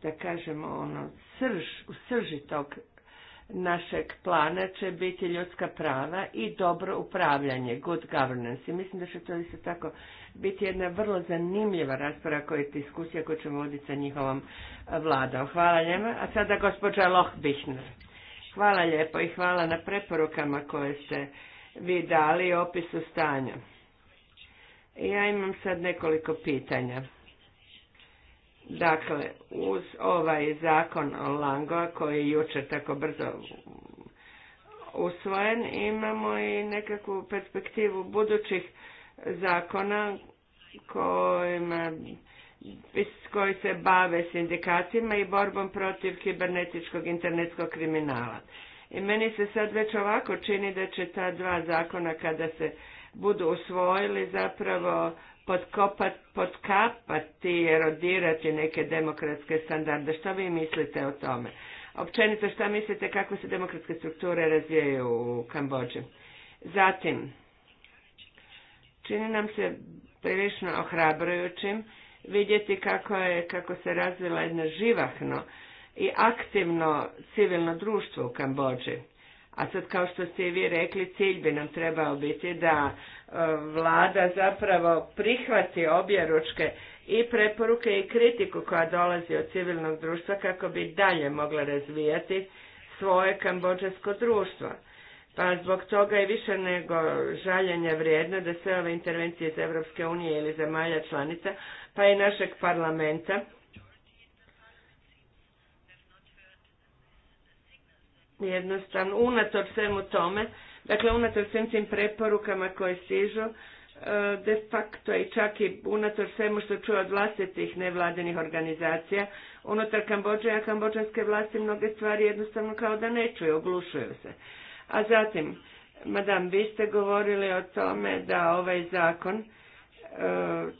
Speaker 4: da kažemo ono, srž, u srži tog našeg plana će biti ljudska prava i dobro upravljanje, good governance. I mislim da će to isto tako biti jedna vrlo zanimljiva rasprava koja je diskusija koju ćemo voditi sa njihovom eh, vladom. Hvala ljema. A sada gospođa Lohbihner. Hvala lijepo i hvala na preporukama koje ste vi dali i opisu stanja. Ja imam sad nekoliko pitanja. Dakle, uz ovaj zakon Langoa koji je jučer tako brzo usvojen, imamo i nekakvu perspektivu budućih zakona kojima koji se bave sindikatima i borbom protiv kibernetičkog internetskog kriminala. I meni se sad već ovako čini da će ta dva zakona kada se budu usvojili zapravo podkapati i erodirati neke demokratske standarde. Što vi mislite o tome? Općenito, što mislite kako se demokratske strukture razvijaju u Kambođi? Zatim, čini nam se prilično ohrabrujućim vidjeti kako, je, kako se razvila jedno živahno i aktivno civilno društvo u Kambođi. A sad, kao što ste i vi rekli, cilj bi nam trebao biti da vlada zapravo prihvati objeručke i preporuke i kritiku koja dolazi od civilnog društva kako bi dalje mogla razvijati svoje kambođansko društvo. Pa zbog toga je više nego žaljenja vrijedno da sve ove intervencije iz Europske unije ili zemalja članica, pa i našeg parlamenta, jednostavno, unatoč svemu tome, Dakle, unatoč svim tim preporukama koje stižu, e, de facto i čak i unatoč svemu što čuje od vlastitih nevladinih organizacija, unutar Kambođe, a kambođanske vlasti mnoge stvari jednostavno kao da ne čuju, oglušuju se. A zatim, madam, vi ste govorili o tome da ovaj zakon e,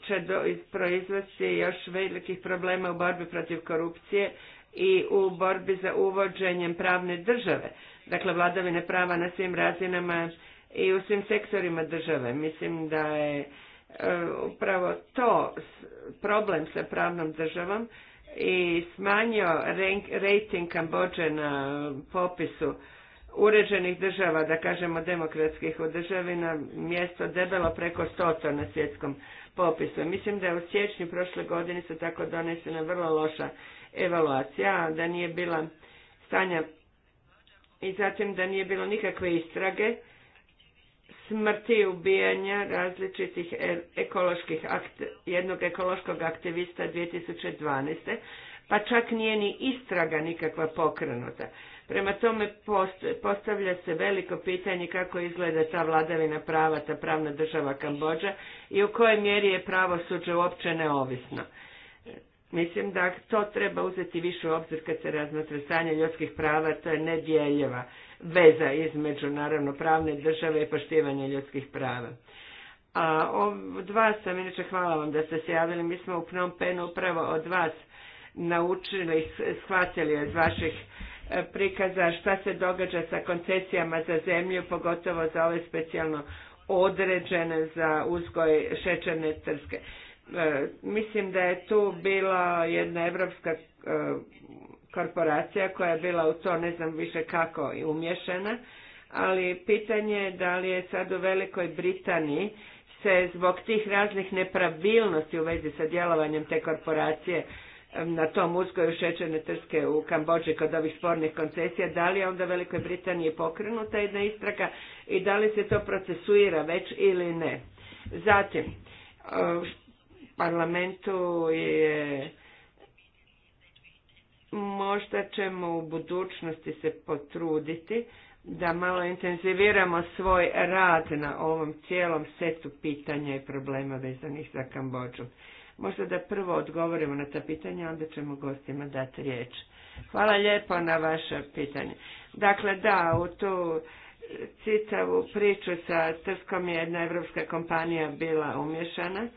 Speaker 4: će proizvesti još velikih problema u borbi protiv korupcije i u borbi za uvođenjem pravne države dakle vladavine prava na svim razinama i u svim sektorima države. Mislim da je e, upravo to problem sa pravnom državom i smanjio rating Kambođe na popisu uređenih država, da kažemo demokratskih u državi, na mjesto debelo preko stoto na svjetskom popisu. Mislim da je u siječnju prošle godine se tako donesena vrlo loša evaluacija, da nije bila stanja i zatim da nije bilo nikakve istrage smrti i ubijanja različitih ekoloških jednog ekološkog aktivista 2012. pa čak nije ni istraga nikakva pokrenuta. Prema tome postavlja se veliko pitanje kako izgleda ta vladavina prava, ta pravna država Kambođa i u kojoj mjeri je pravosuđe uopće neovisno. Mislim da to treba uzeti više u obzir kad se razmatra stanje ljudskih prava, to je nedjeljiva veza između naravno pravne države i poštivanja ljudskih prava. A od vas sam, inače hvala vam da ste se javili, mi smo u Pnom Penu upravo od vas naučili, shvatili iz vaših e, prikaza šta se događa sa koncesijama za zemlju, pogotovo za ove specijalno određene za uzgoj šećerne trske. E, mislim da je tu bila jedna evropska e, korporacija koja je bila u to ne znam više kako i ali pitanje je da li je sad u Velikoj Britaniji se zbog tih raznih nepravilnosti u vezi sa djelovanjem te korporacije e, na tom uzgoju šećerne trske u Kambođi kod ovih spornih koncesija, da li je onda Velikoj Britaniji pokrenuta jedna istraga i da li se to procesuira već ili ne. Zatim, parlamentu je možda ćemo u budućnosti se potruditi da malo intenziviramo svoj rad na ovom cijelom setu pitanja i problema vezanih za Kambođu. Možda da prvo odgovorimo na ta pitanja, onda ćemo gostima dati riječ. Hvala lijepo na vaše pitanje. Dakle, da, u tu citavu priču sa Trskom je jedna evropska kompanija bila umješana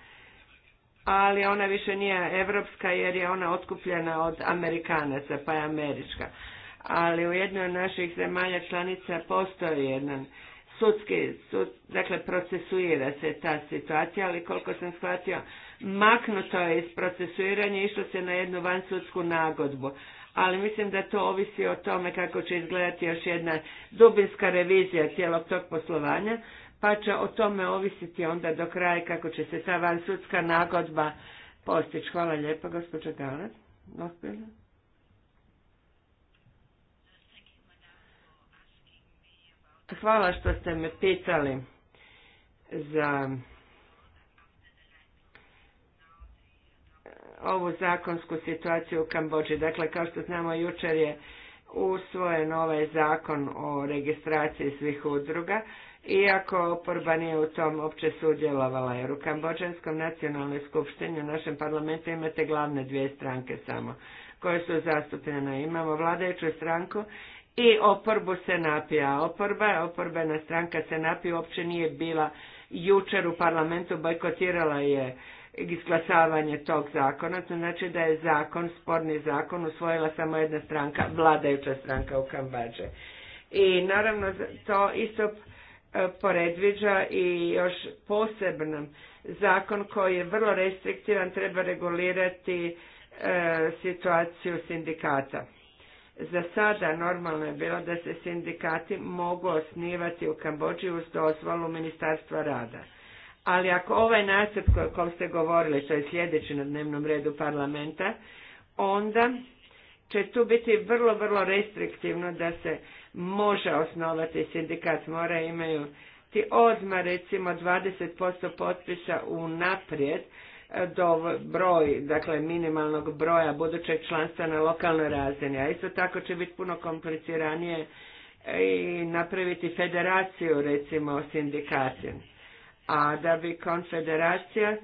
Speaker 4: ali ona više nije evropska jer je ona otkupljena od Amerikanaca, pa je američka. Ali u jednoj od naših zemalja članica postoji jedan sudski, sud, dakle procesuira se ta situacija, ali koliko sam shvatio, maknuto je iz procesuiranja išlo se na jednu vansudsku nagodbu. Ali mislim da to ovisi o tome kako će izgledati još jedna dubinska revizija cijelog tog poslovanja, pa će o tome ovisiti onda do kraja kako će se ta sudska nagodba postići. Hvala lijepa, gospođa Hvala što ste me pitali za ovu zakonsku situaciju u Kambođi. Dakle, kao što znamo, jučer je usvojen ovaj zakon o registraciji svih udruga iako oporba nije u tom opće sudjelovala, jer u Kambođanskom nacionalnoj skupštini u našem parlamentu imate glavne dvije stranke samo koje su zastupljene. Imamo vladajuću stranku i oporbu se napija. Oporba, oporbena stranka se napija, uopće nije bila jučer u parlamentu, bojkotirala je izglasavanje tog zakona, to znači da je zakon, sporni zakon, usvojila samo jedna stranka, vladajuća stranka u Kambađe. I naravno to isto E, Poredviđa i još posebno, zakon koji je vrlo restriktivan, treba regulirati e, situaciju sindikata. Za sada normalno je bilo da se sindikati mogu osnivati u Kambođi uz dozvolu Ministarstva rada. Ali ako ovaj nacrt o kojem ste govorili, to je sljedeći na dnevnom redu parlamenta, onda će tu biti vrlo, vrlo restriktivno da se može osnovati sindikat, mora imaju ti odmah recimo 20% potpisa u naprijed e, do broj, dakle minimalnog broja budućeg članstva na lokalnoj razini. A isto tako će biti puno kompliciranije e, i napraviti federaciju recimo sindikacije. A da bi konfederacija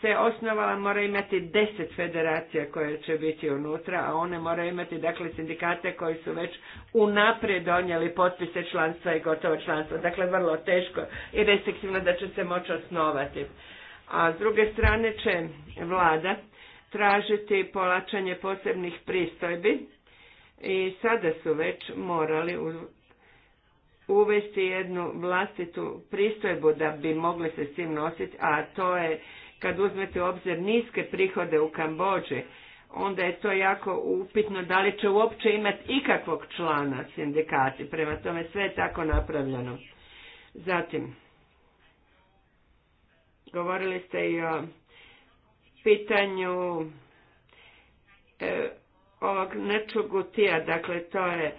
Speaker 4: se osnovala mora imati deset federacija koje će biti unutra, a one moraju imati dakle sindikate koji su već unaprijed donijeli potpise članstva i gotovo članstva. Dakle, vrlo teško i restriktivno da će se moći osnovati. A s druge strane će vlada tražiti polačanje posebnih pristojbi i sada su već morali uvesti jednu vlastitu pristojbu da bi mogli se s tim nositi, a to je kad uzmete u obzir niske prihode u Kambođi, onda je to jako upitno da li će uopće imati ikakvog člana sindikati. Prema tome sve je tako napravljeno. Zatim, govorili ste i o pitanju e, ovog Nečugutija, dakle to je e,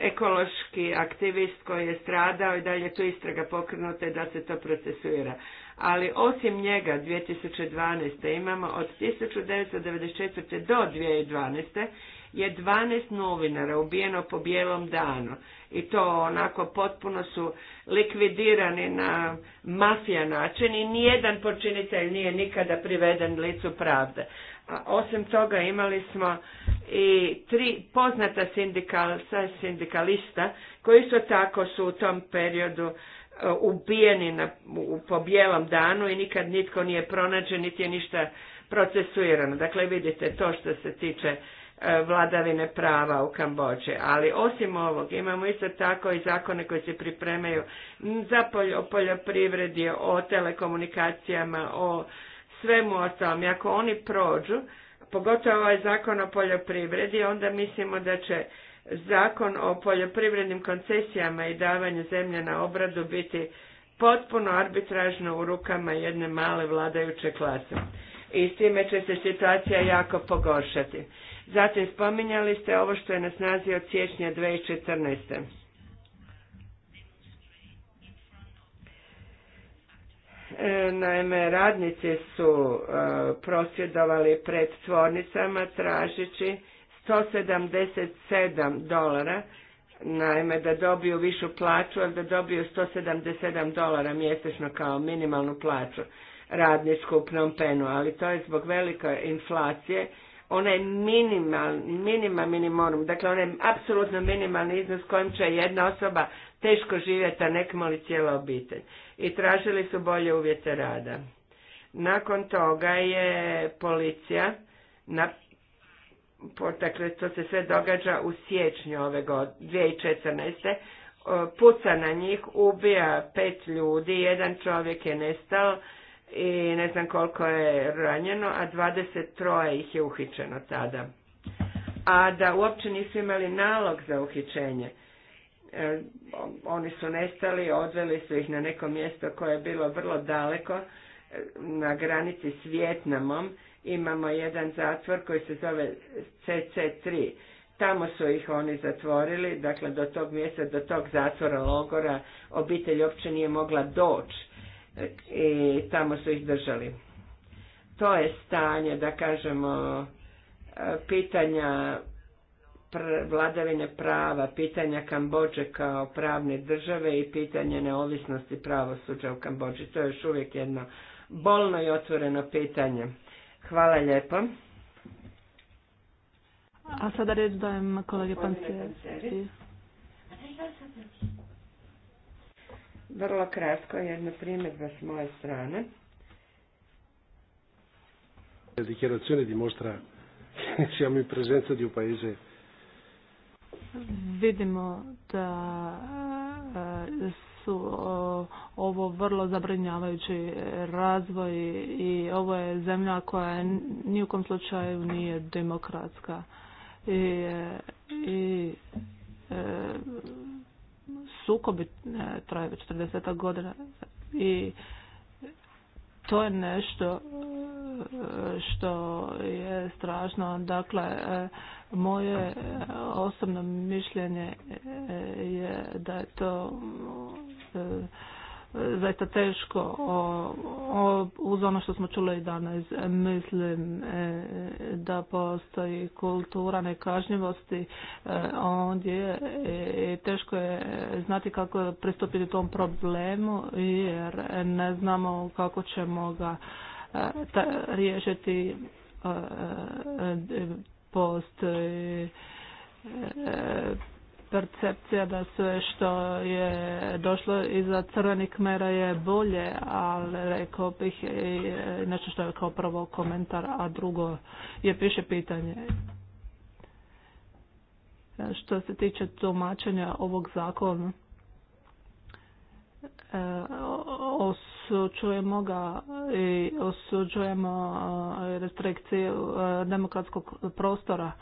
Speaker 4: ekološki aktivist koji je stradao i dalje tu istraga pokrenuta i da se to procesuira ali osim njega 2012. imamo od 1994. do 2012. je 12 novinara ubijeno po bijelom danu i to onako potpuno su likvidirani na mafija način i nijedan počinitelj nije nikada priveden licu pravde. A osim toga imali smo i tri poznata sindikalca, sindikalista koji su tako su u tom periodu Uh, ubijeni na, u, po bijelom danu i nikad nitko nije pronađen niti je ništa procesuirano. Dakle, vidite to što se tiče uh, vladavine prava u Kambođe Ali osim ovog imamo isto tako i zakone koji se pripremaju za o poljoprivredi, o telekomunikacijama, o svemu ostalom. I ako oni prođu, pogotovo ovaj zakon o poljoprivredi, onda mislimo da će zakon o poljoprivrednim koncesijama i davanju zemlje na obradu biti potpuno arbitražno u rukama jedne male vladajuće klase. I s time će se situacija jako pogoršati. Zatim spominjali ste ovo što je na snazi od siječnja 2014. E, naime, radnici su e, prosvjedovali pred tvornicama tražeći 177 dolara, naime da dobiju višu plaću, ali da dobiju 177 dolara mjesečno kao minimalnu plaću radničku skupnom penu, ali to je zbog velike inflacije, onaj minimal, minima minimum, dakle onaj apsolutno minimalni iznos kojim će jedna osoba teško živjeti, a li cijela obitelj. I tražili su bolje uvjete rada. Nakon toga je policija na dakle to se sve događa u siječnju ove godine, 2014. Puca na njih, ubija pet ljudi, jedan čovjek je nestao i ne znam koliko je ranjeno, a 23 ih je uhičeno tada. A da uopće nisu imali nalog za uhićenje. E, oni su nestali, odveli su ih na neko mjesto koje je bilo vrlo daleko na granici s Vjetnamom imamo jedan zatvor koji se zove CC3. Tamo su ih oni zatvorili, dakle do tog mjesta, do tog zatvora logora obitelj uopće nije mogla doći e, i tamo su ih držali. To je stanje, da kažemo, e, pitanja vladavine prava, pitanja Kambođe kao pravne države i pitanje neovisnosti pravosuđa u Kambođi. To je još uvijek jedno bolno i otvoreno pitanje. Hvala lijepo.
Speaker 2: A sada reći dajem kolege
Speaker 5: Panceri.
Speaker 4: Vrlo kratko, jedna primjedba s moje strane.
Speaker 5: La di dimostra che [laughs] siamo in presenza di un paese
Speaker 2: vidimo da eh, su ovo vrlo zabrinjavajući razvoj i ovo je zemlja koja ni u kom slučaju nije demokratska i, i e, sukobi e, traje već 40 godina i to je nešto e, što je strašno. Dakle, moje e, osobno mišljenje e, je da je to zaista e, teško o, uz ono što smo čuli i danas. Mislim da postoji kultura nekažnjivosti e, ondje teško je znati kako pristupiti tom problemu jer ne znamo kako ćemo ga ta, riješiti postoji e, e, percepcija da sve što je došlo iza crvenih mera je bolje, ali rekao bih e, nešto što je kao prvo komentar, a drugo je piše pitanje. Što se tiče tumačenja ovog zakona, osuđujemo ga i osuđujemo e, restrikcije demokratskog prostora.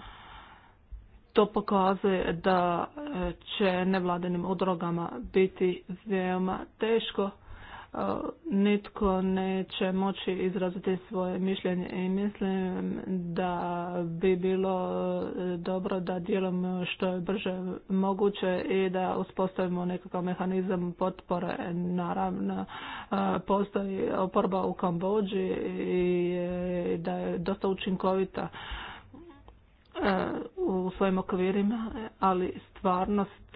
Speaker 2: To pokazuje da e, će nevladinim udrogama biti veoma teško nitko neće moći izraziti svoje mišljenje i mislim da bi bilo e, dobro da djelom što je brže moguće i da uspostavimo nekakav mehanizam potpore. Naravno, e, postoji oporba u Kambođi i da je dosta učinkovita e, u svojim okvirima, ali stvarnost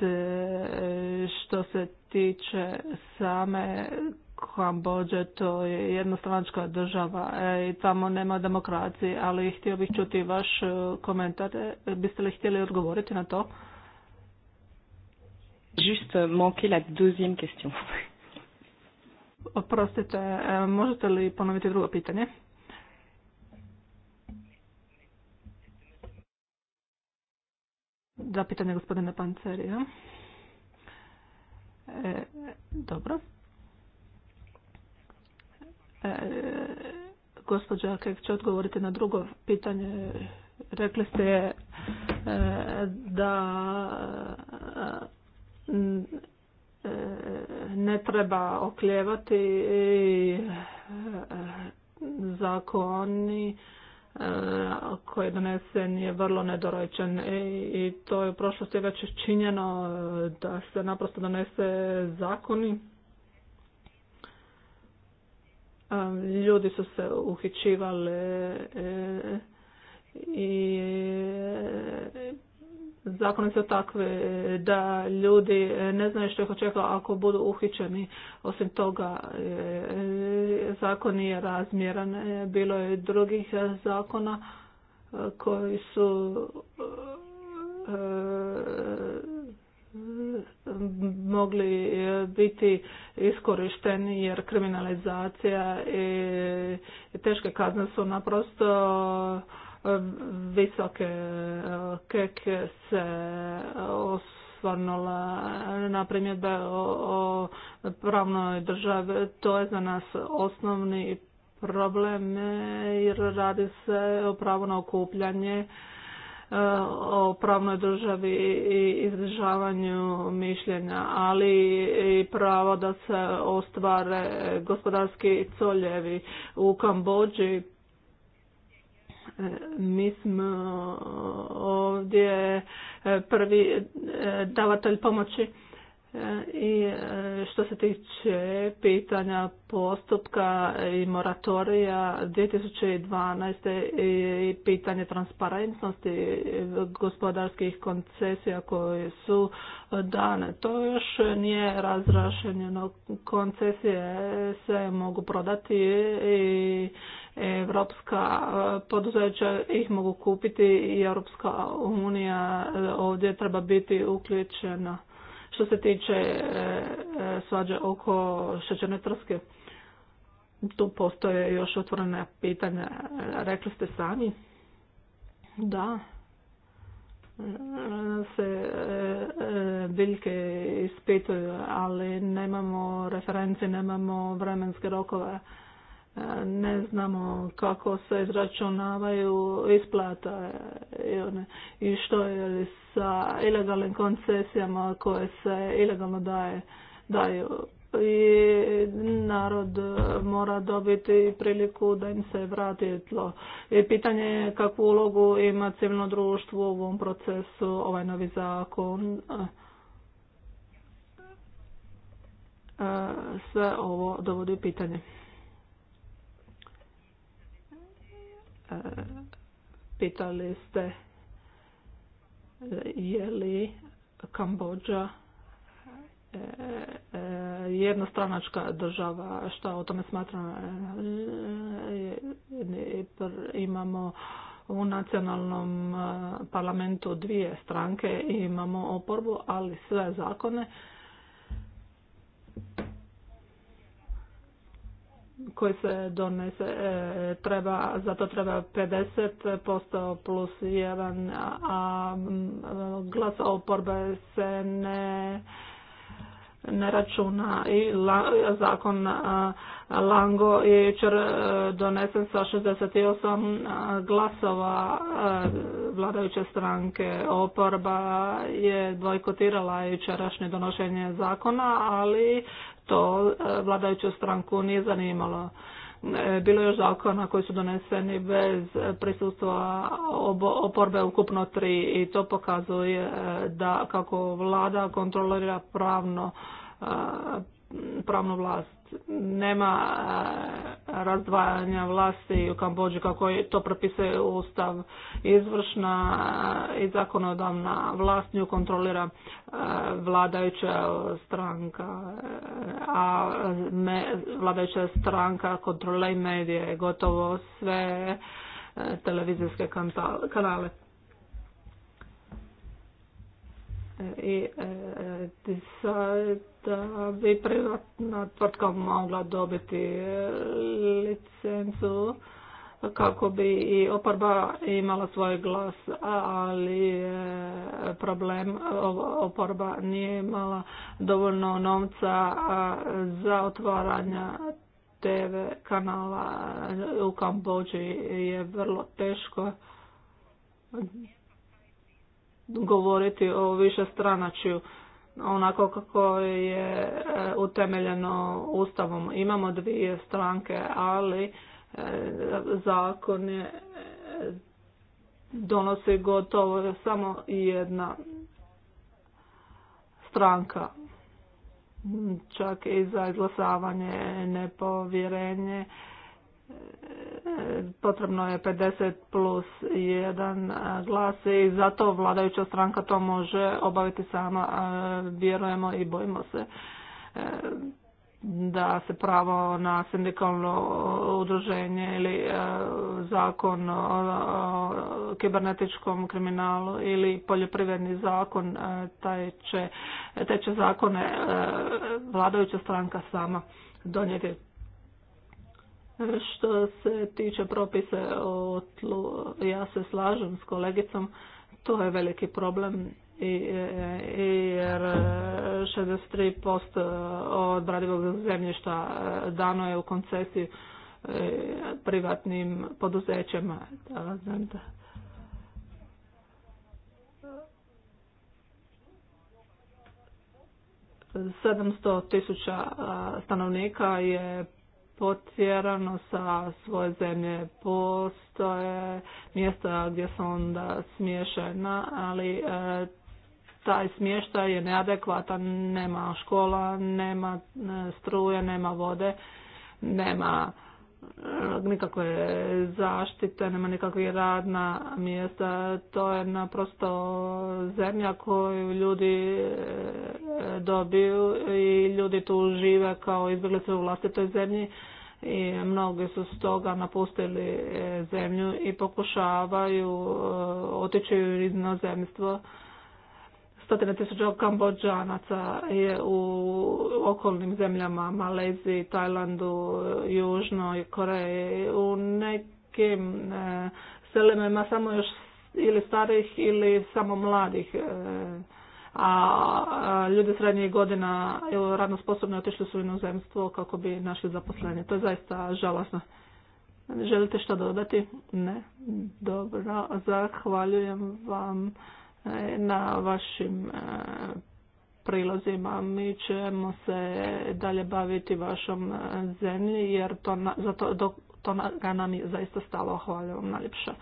Speaker 2: što se tiče same Kambodža to je jednostranačka država e, i tamo nema demokracije, ali htio bih čuti vaš e, komentar. E, biste li htjeli odgovoriti na to? Juste manqué la deuxième question. [laughs] Oprostite, možete li ponoviti drugo pitanje? Da, pitanje gospodine Pancerija. E, dobro. E, gospođa Kek će odgovoriti na drugo pitanje. Rekli ste e, da e, ne treba okljevati i zakoni koji je donesen je vrlo nedorečen i to je u prošlosti već činjeno da se naprosto donese zakoni ljudi su se uhičivali e, i e, zakoni su takve da ljudi ne znaju što ih očeka ako budu uhičeni. Osim toga, e, zakon nije razmjeran. Bilo je drugih zakona koji su mogli e, biti iskorišteni jer kriminalizacija i teške kazne su naprosto e, visoke. Kek se osvarnula na primjedbe o pravnoj državi. To je za nas osnovni problem jer radi se o pravu na okupljanje E, o pravnoj državi i izražavanju mišljenja, ali i pravo da se ostvare gospodarski coljevi u Kambođi. E, mi smo ovdje e, prvi davatelj pomoći i e, što se tiče pitanja postupka i moratorija 2012. i pitanje transparentnosti gospodarskih koncesija koje su dane. To još nije razrašenjeno. Koncesije se mogu prodati i evropska poduzeća ih mogu kupiti i Europska unija ovdje treba biti uključena što se tiče e, e, svađe oko šećerne trske. Tu postoje još otvorena pitanja. Rekli ste sami da e, se biljke ispituju, ali nemamo referenci, nemamo vremenske rokove ne znamo kako se izračunavaju isplata i što je sa ilegalnim koncesijama koje se ilegalno daje, daju i narod mora dobiti priliku da im se vrati tlo. I pitanje je kakvu ulogu ima civilno društvo u ovom procesu, ovaj novi zakon. Sve ovo dovodi pitanje. pitali ste e, je li Kambođa e, e, jednostranačka država, šta o tome smatram imamo u nacionalnom parlamentu dvije stranke imamo oporbu, ali sve zakone koji se donese e, treba, za to treba 50% plus 1, a mm, glas oporbe se ne ne računa i zakon Lango je jučer e, donesen sa 68 glasova e, vladajuće stranke. Oporba je bojkotirala jučerašnje donošenje zakona, ali to e, vladajuću stranku nije zanimalo. E, bilo je još zakona koji su doneseni bez prisustva oporbe ukupno tri i to pokazuje e, da kako vlada kontrolira pravno, pravnu vlast nema e, razdvajanja vlasti u Kambođi kako je to propisuje Ustav izvršna i zakonodavna vlast nju kontrolira e, vladajuća stranka a me, vladajuća stranka kontrola i medije gotovo sve e, televizijske kanale i e, da bi privatna tvrtka mogla dobiti e, licencu kako bi i oporba imala svoj glas, ali e, problem oporba nije imala dovoljno novca za otvaranje TV kanala u Kambođi je vrlo teško govoriti o više stranačju onako kako je e, utemeljeno ustavom. Imamo dvije stranke, ali e, zakon je e, donosi gotovo samo jedna stranka. Čak i za izglasavanje nepovjerenje potrebno je 50 plus 1 glas i zato vladajuća stranka to može obaviti sama, vjerujemo i bojimo se e, da se pravo na sindikalno udruženje ili e, zakon o kibernetičkom kriminalu ili poljoprivredni zakon, e, taj te će zakone vladajuća stranka sama donijeti. Što se tiče propisa o tlu, ja se slažem s kolegicom, to je veliki problem jer 63% e, bradivog zemljišta e, dano je u koncesiju e, privatnim poduzećima. Da, Sedamsto tisuća stanovnika je potjerano sa svoje zemlje postoje mjesta gdje su onda smješena, ali e, taj smještaj je neadekvatan, nema škola, nema e, struje, nema vode, nema E, nikakve zaštite, nema nikakvih radna mjesta. To je naprosto zemlja koju ljudi e, dobiju i ljudi tu žive kao izbjeglice u vlastitoj zemlji i mnogi su stoga napustili e, zemlju i pokušavaju otići u inozemstvo Stotine tisuća kambođanaca je u okolnim zemljama, Maleziji, Tajlandu, Južnoj Koreji, u nekim e, selima ima samo još ili starih ili samo mladih. E, a ljudi srednjih godina radno sposobni otišli su u inozemstvo kako bi našli zaposlenje. To je zaista žalosno. Želite što dodati? Ne. Dobro, zahvaljujem vam na vašim e, prilozima. Mi ćemo se dalje baviti vašom e, zemlji jer to, zato, do, to nam je zaista stalo. Hvala vam najljepša.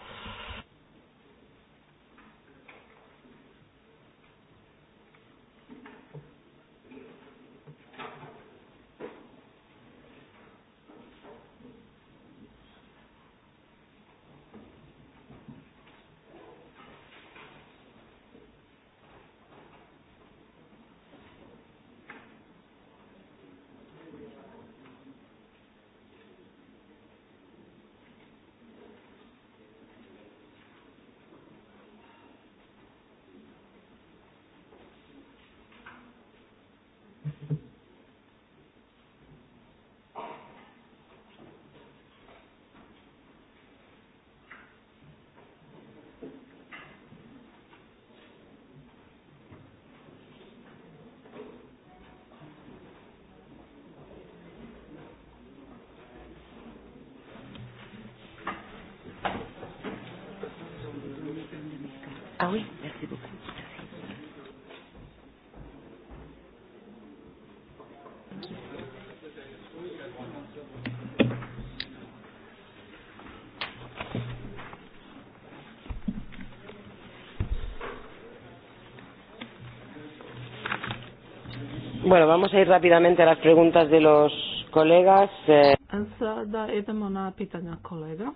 Speaker 1: Bueno, vamos a ir rápidamente a las preguntas de los colegas. Eh.
Speaker 2: Sada idemo na pitanja kolega.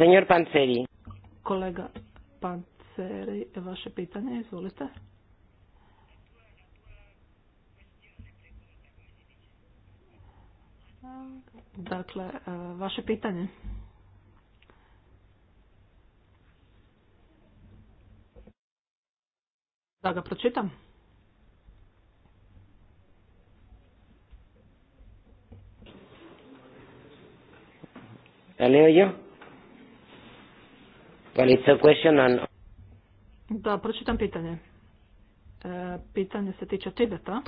Speaker 1: Señor Panceri.
Speaker 2: Kolega Panceri, vaše pitanje, izvolite. Dakle, eh, vaše pitanje. Da ga pročitam.
Speaker 1: Da li jo? Well, it's question on...
Speaker 2: Da, pročitam pitanje. E, pitanje se tiče Tibeta.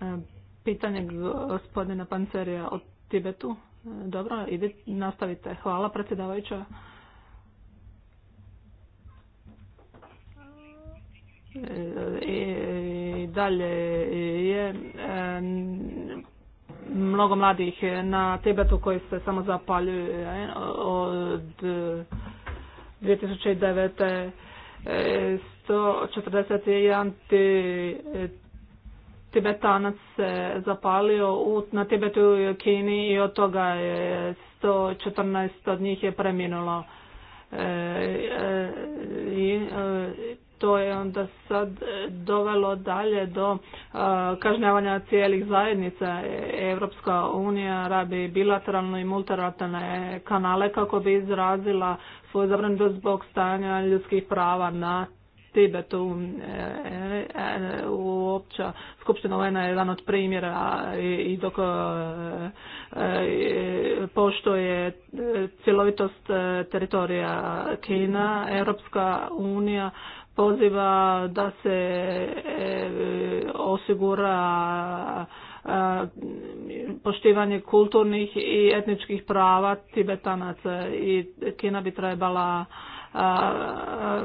Speaker 2: E, pitanje gospodina Pancerija o Tibetu. Dobro, ide, nastavite. Hvala predsjedavajuća. I e, e, dalje je mnogo mladih na Tibetu koji se samo zapaljuju od 2009. 141 Tibetanac se zapalio u, na Tibetu i Kini i od toga je 114 od njih je preminulo. E, e, I e, to je onda sad dovelo dalje do kažnjavanja cijelih zajednica. Evropska unija radi bilateralno i multilateralne kanale kako bi izrazila svoju zabrinutost zbog stanja ljudskih prava na Tibetu. E, e, e, Uopća skupština Lena je jedan od primjera i dok je cjelovitost teritorija Kina, Europska unija poziva da se osigura poštivanje kulturnih i etničkih prava Tibetanaca i Kina bi trebala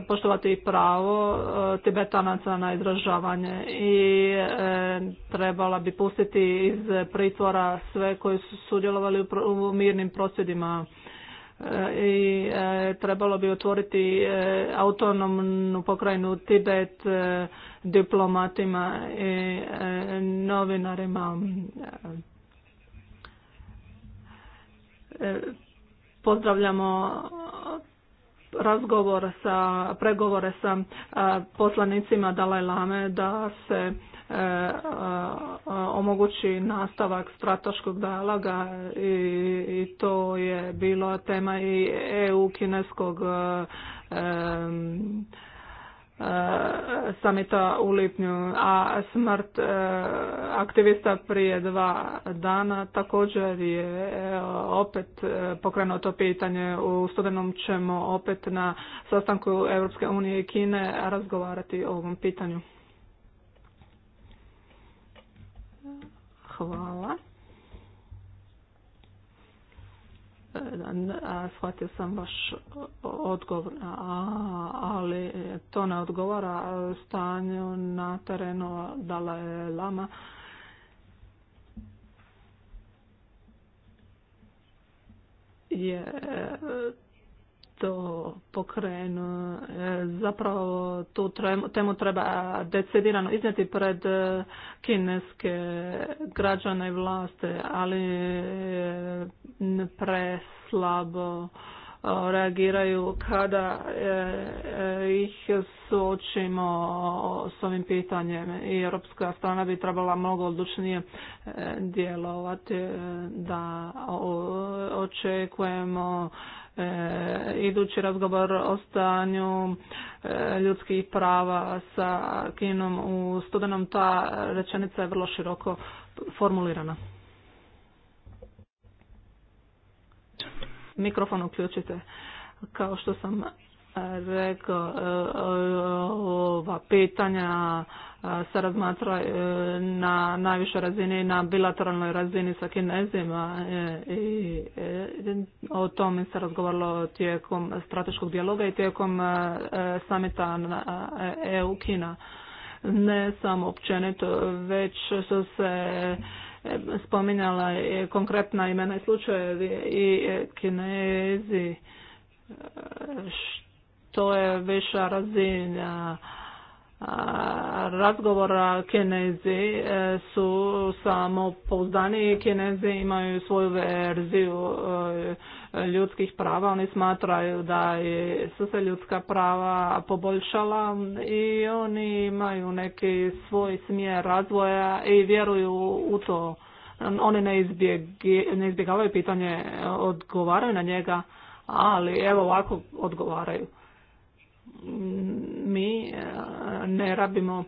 Speaker 2: poštovati pravo e, Tibetanaca na izražavanje i e, trebala bi pustiti iz pritvora sve koji su sudjelovali u mirnim prosvjedima e, i trebalo bi otvoriti autonomnu pokrajinu Tibet diplomatima i novinarima. Pozdravljamo razgovor sa, pregovore sa poslanicima Dalaj Lame da se e, omogući nastavak strateškog dijaloga i to je bilo tema i EU kineskog E, samita u lipnju, a smrt e, aktivista prije dva dana također je e, opet pokrenuo to pitanje. U studenom ćemo opet na sastanku Europske unije i Kine razgovarati o ovom pitanju. Hvala. shvatio sam vaš odgovor, a, ali to ne odgovara stanju na terenu Dala Lama. Je to pokrenu. E, zapravo tu temu treba decidirano iznijeti pred e, kineske građane i vlaste, ali e, preslabo reagiraju kada ih suočimo s ovim pitanjem i europska strana bi trebala mnogo odlučnije djelovati da očekujemo E, idući razgovor o stanju e, ljudskih prava sa Kinom u studenom, ta rečenica je vrlo široko formulirana. Mikrofon uključite. Kao što sam rekao, e, ova pitanja se razmatra e, na najvišoj razini na bilateralnoj razini sa kinezima e, i e, o tome se razgovaralo tijekom strateškog dijaloga i tijekom samita EU-Kina. Ne samo općenito, već su se spominjala konkretna imena i slučajevi i kinezi To je viša razina razgovora kinezi e, su samo pouzdani kinezi imaju svoju verziju e, ljudskih prava oni smatraju da su se ljudska prava poboljšala i oni imaju neki svoj smjer razvoja i vjeruju u to oni ne, ne izbjegavaju pitanje odgovaraju na njega ali evo ovako odgovaraju mi e, ne rabimo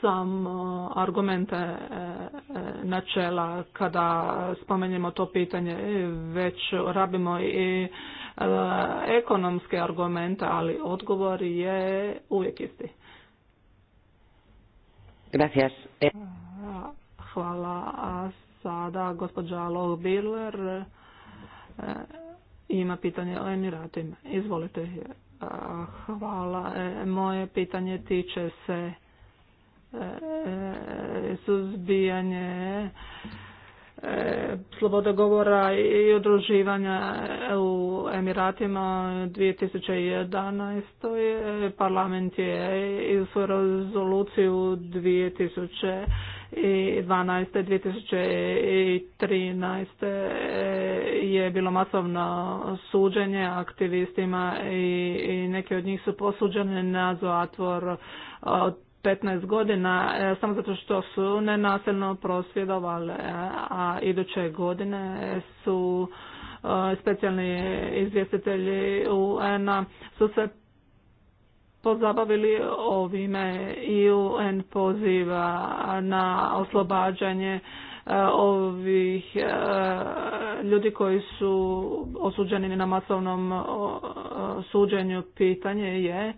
Speaker 2: samo argumente e, e, načela kada spomenjemo to pitanje, već rabimo i ekonomske argumente, ali odgovor je uvijek isti. Hvala. A sada gospođa biller ima pitanje o Emiratima. Izvolite. Hvala. E, moje pitanje tiče se e, e, suzbijanje slobode govora i udruživanja u Emiratima 2011. parlament je i rezoluciju 2000 2012. 2013. je bilo masovno suđenje aktivistima i neki od njih su posuđeni na zatvor od 15 godina e, samo zato što su nenasilno prosvjedovali, a iduće godine su e, specijalni izvjestitelji un su se pozabavili ovime i UN poziva na oslobađanje e, ovih e, ljudi koji su osuđeni na masovnom suđenju pitanje je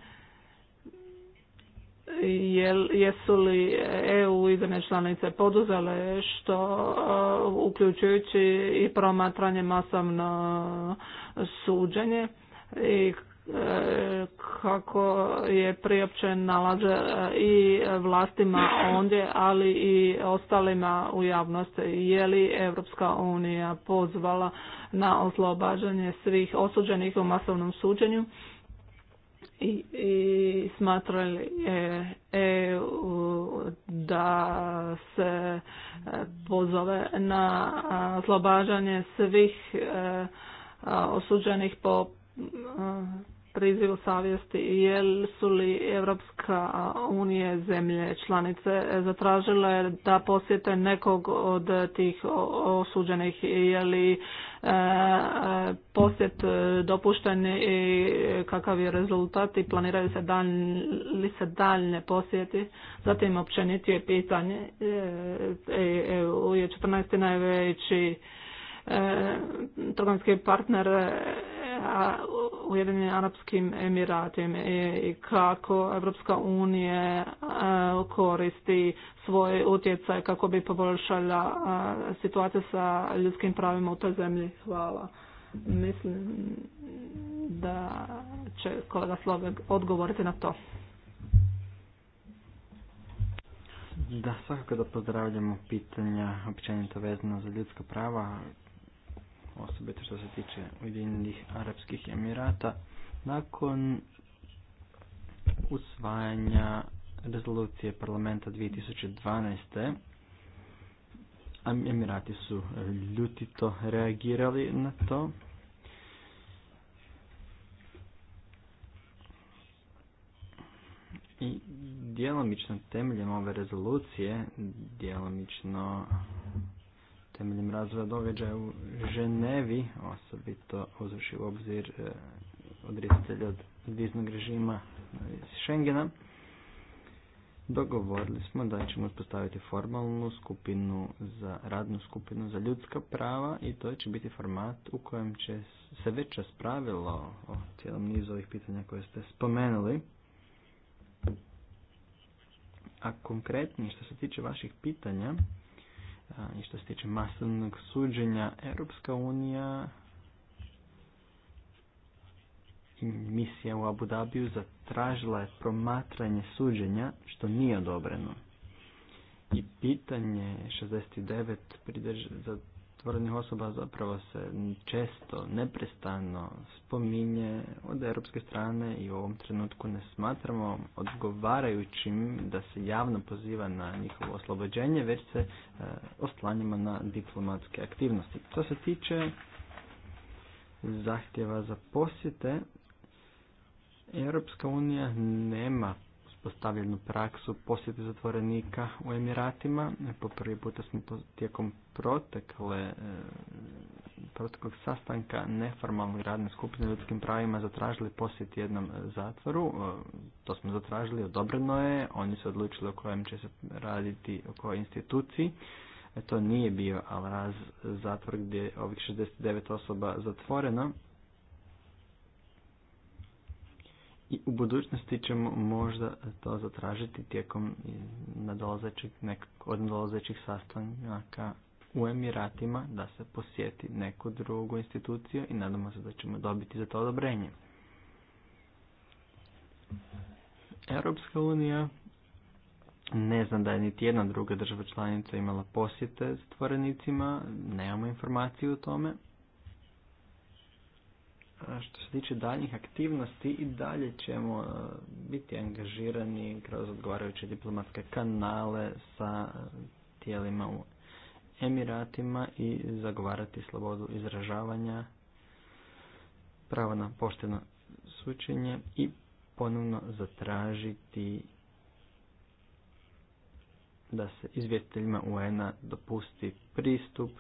Speaker 2: jesu li EU i zemlje članice poduzele što e, uključujući i promatranje masovno suđenje i kako je priopćen nalaz e, i vlastima ondje, ali i ostalima u javnosti. Je li Europska unija pozvala na oslobađanje svih osuđenih u masovnom suđenju? i, i smatrali e, da se e, pozove na oslobađanje svih e, osuđenih po prizivu savjesti jel su li Evropska unije zemlje članice zatražile da posjete nekog od tih osuđenih je li e, posjet dopušten i kakav je rezultat i planiraju se li se daljne posjeti zatim općenitije e, e, je pitanje četrnaest je 14. najveći trgovinski partner Ujedinim Arapskim Emiratima i kako Evropska unija e, koristi svoj utjecaj kako bi poboljšala e, situaciju sa ljudskim pravima u toj zemlji. Hvala. Mislim da će kolega Slovek odgovoriti na to.
Speaker 3: Da, svakako da pozdravljamo pitanja općenito vezano za ljudska prava, osobito što se tiče Ujedinjenih Arabskih Emirata, nakon usvajanja rezolucije parlamenta 2012. Emirati su ljutito reagirali na to. I djelomično temeljem ove rezolucije, djelomično temeljem razvoja događaja u Ženevi, osobito uzvrši u obzir e, odricatelja od viznog režima e, iz Schengena, dogovorili smo da ćemo uspostaviti formalnu skupinu za radnu skupinu za ljudska prava i to će biti format u kojem će se već raspravilo o cijelom nizu ovih pitanja koje ste spomenuli. A konkretnije što se tiče vaših pitanja, i što se tiče masovnog suđenja, Europska unija misija u Abu Dhabiju zatražila je promatranje suđenja što nije odobreno. I pitanje 69 pridrž stvorenih osoba zapravo se često, neprestano spominje od europske strane i u ovom trenutku ne smatramo odgovarajućim da se javno poziva na njihovo oslobođenje, već se e, oslanjamo na diplomatske aktivnosti. To se tiče zahtjeva za posjete, Europska unija nema uspostavljenu praksu posjeti zatvorenika u Emiratima. Po prvi puta smo tijekom protekle, e, proteklog sastanka neformalnog radne skupine o ljudskim pravima zatražili posjet jednom zatvoru. E, to smo zatražili, odobreno je. Oni su odlučili o kojem će se raditi, o kojoj instituciji. E, to nije bio Alraz zatvor gdje je ovih 69 osoba zatvoreno, i u budućnosti ćemo možda to zatražiti tijekom nadolazećih, od nadolazećih sastanaka u Emiratima da se posjeti neku drugu instituciju i nadamo se da ćemo dobiti za to odobrenje. Europska unija ne znam da je niti jedna druga država članica imala posjete stvorenicima, nemamo informaciju o tome. Što se tiče daljnjih aktivnosti i dalje ćemo e, biti angažirani kroz odgovarajuće diplomatske kanale sa e, tijelima u Emiratima i zagovarati slobodu izražavanja, pravo na pošteno sučenje i ponovno zatražiti da se izvjetiteljima UN-a dopusti pristup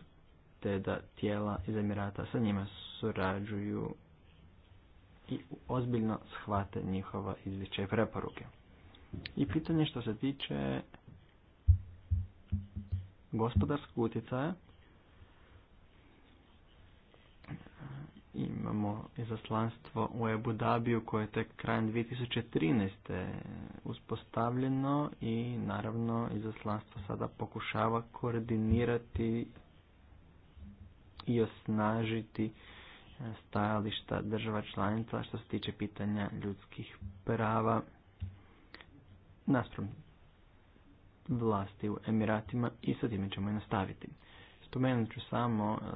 Speaker 3: te da tijela iz Emirata sa njima surađuju i ozbiljno shvate njihova izvješća i preporuke. I pitanje što se tiče gospodarskog utjecaja, imamo izaslanstvo u Abu Dabiju koje je tek krajem 2013. uspostavljeno i naravno izaslanstvo sada pokušava koordinirati i osnažiti stajališta država članica što se tiče pitanja ljudskih prava nastrum vlasti u Emiratima i sa time ćemo i nastaviti. Spomenut ću samo e,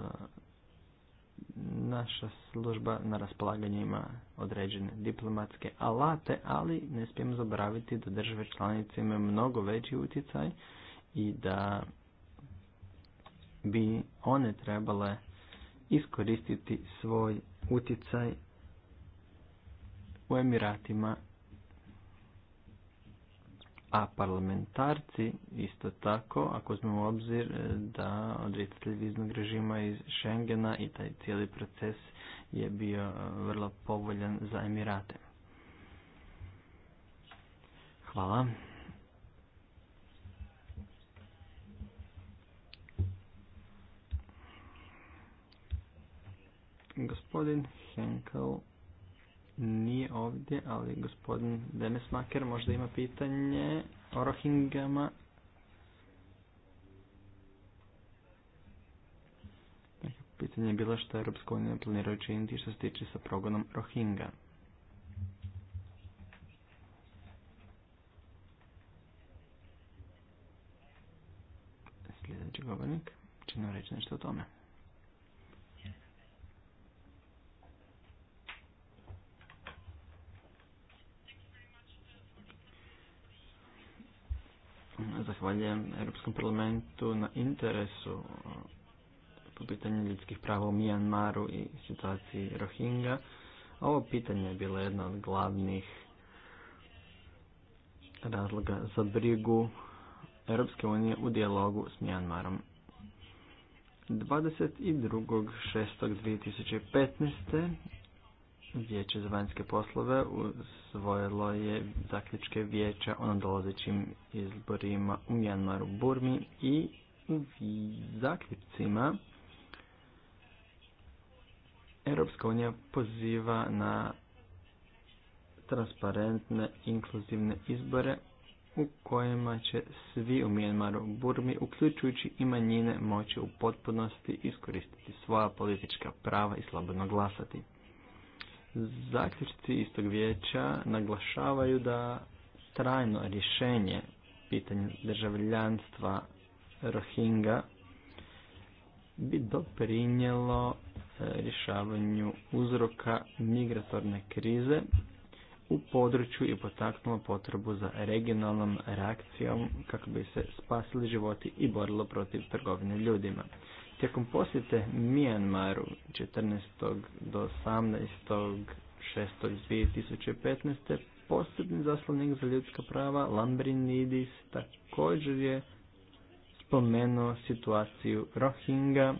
Speaker 3: naša služba na raspolaganju ima određene diplomatske alate, ali ne smijemo zaboraviti da države članice imaju mnogo veći utjecaj i da bi one trebale iskoristiti svoj utjecaj u Emiratima, a parlamentarci isto tako, ako uzmemo u obzir e, da odricatelj viznog režima iz Schengena i taj cijeli proces je bio e, vrlo povoljan za Emirate. Hvala. Gospodin Henkel nije ovdje, ali gospodin Maker možda ima pitanje o Rohingama. Pitanje je bilo što Europska unija planira činiti što se tiče sa progonom Rohinga. Sljedeći govornik će nam reći nešto o tome. Zahvaljujem Europskom parlamentu na interesu uh, po pitanju ljudskih prava u Mijanmaru i situaciji Rohingya. Ovo pitanje je bilo jedno od glavnih razloga za brigu Europske unije u dijalogu s Mijanmarom. 22.6.2015. Vijeće za vanjske poslove usvojilo je zaključke vijeća o nadolazećim izborima u Mjanmaru Burmi i u zaključcima Europska unija poziva na transparentne inkluzivne izbore u kojima će svi u Mjanmaru Burmi, uključujući i manjine, moći u potpunosti iskoristiti svoja politička prava i slobodno glasati. Zaključci istog vijeća naglašavaju da trajno rješenje pitanja državljanstva Rohinga bi doprinjelo e, rješavanju uzroka migratorne krize u području i potaknulo potrebu za regionalnom reakcijom kako bi se spasili životi i borilo protiv trgovine ljudima. Tijekom posjete Mijanmaru 14. do 18. 6. 2015. posebni zaslovnik za ljudska prava Lambrinidis također je spomenuo situaciju Rohinga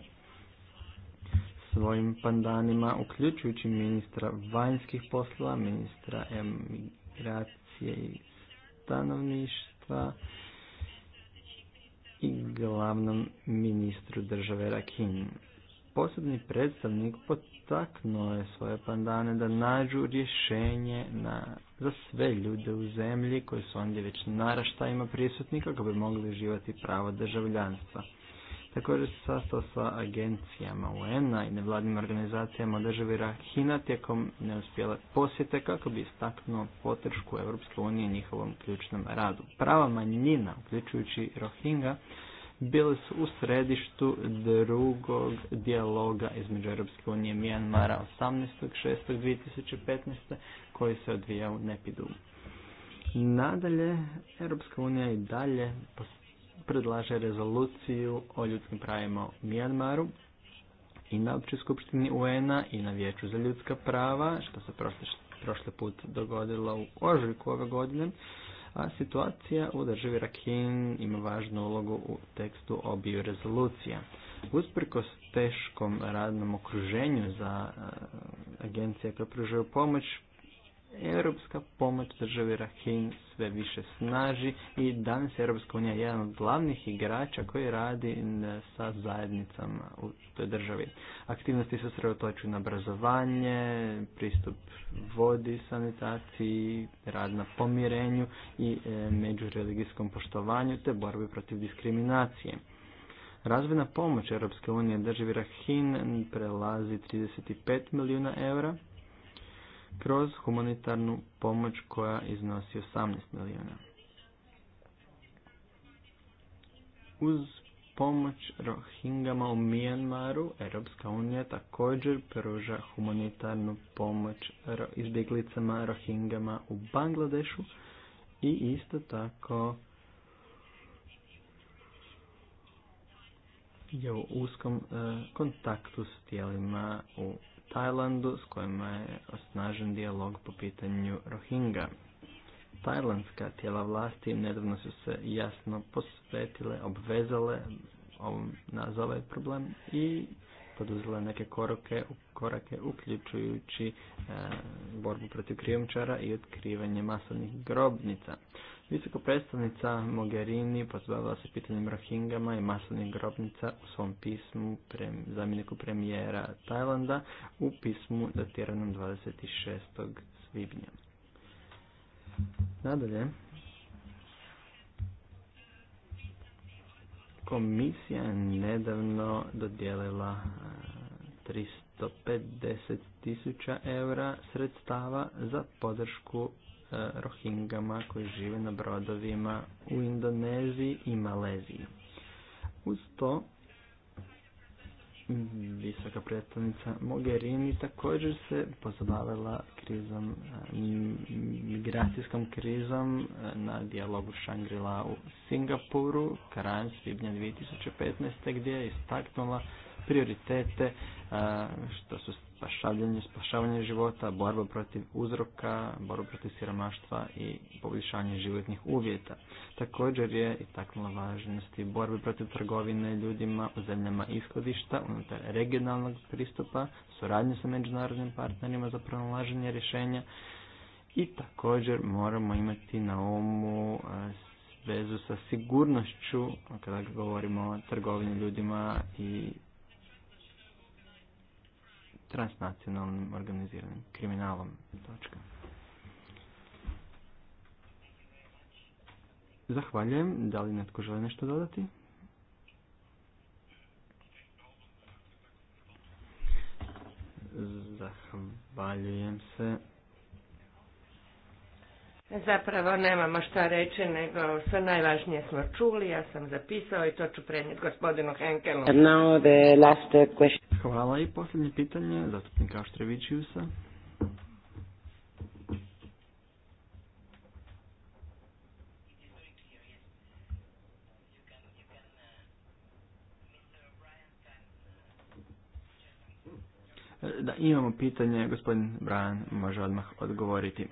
Speaker 3: svojim pandanima, uključujući ministra vanjskih poslova, ministra emigracije i stanovništva, i glavnom ministru države Rakin. Posebni predstavnik potaknuo je svoje pandane da nađu rješenje na, za sve ljude u zemlji koji su ondje već naraštajima prisutni kako bi mogli uživati pravo državljanstva. Također se sastao sa agencijama UN-a i nevladnim organizacijama države Rahina tijekom neuspjele posjete kako bi istaknuo potršku Europske unije njihovom ključnom radu. Prava manjina, uključujući Rohinga, bili su u središtu drugog dijaloga između Europske unije i Mijanmara 18.6.2015. koji se odvija u Nepidu. Nadalje, Europska unija i dalje predlaže rezoluciju o ljudskim pravima u Mijanmaru i na Općoj skupštini UN-a i na Vijeću za ljudska prava, što se prošli, put dogodilo u ožujku ove godine, a situacija u državi Rakin ima važnu ulogu u tekstu obiju rezolucija. Usprkos teškom radnom okruženju za eh, agencije koje pružaju pomoć, europska pomoć državi Rahim sve više snaži i danas je Europska unija jedan od glavnih igrača koji radi sa zajednicama u toj državi. Aktivnosti se sredotočuju na obrazovanje, pristup vodi, sanitaciji, rad na pomirenju i e, međureligijskom poštovanju te borbi protiv diskriminacije. Razvojna pomoć Europske unije državi Rahin prelazi 35 milijuna eura, kroz humanitarnu pomoć koja iznosi 18 milijuna. Uz pomoć Rohingama u Mijanmaru, Europska unija također pruža humanitarnu pomoć izbjeglicama Rohingama u Bangladešu i isto tako je u uskom e, kontaktu s tijelima u Tajlandu s kojima je osnažen dijalog po pitanju Rohingya. Tajlandska tijela vlasti nedavno su se jasno posvetile, obvezale ovom, na, ovaj problem i poduzele neke korake, korake uključujući e, borbu protiv krijumčara i otkrivanje masovnih grobnica. Visoka predstavnica Mogherini pozvala se pitanjem Rohingama i masovnih grobnica u svom pismu prem, zamjeniku premijera Tajlanda u pismu datiranom 26. svibnja. Nadalje, komisija je nedavno dodijelila 350.000 e, tisuća eura sredstava za podršku E, rohingama koji žive na brodovima u Indoneziji i Maleziji. Uz to visoka predstavnica Mogherini također se pozabavila krizom, e, migracijskom krizom e, na dijalogu shangri la u Singapuru, krajem svibnja 2015. gdje je istaknula prioritete što su spašavljanje, spašavanje života, borba protiv uzroka, borba protiv siromaštva i poboljšanje životnih uvjeta. Također je i istaknula važnosti borbe protiv trgovine ljudima u zemljama ishodišta unutar regionalnog pristupa, suradnje sa međunarodnim partnerima za pronalaženje rješenja i također moramo imati na umu e, vezu sa sigurnošću kada govorimo o trgovini ljudima i transnacionalnim organiziranim kriminalom. Točka. Zahvaljujem. Da li netko želi nešto dodati? Zahvaljujem se.
Speaker 4: Zapravo nemamo šta reći, nego sve najvažnije smo čuli, ja sam zapisao i to ću prenijeti gospodinu Henkelu.
Speaker 3: Hvala i posljednje pitanje zastupnika Štrevićijusa. Da, imamo pitanje, gospodin Brian može odmah odgovoriti.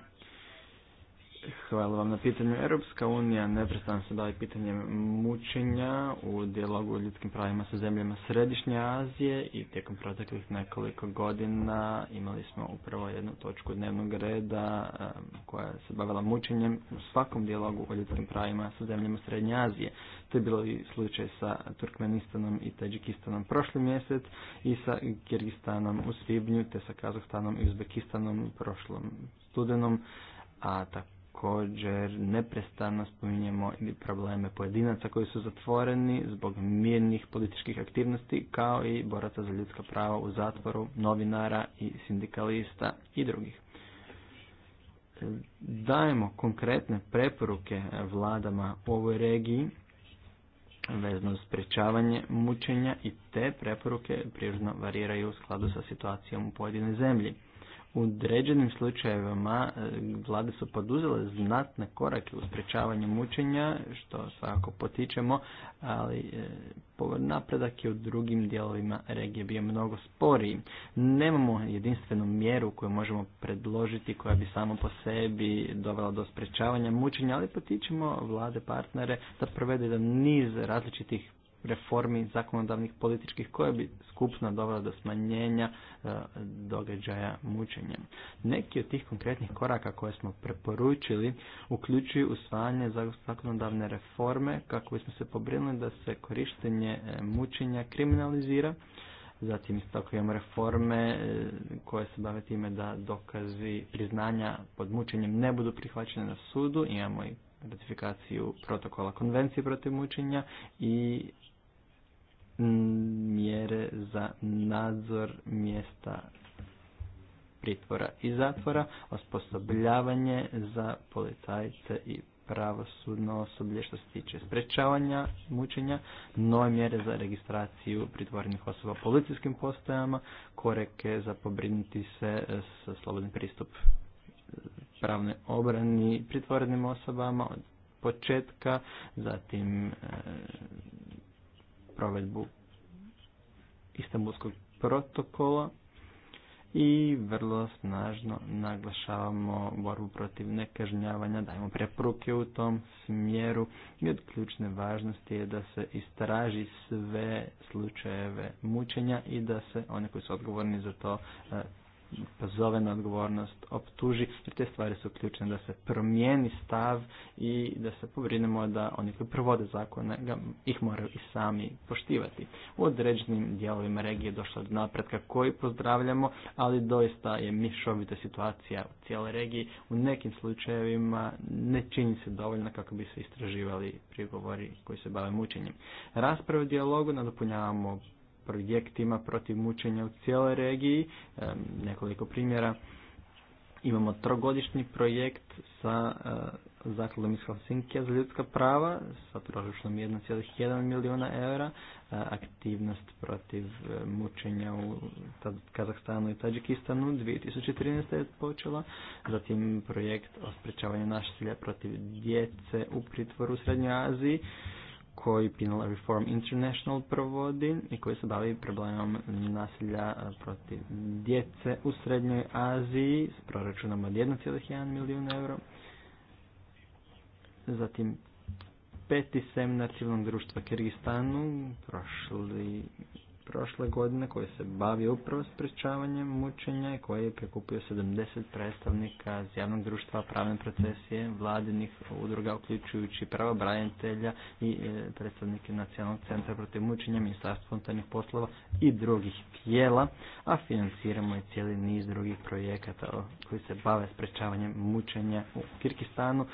Speaker 3: Hvala vam na pitanju. Europska unija neprestano se bavi pitanjem mučenja u dijalogu o ljudskim pravima sa zemljama Središnje Azije i tijekom proteklih nekoliko godina imali smo upravo jednu točku dnevnog reda koja se bavila mučenjem u svakom dijalogu o ljudskim pravima sa zemljama Srednje Azije. To je bilo i slučaj sa Turkmenistanom i Tadžikistanom prošli mjesec i sa Kirgistanom u Svibnju te sa Kazahstanom i Uzbekistanom prošlom studenom a tako također neprestano spominjemo i probleme pojedinaca koji su zatvoreni zbog mirnih političkih aktivnosti kao i boraca za ljudska prava u zatvoru, novinara i sindikalista i drugih. Dajemo konkretne preporuke vladama u ovoj regiji vezano sprečavanje mučenja i te preporuke prižno variraju u skladu sa situacijom u pojedinoj zemlji. U određenim slučajevima e, vlade su poduzele znatne korake u sprečavanju mučenja, što svakako potičemo, ali e, napredak je u drugim dijelovima regije bio mnogo sporiji. Nemamo jedinstvenu mjeru koju možemo predložiti koja bi samo po sebi dovela do sprečavanja mučenja, ali potičemo vlade partnere da provede da niz različitih reformi zakonodavnih političkih koje bi skupno dovela do smanjenja e, događaja mučenja. Neki od tih konkretnih koraka koje smo preporučili uključuju usvajanje zakonodavne reforme kako bismo se pobrinuli da se korištenje e, mučenja kriminalizira. Zatim isto imamo reforme e, koje se bave time da dokazi priznanja pod mučenjem ne budu prihvaćene na sudu. Imamo i ratifikaciju protokola konvencije protiv mučenja i mjere za nadzor mjesta pritvora i zatvora, osposobljavanje za policajce i pravosudno osoblje što se tiče sprečavanja mučenja, nove mjere za registraciju pritvorenih osoba policijskim postajama, koreke za pobrinuti se e, sa slobodnim pristup e, pravne obrani pritvorenim osobama od početka, zatim e, provedbu Istanbulskog protokola i vrlo snažno naglašavamo borbu protiv nekažnjavanja, dajemo preporuke u tom smjeru i od ključne važnosti je da se istraži sve slučajeve mučenja i da se one koji su odgovorni za to eh, pozove na odgovornost, optuži, jer te stvari su ključne da se promijeni stav i da se pobrinemo da oni koji provode zakone ga, ih moraju i sami poštivati. U određenim dijelovima regije došlo do napretka koji pozdravljamo, ali doista je mišovita situacija u cijeloj regiji. U nekim slučajevima ne čini se dovoljno kako bi se istraživali prigovori koji se bave mučenjem. Rasprave o dijalogu nadopunjavamo projektima protiv mučenja u cijeloj regiji. E, nekoliko primjera. Imamo trogodišnji projekt sa e, zakladom iz Helsinkija za ljudska prava sa proračunom 1,1 milijuna eura, e, aktivnost protiv mučenja u Kazahstanu i Tadžikistanu 2013. je počela, zatim projekt o sprečavanju nasilja protiv djece u pritvoru u Srednjoj Aziji koji Penal Reform International provodi i koji se bavi problemom nasilja e, protiv djece u Srednjoj Aziji s proračunom od 1,1 milijuna euro. Zatim peti seminar civilnog društva Kirgistanu prošli prošle godine koji se bavi upravo sprečavanjem mučenja i koji je prikupio 70 predstavnika iz javnog društva, pravne procesije, vladinih udruga, uključujući pravobranitelja i e, predstavnike Nacionalnog centra protiv mučenja, Ministarstva unutarnjih poslova i drugih tijela, a financiramo i cijeli niz drugih projekata koji se bave sprečavanjem mučenja u Kirgistanu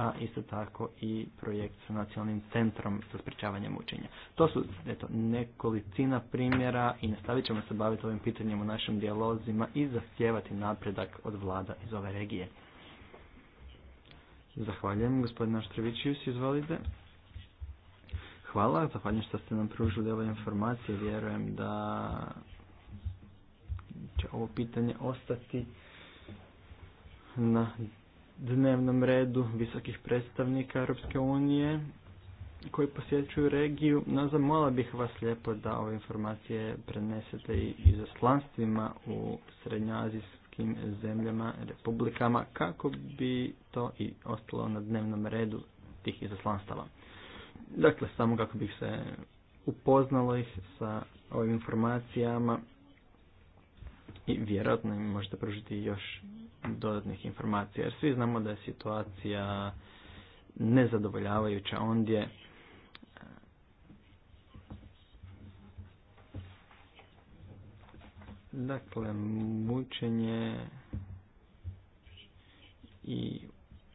Speaker 3: a isto tako i projekt sa nacionalnim centrom za sprječavanje mučenja. To su eto, nekolicina primjera i nastavit ćemo se baviti ovim pitanjem u našim dijalozima i zahtijevati napredak od vlada iz ove regije. Zahvaljujem, gospodin Aštrevićius, izvolite. Hvala, zahvaljujem što ste nam pružili ove informacije. Vjerujem da će ovo pitanje ostati na dnevnom redu visokih predstavnika Europske unije koji posjećuju regiju, no zamola bih vas lijepo da ove informacije prenesete i izaslanstvima u srednjoazijskim zemljama, republikama, kako bi to i ostalo na dnevnom redu tih izaslanstava. Dakle, samo kako bih se upoznalo ih sa ovim informacijama i vjerojatno im možete pružiti još dodatnih informacija. Jer svi znamo da je situacija nezadovoljavajuća ondje. Dakle, mučenje i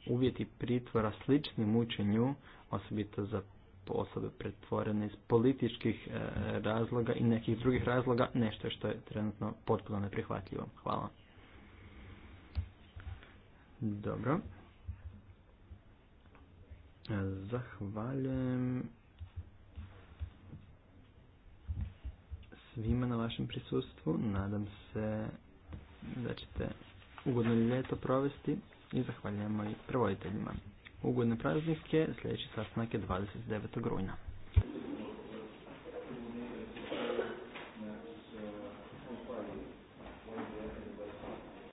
Speaker 3: uvjeti pritvora slični mučenju, osobito za osobe pretvorene iz političkih e, razloga i nekih drugih razloga, nešto što je trenutno potpuno neprihvatljivo. Hvala. Dobro. E, zahvaljujem svima na vašem prisustvu. Nadam se da ćete ugodno ljeto provesti i zahvaljujemo i prvojiteljima ugodne praznike, sljedeći sastanak je 29. rujna.